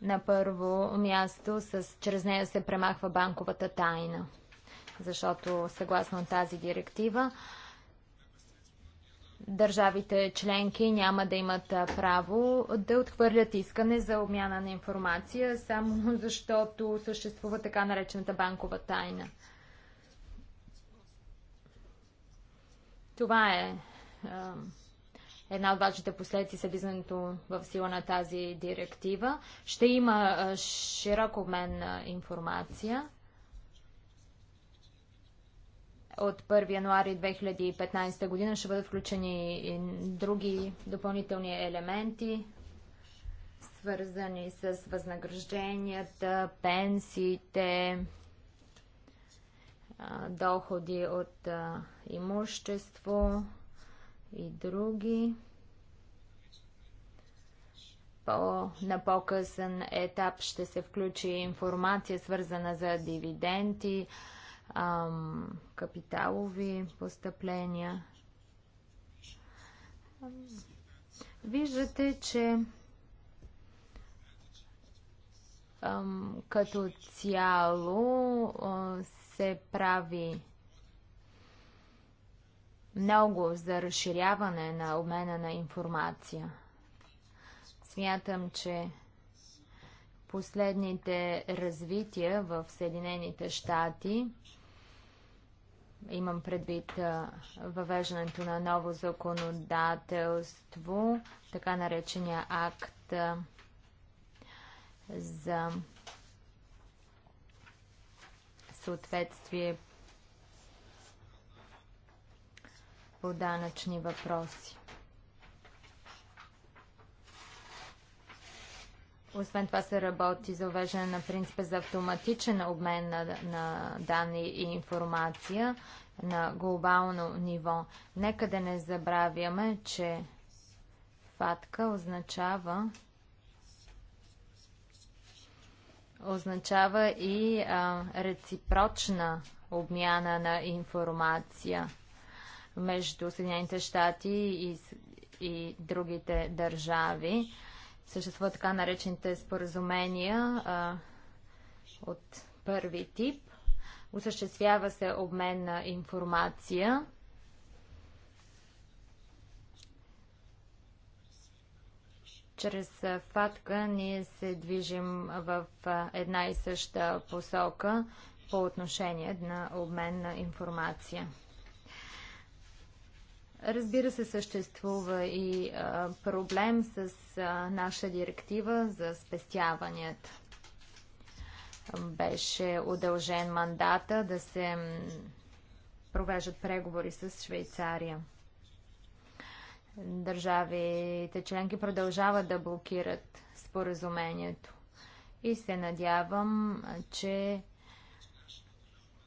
[SPEAKER 4] На първо място, с, чрез нея се премахва банковата тайна, защото съгласно тази директива държавите членки няма да имат право да отхвърлят искане за обмяна на информация, само защото съществува така наречената банкова тайна. Това е една от важните последици са влизането в сила на тази директива. Ще има широк обмен на информация от 1 януари 2015 година ще бъдат включени и други допълнителни елементи, свързани с възнагражденията, пенсиите, доходи от имущество, и други. По, на по-късен етап ще се включи информация, свързана за дивиденти, ам, капиталови постъпления. Виждате, че ам, като цяло а, се прави много за разширяване на обмена на информация. Смятам, че последните развития в Съединените щати, имам предвид въвеждането на ново законодателство, така наречения акт за съответствие по данъчни въпроси. Освен това се работи за увеждане на принципа за автоматичен обмен на, на данни и информация на глобално ниво. Нека да не забравяме, че фатка означава означава и а, реципрочна обмяна на информация между Съединените щати и, и другите държави. Съществуват така наречените споразумения а, от първи тип. Осъществява се обмен на информация. Чрез ФАТКА ние се движим в една и съща посока по отношение на обмен на информация. Разбира се, съществува и а, проблем с а, наша директива за спестяванията. Беше удължен мандата да се провеждат преговори с Швейцария. Държавите членки продължават да блокират споразумението и се надявам, че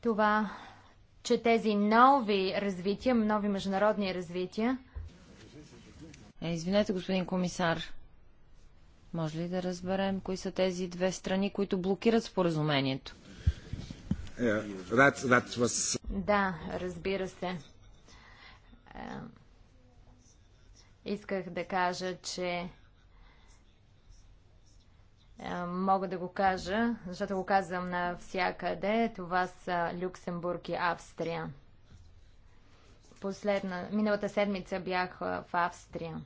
[SPEAKER 4] това че тези нови развития, нови международни развития. Е, извинете, господин комисар, може ли да разберем кои са тези две
[SPEAKER 1] страни, които блокират споразумението?
[SPEAKER 3] Yeah, that, that was...
[SPEAKER 4] Да, разбира се. Е, исках да кажа, че е, мога да го кажа, защото го казвам навсякъде. Това са Люксембург и Австрия. Последна, миналата седмица бях е, в Австрия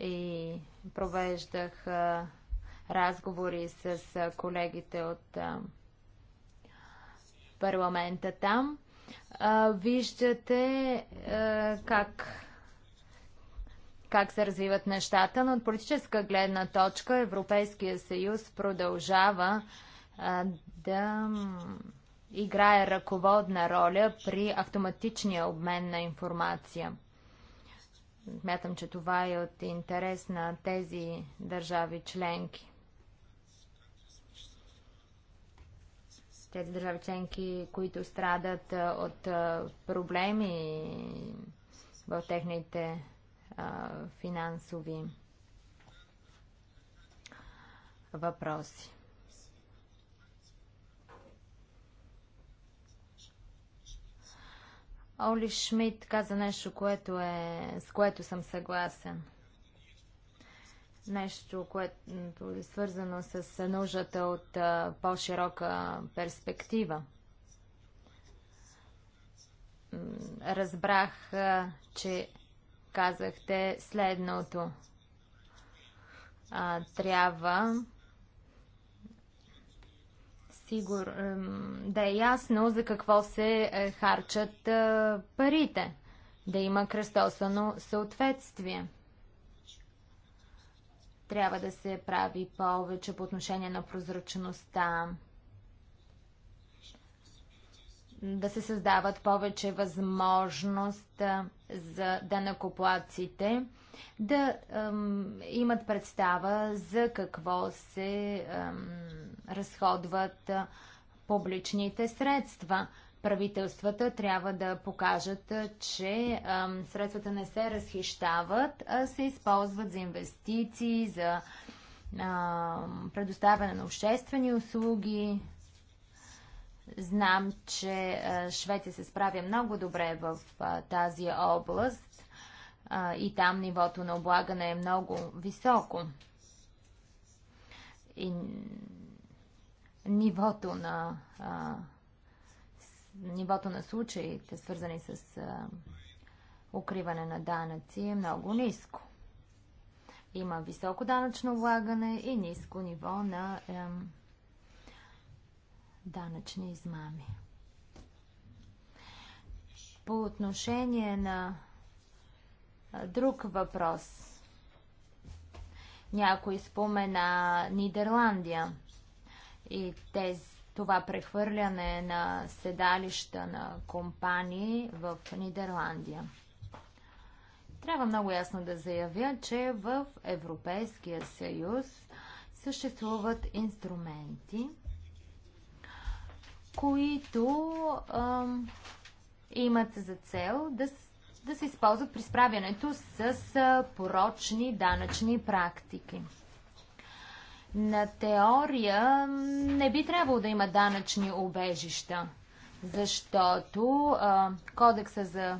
[SPEAKER 4] и провеждах е, разговори с колегите от парламента там. Виждате как как се развиват нещата, но от политическа гледна точка Европейския съюз продължава а, да играе ръководна роля при автоматичния обмен на информация. Смятам, че това е от интерес на тези държави членки. Тези държави членки, които страдат от проблеми в техните финансови въпроси. Оли Шмидт каза нещо, което е, с което съм съгласен. Нещо, което е свързано с нуждата от по-широка перспектива. Разбрах, че казахте следното. А, трябва сигур, да е ясно за какво се е, харчат е, парите, да има кръстосано съответствие. Трябва да се прави повече по отношение на прозрачността, да се създават повече възможност е, за данъкоплаците да ем, имат представа за какво се ем, разходват публичните средства. Правителствата трябва да покажат, че ем, средствата не се разхищават, а се използват за инвестиции, за предоставяне на обществени услуги, Знам, че Швеция се справя много добре в тази област и там нивото на облагане е много високо. И нивото на нивото на случаите, свързани с укриване на данъци, е много ниско. Има високо данъчно облагане и ниско ниво на данъчни измами. По отношение на друг въпрос, някой спомена Нидерландия и тези това прехвърляне на седалища на компании в Нидерландия. Трябва много ясно да заявя, че в Европейския съюз съществуват инструменти, които ам, имат за цел да, да се използват при справянето с а, порочни данъчни практики. На теория не би трябвало да има данъчни обежища, защото а, кодекса за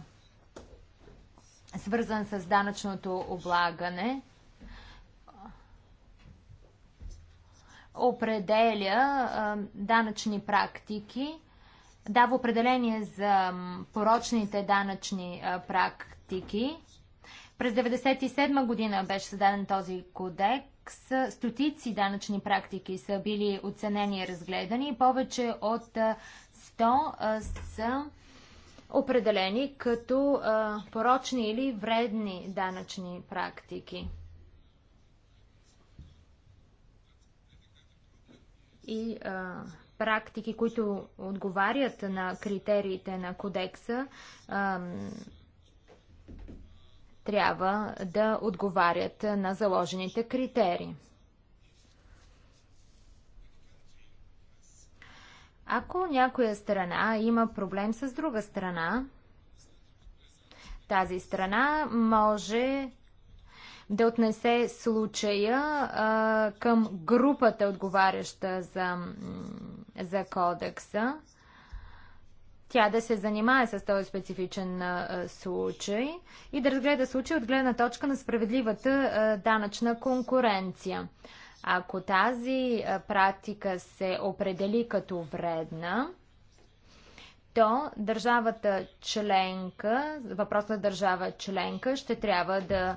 [SPEAKER 4] свързан с данъчното облагане – определя данъчни практики, дава определение за порочните данъчни практики. През 1997 година беше създаден този кодекс. Стотици данъчни практики са били оценени и разгледани. Повече от 100 са определени като порочни или вредни данъчни практики. и а, практики, които отговарят на критериите на кодекса, а, трябва да отговарят на заложените критерии. Ако някоя страна има проблем с друга страна, тази страна може да отнесе случая а, към групата, отговаряща за, за кодекса. Тя да се занимае с този специфичен а, случай и да разгледа случай от гледна точка на справедливата а, данъчна конкуренция. Ако тази а, практика се определи като вредна, то държавата членка, въпросна държава членка, ще трябва да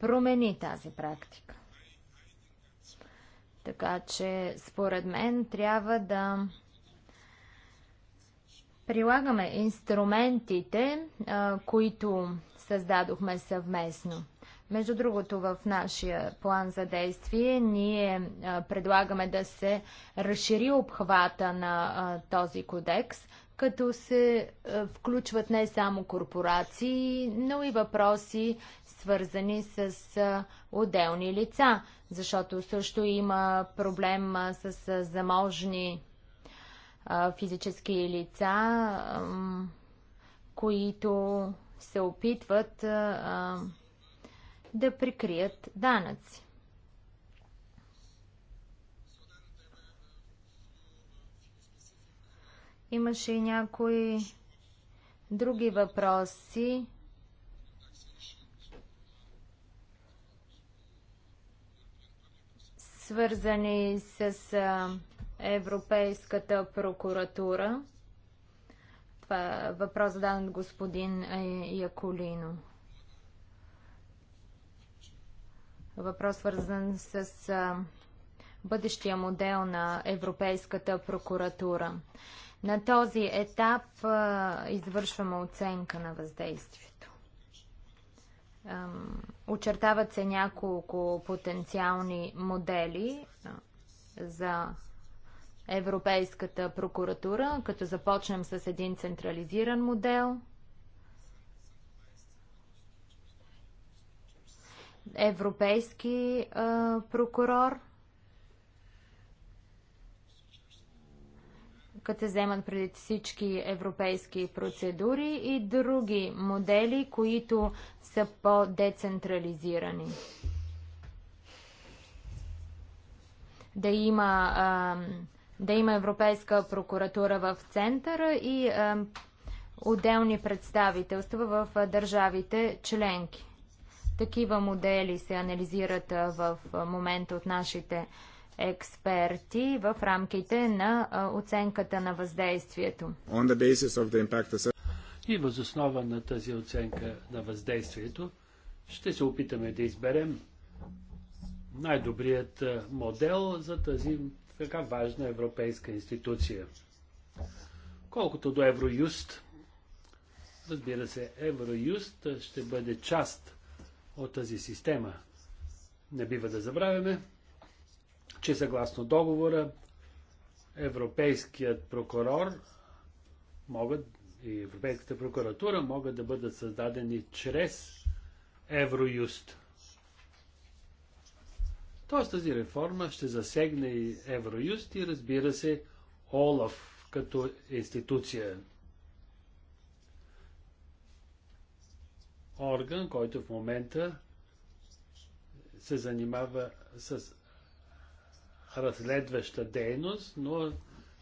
[SPEAKER 4] промени тази практика. Така че, според мен, трябва да прилагаме инструментите, които създадохме съвместно. Между другото, в нашия план за действие ние предлагаме да се разшири обхвата на този кодекс – като се е, включват не само корпорации, но и въпроси свързани с е, отделни лица, защото също има проблем е, с заможни физически лица, които се опитват да прикрият данъци. Имаше и някои други въпроси. свързани с Европейската прокуратура. Това е въпрос задан от господин Яколино. Въпрос свързан с бъдещия модел на Европейската прокуратура. На този етап извършваме оценка на въздействието. Очертават се няколко потенциални модели за Европейската прокуратура, като започнем с един централизиран модел. Европейски а, прокурор – като вземат преди всички европейски процедури и други модели, които са по-децентрализирани. Да има, да има Европейска прокуратура в центъра и отделни представителства в държавите членки. Такива модели се анализират в момента от нашите експерти в рамките на оценката на въздействието.
[SPEAKER 2] И възоснова на тази оценка на въздействието ще се опитаме да изберем най-добрият модел за тази така важна европейска институция. Колкото до Евроюст, разбира се, Евроюст ще бъде част от тази система. Не бива да забравяме, че съгласно договора Европейският прокурор могат и Европейската прокуратура могат да бъдат създадени чрез Евроюст. Тоест тази реформа ще засегне и Евроюст и разбира се Олаф като институция. Орган, който в момента се занимава с разследваща дейност, но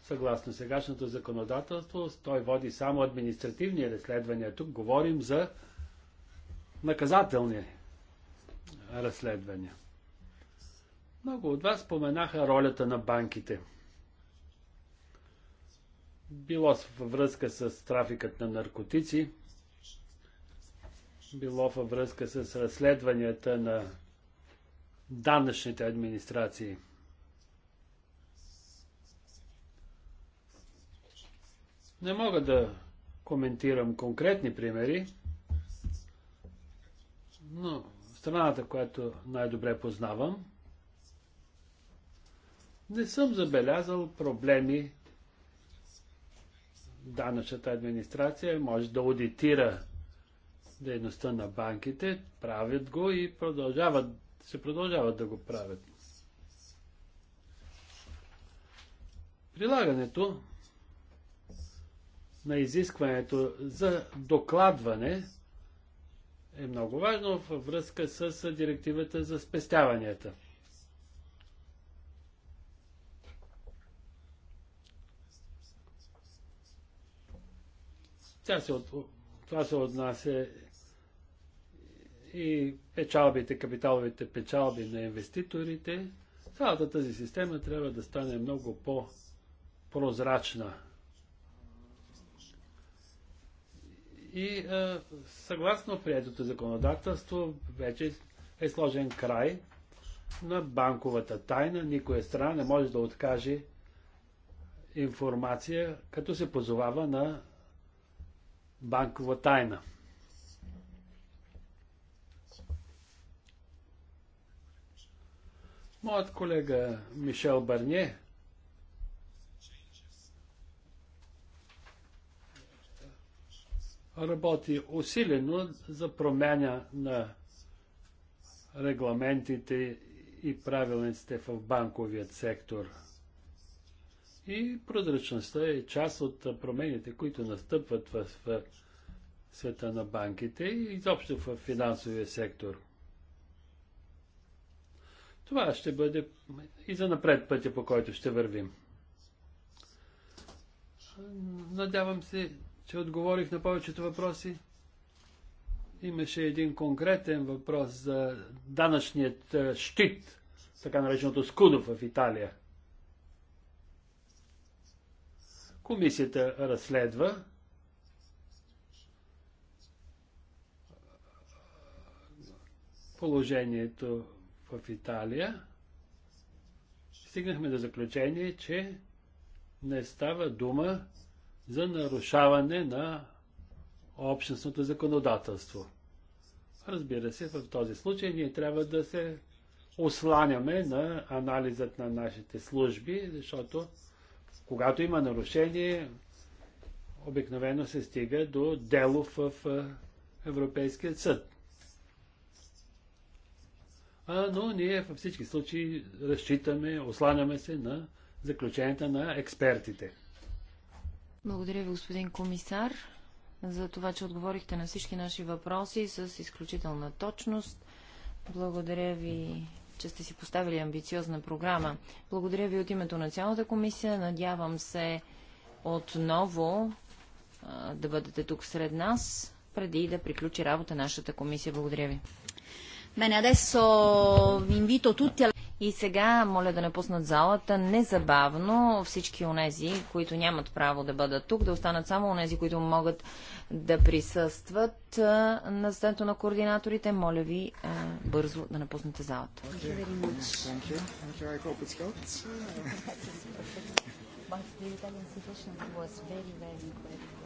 [SPEAKER 2] съгласно сегашното законодателство той води само административни разследвания. Тук говорим за наказателни разследвания. Много от вас споменаха ролята на банките. Било във връзка с трафикът на наркотици, било във връзка с разследванията на данъчните администрации – Не мога да коментирам конкретни примери, но страната, която най-добре познавам, не съм забелязал проблеми данъчната администрация може да аудитира дейността на банките, правят го и продължават, се продължават да го правят. Прилагането на изискването за докладване е много важно във връзка с директивата за спестяванията. Тя се от... Това се отнася и печалбите, капиталовите печалби на инвеститорите. Цялата тази система трябва да стане много по-прозрачна. И а, съгласно приятото законодателство вече е сложен край на банковата тайна. Никоя страна не може да откаже информация, като се позовава на банкова тайна. Моят колега Мишел Барне работи усилено за промяна на регламентите и правилниците в банковият сектор. И прозрачността е част от промените, които настъпват в света на банките и изобщо в финансовия сектор. Това ще бъде и за напред пътя, по който ще вървим. Надявам се, че отговорих на повечето въпроси. Имаше един конкретен въпрос за данъчният е, щит, така нареченото Скудов в Италия. Комисията разследва положението в Италия. Стигнахме до заключение, че не става дума за нарушаване на общностното законодателство. Разбира се, в този случай ние трябва да се осланяме на анализът на нашите служби, защото когато има нарушение, обикновено се стига до дело в Европейския съд. А, но ние във всички случаи разчитаме, осланяме се на заключенията на експертите.
[SPEAKER 1] Благодаря ви, господин комисар, за това, че отговорихте на всички наши въпроси с изключителна точност. Благодаря ви, че сте си поставили амбициозна програма. Благодаря ви от името на цялата комисия. Надявам се отново а, да бъдете тук сред нас, преди да приключи работа нашата комисия. Благодаря ви. Bene, adesso vi invito tutti и сега моля да напуснат залата незабавно всички онези, които нямат право да бъдат тук, да останат само онези, които могат да присъстват на стенто на координаторите. Моля ви бързо да напуснете залата.
[SPEAKER 4] Thank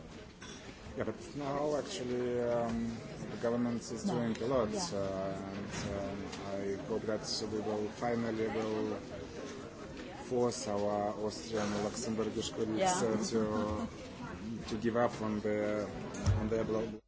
[SPEAKER 3] Yeah, but now actually um, the government is doing a lot, uh, and um, I hope that we will finally will force our Austrian Luxembourgish colleagues uh, to to give up on the on their blood.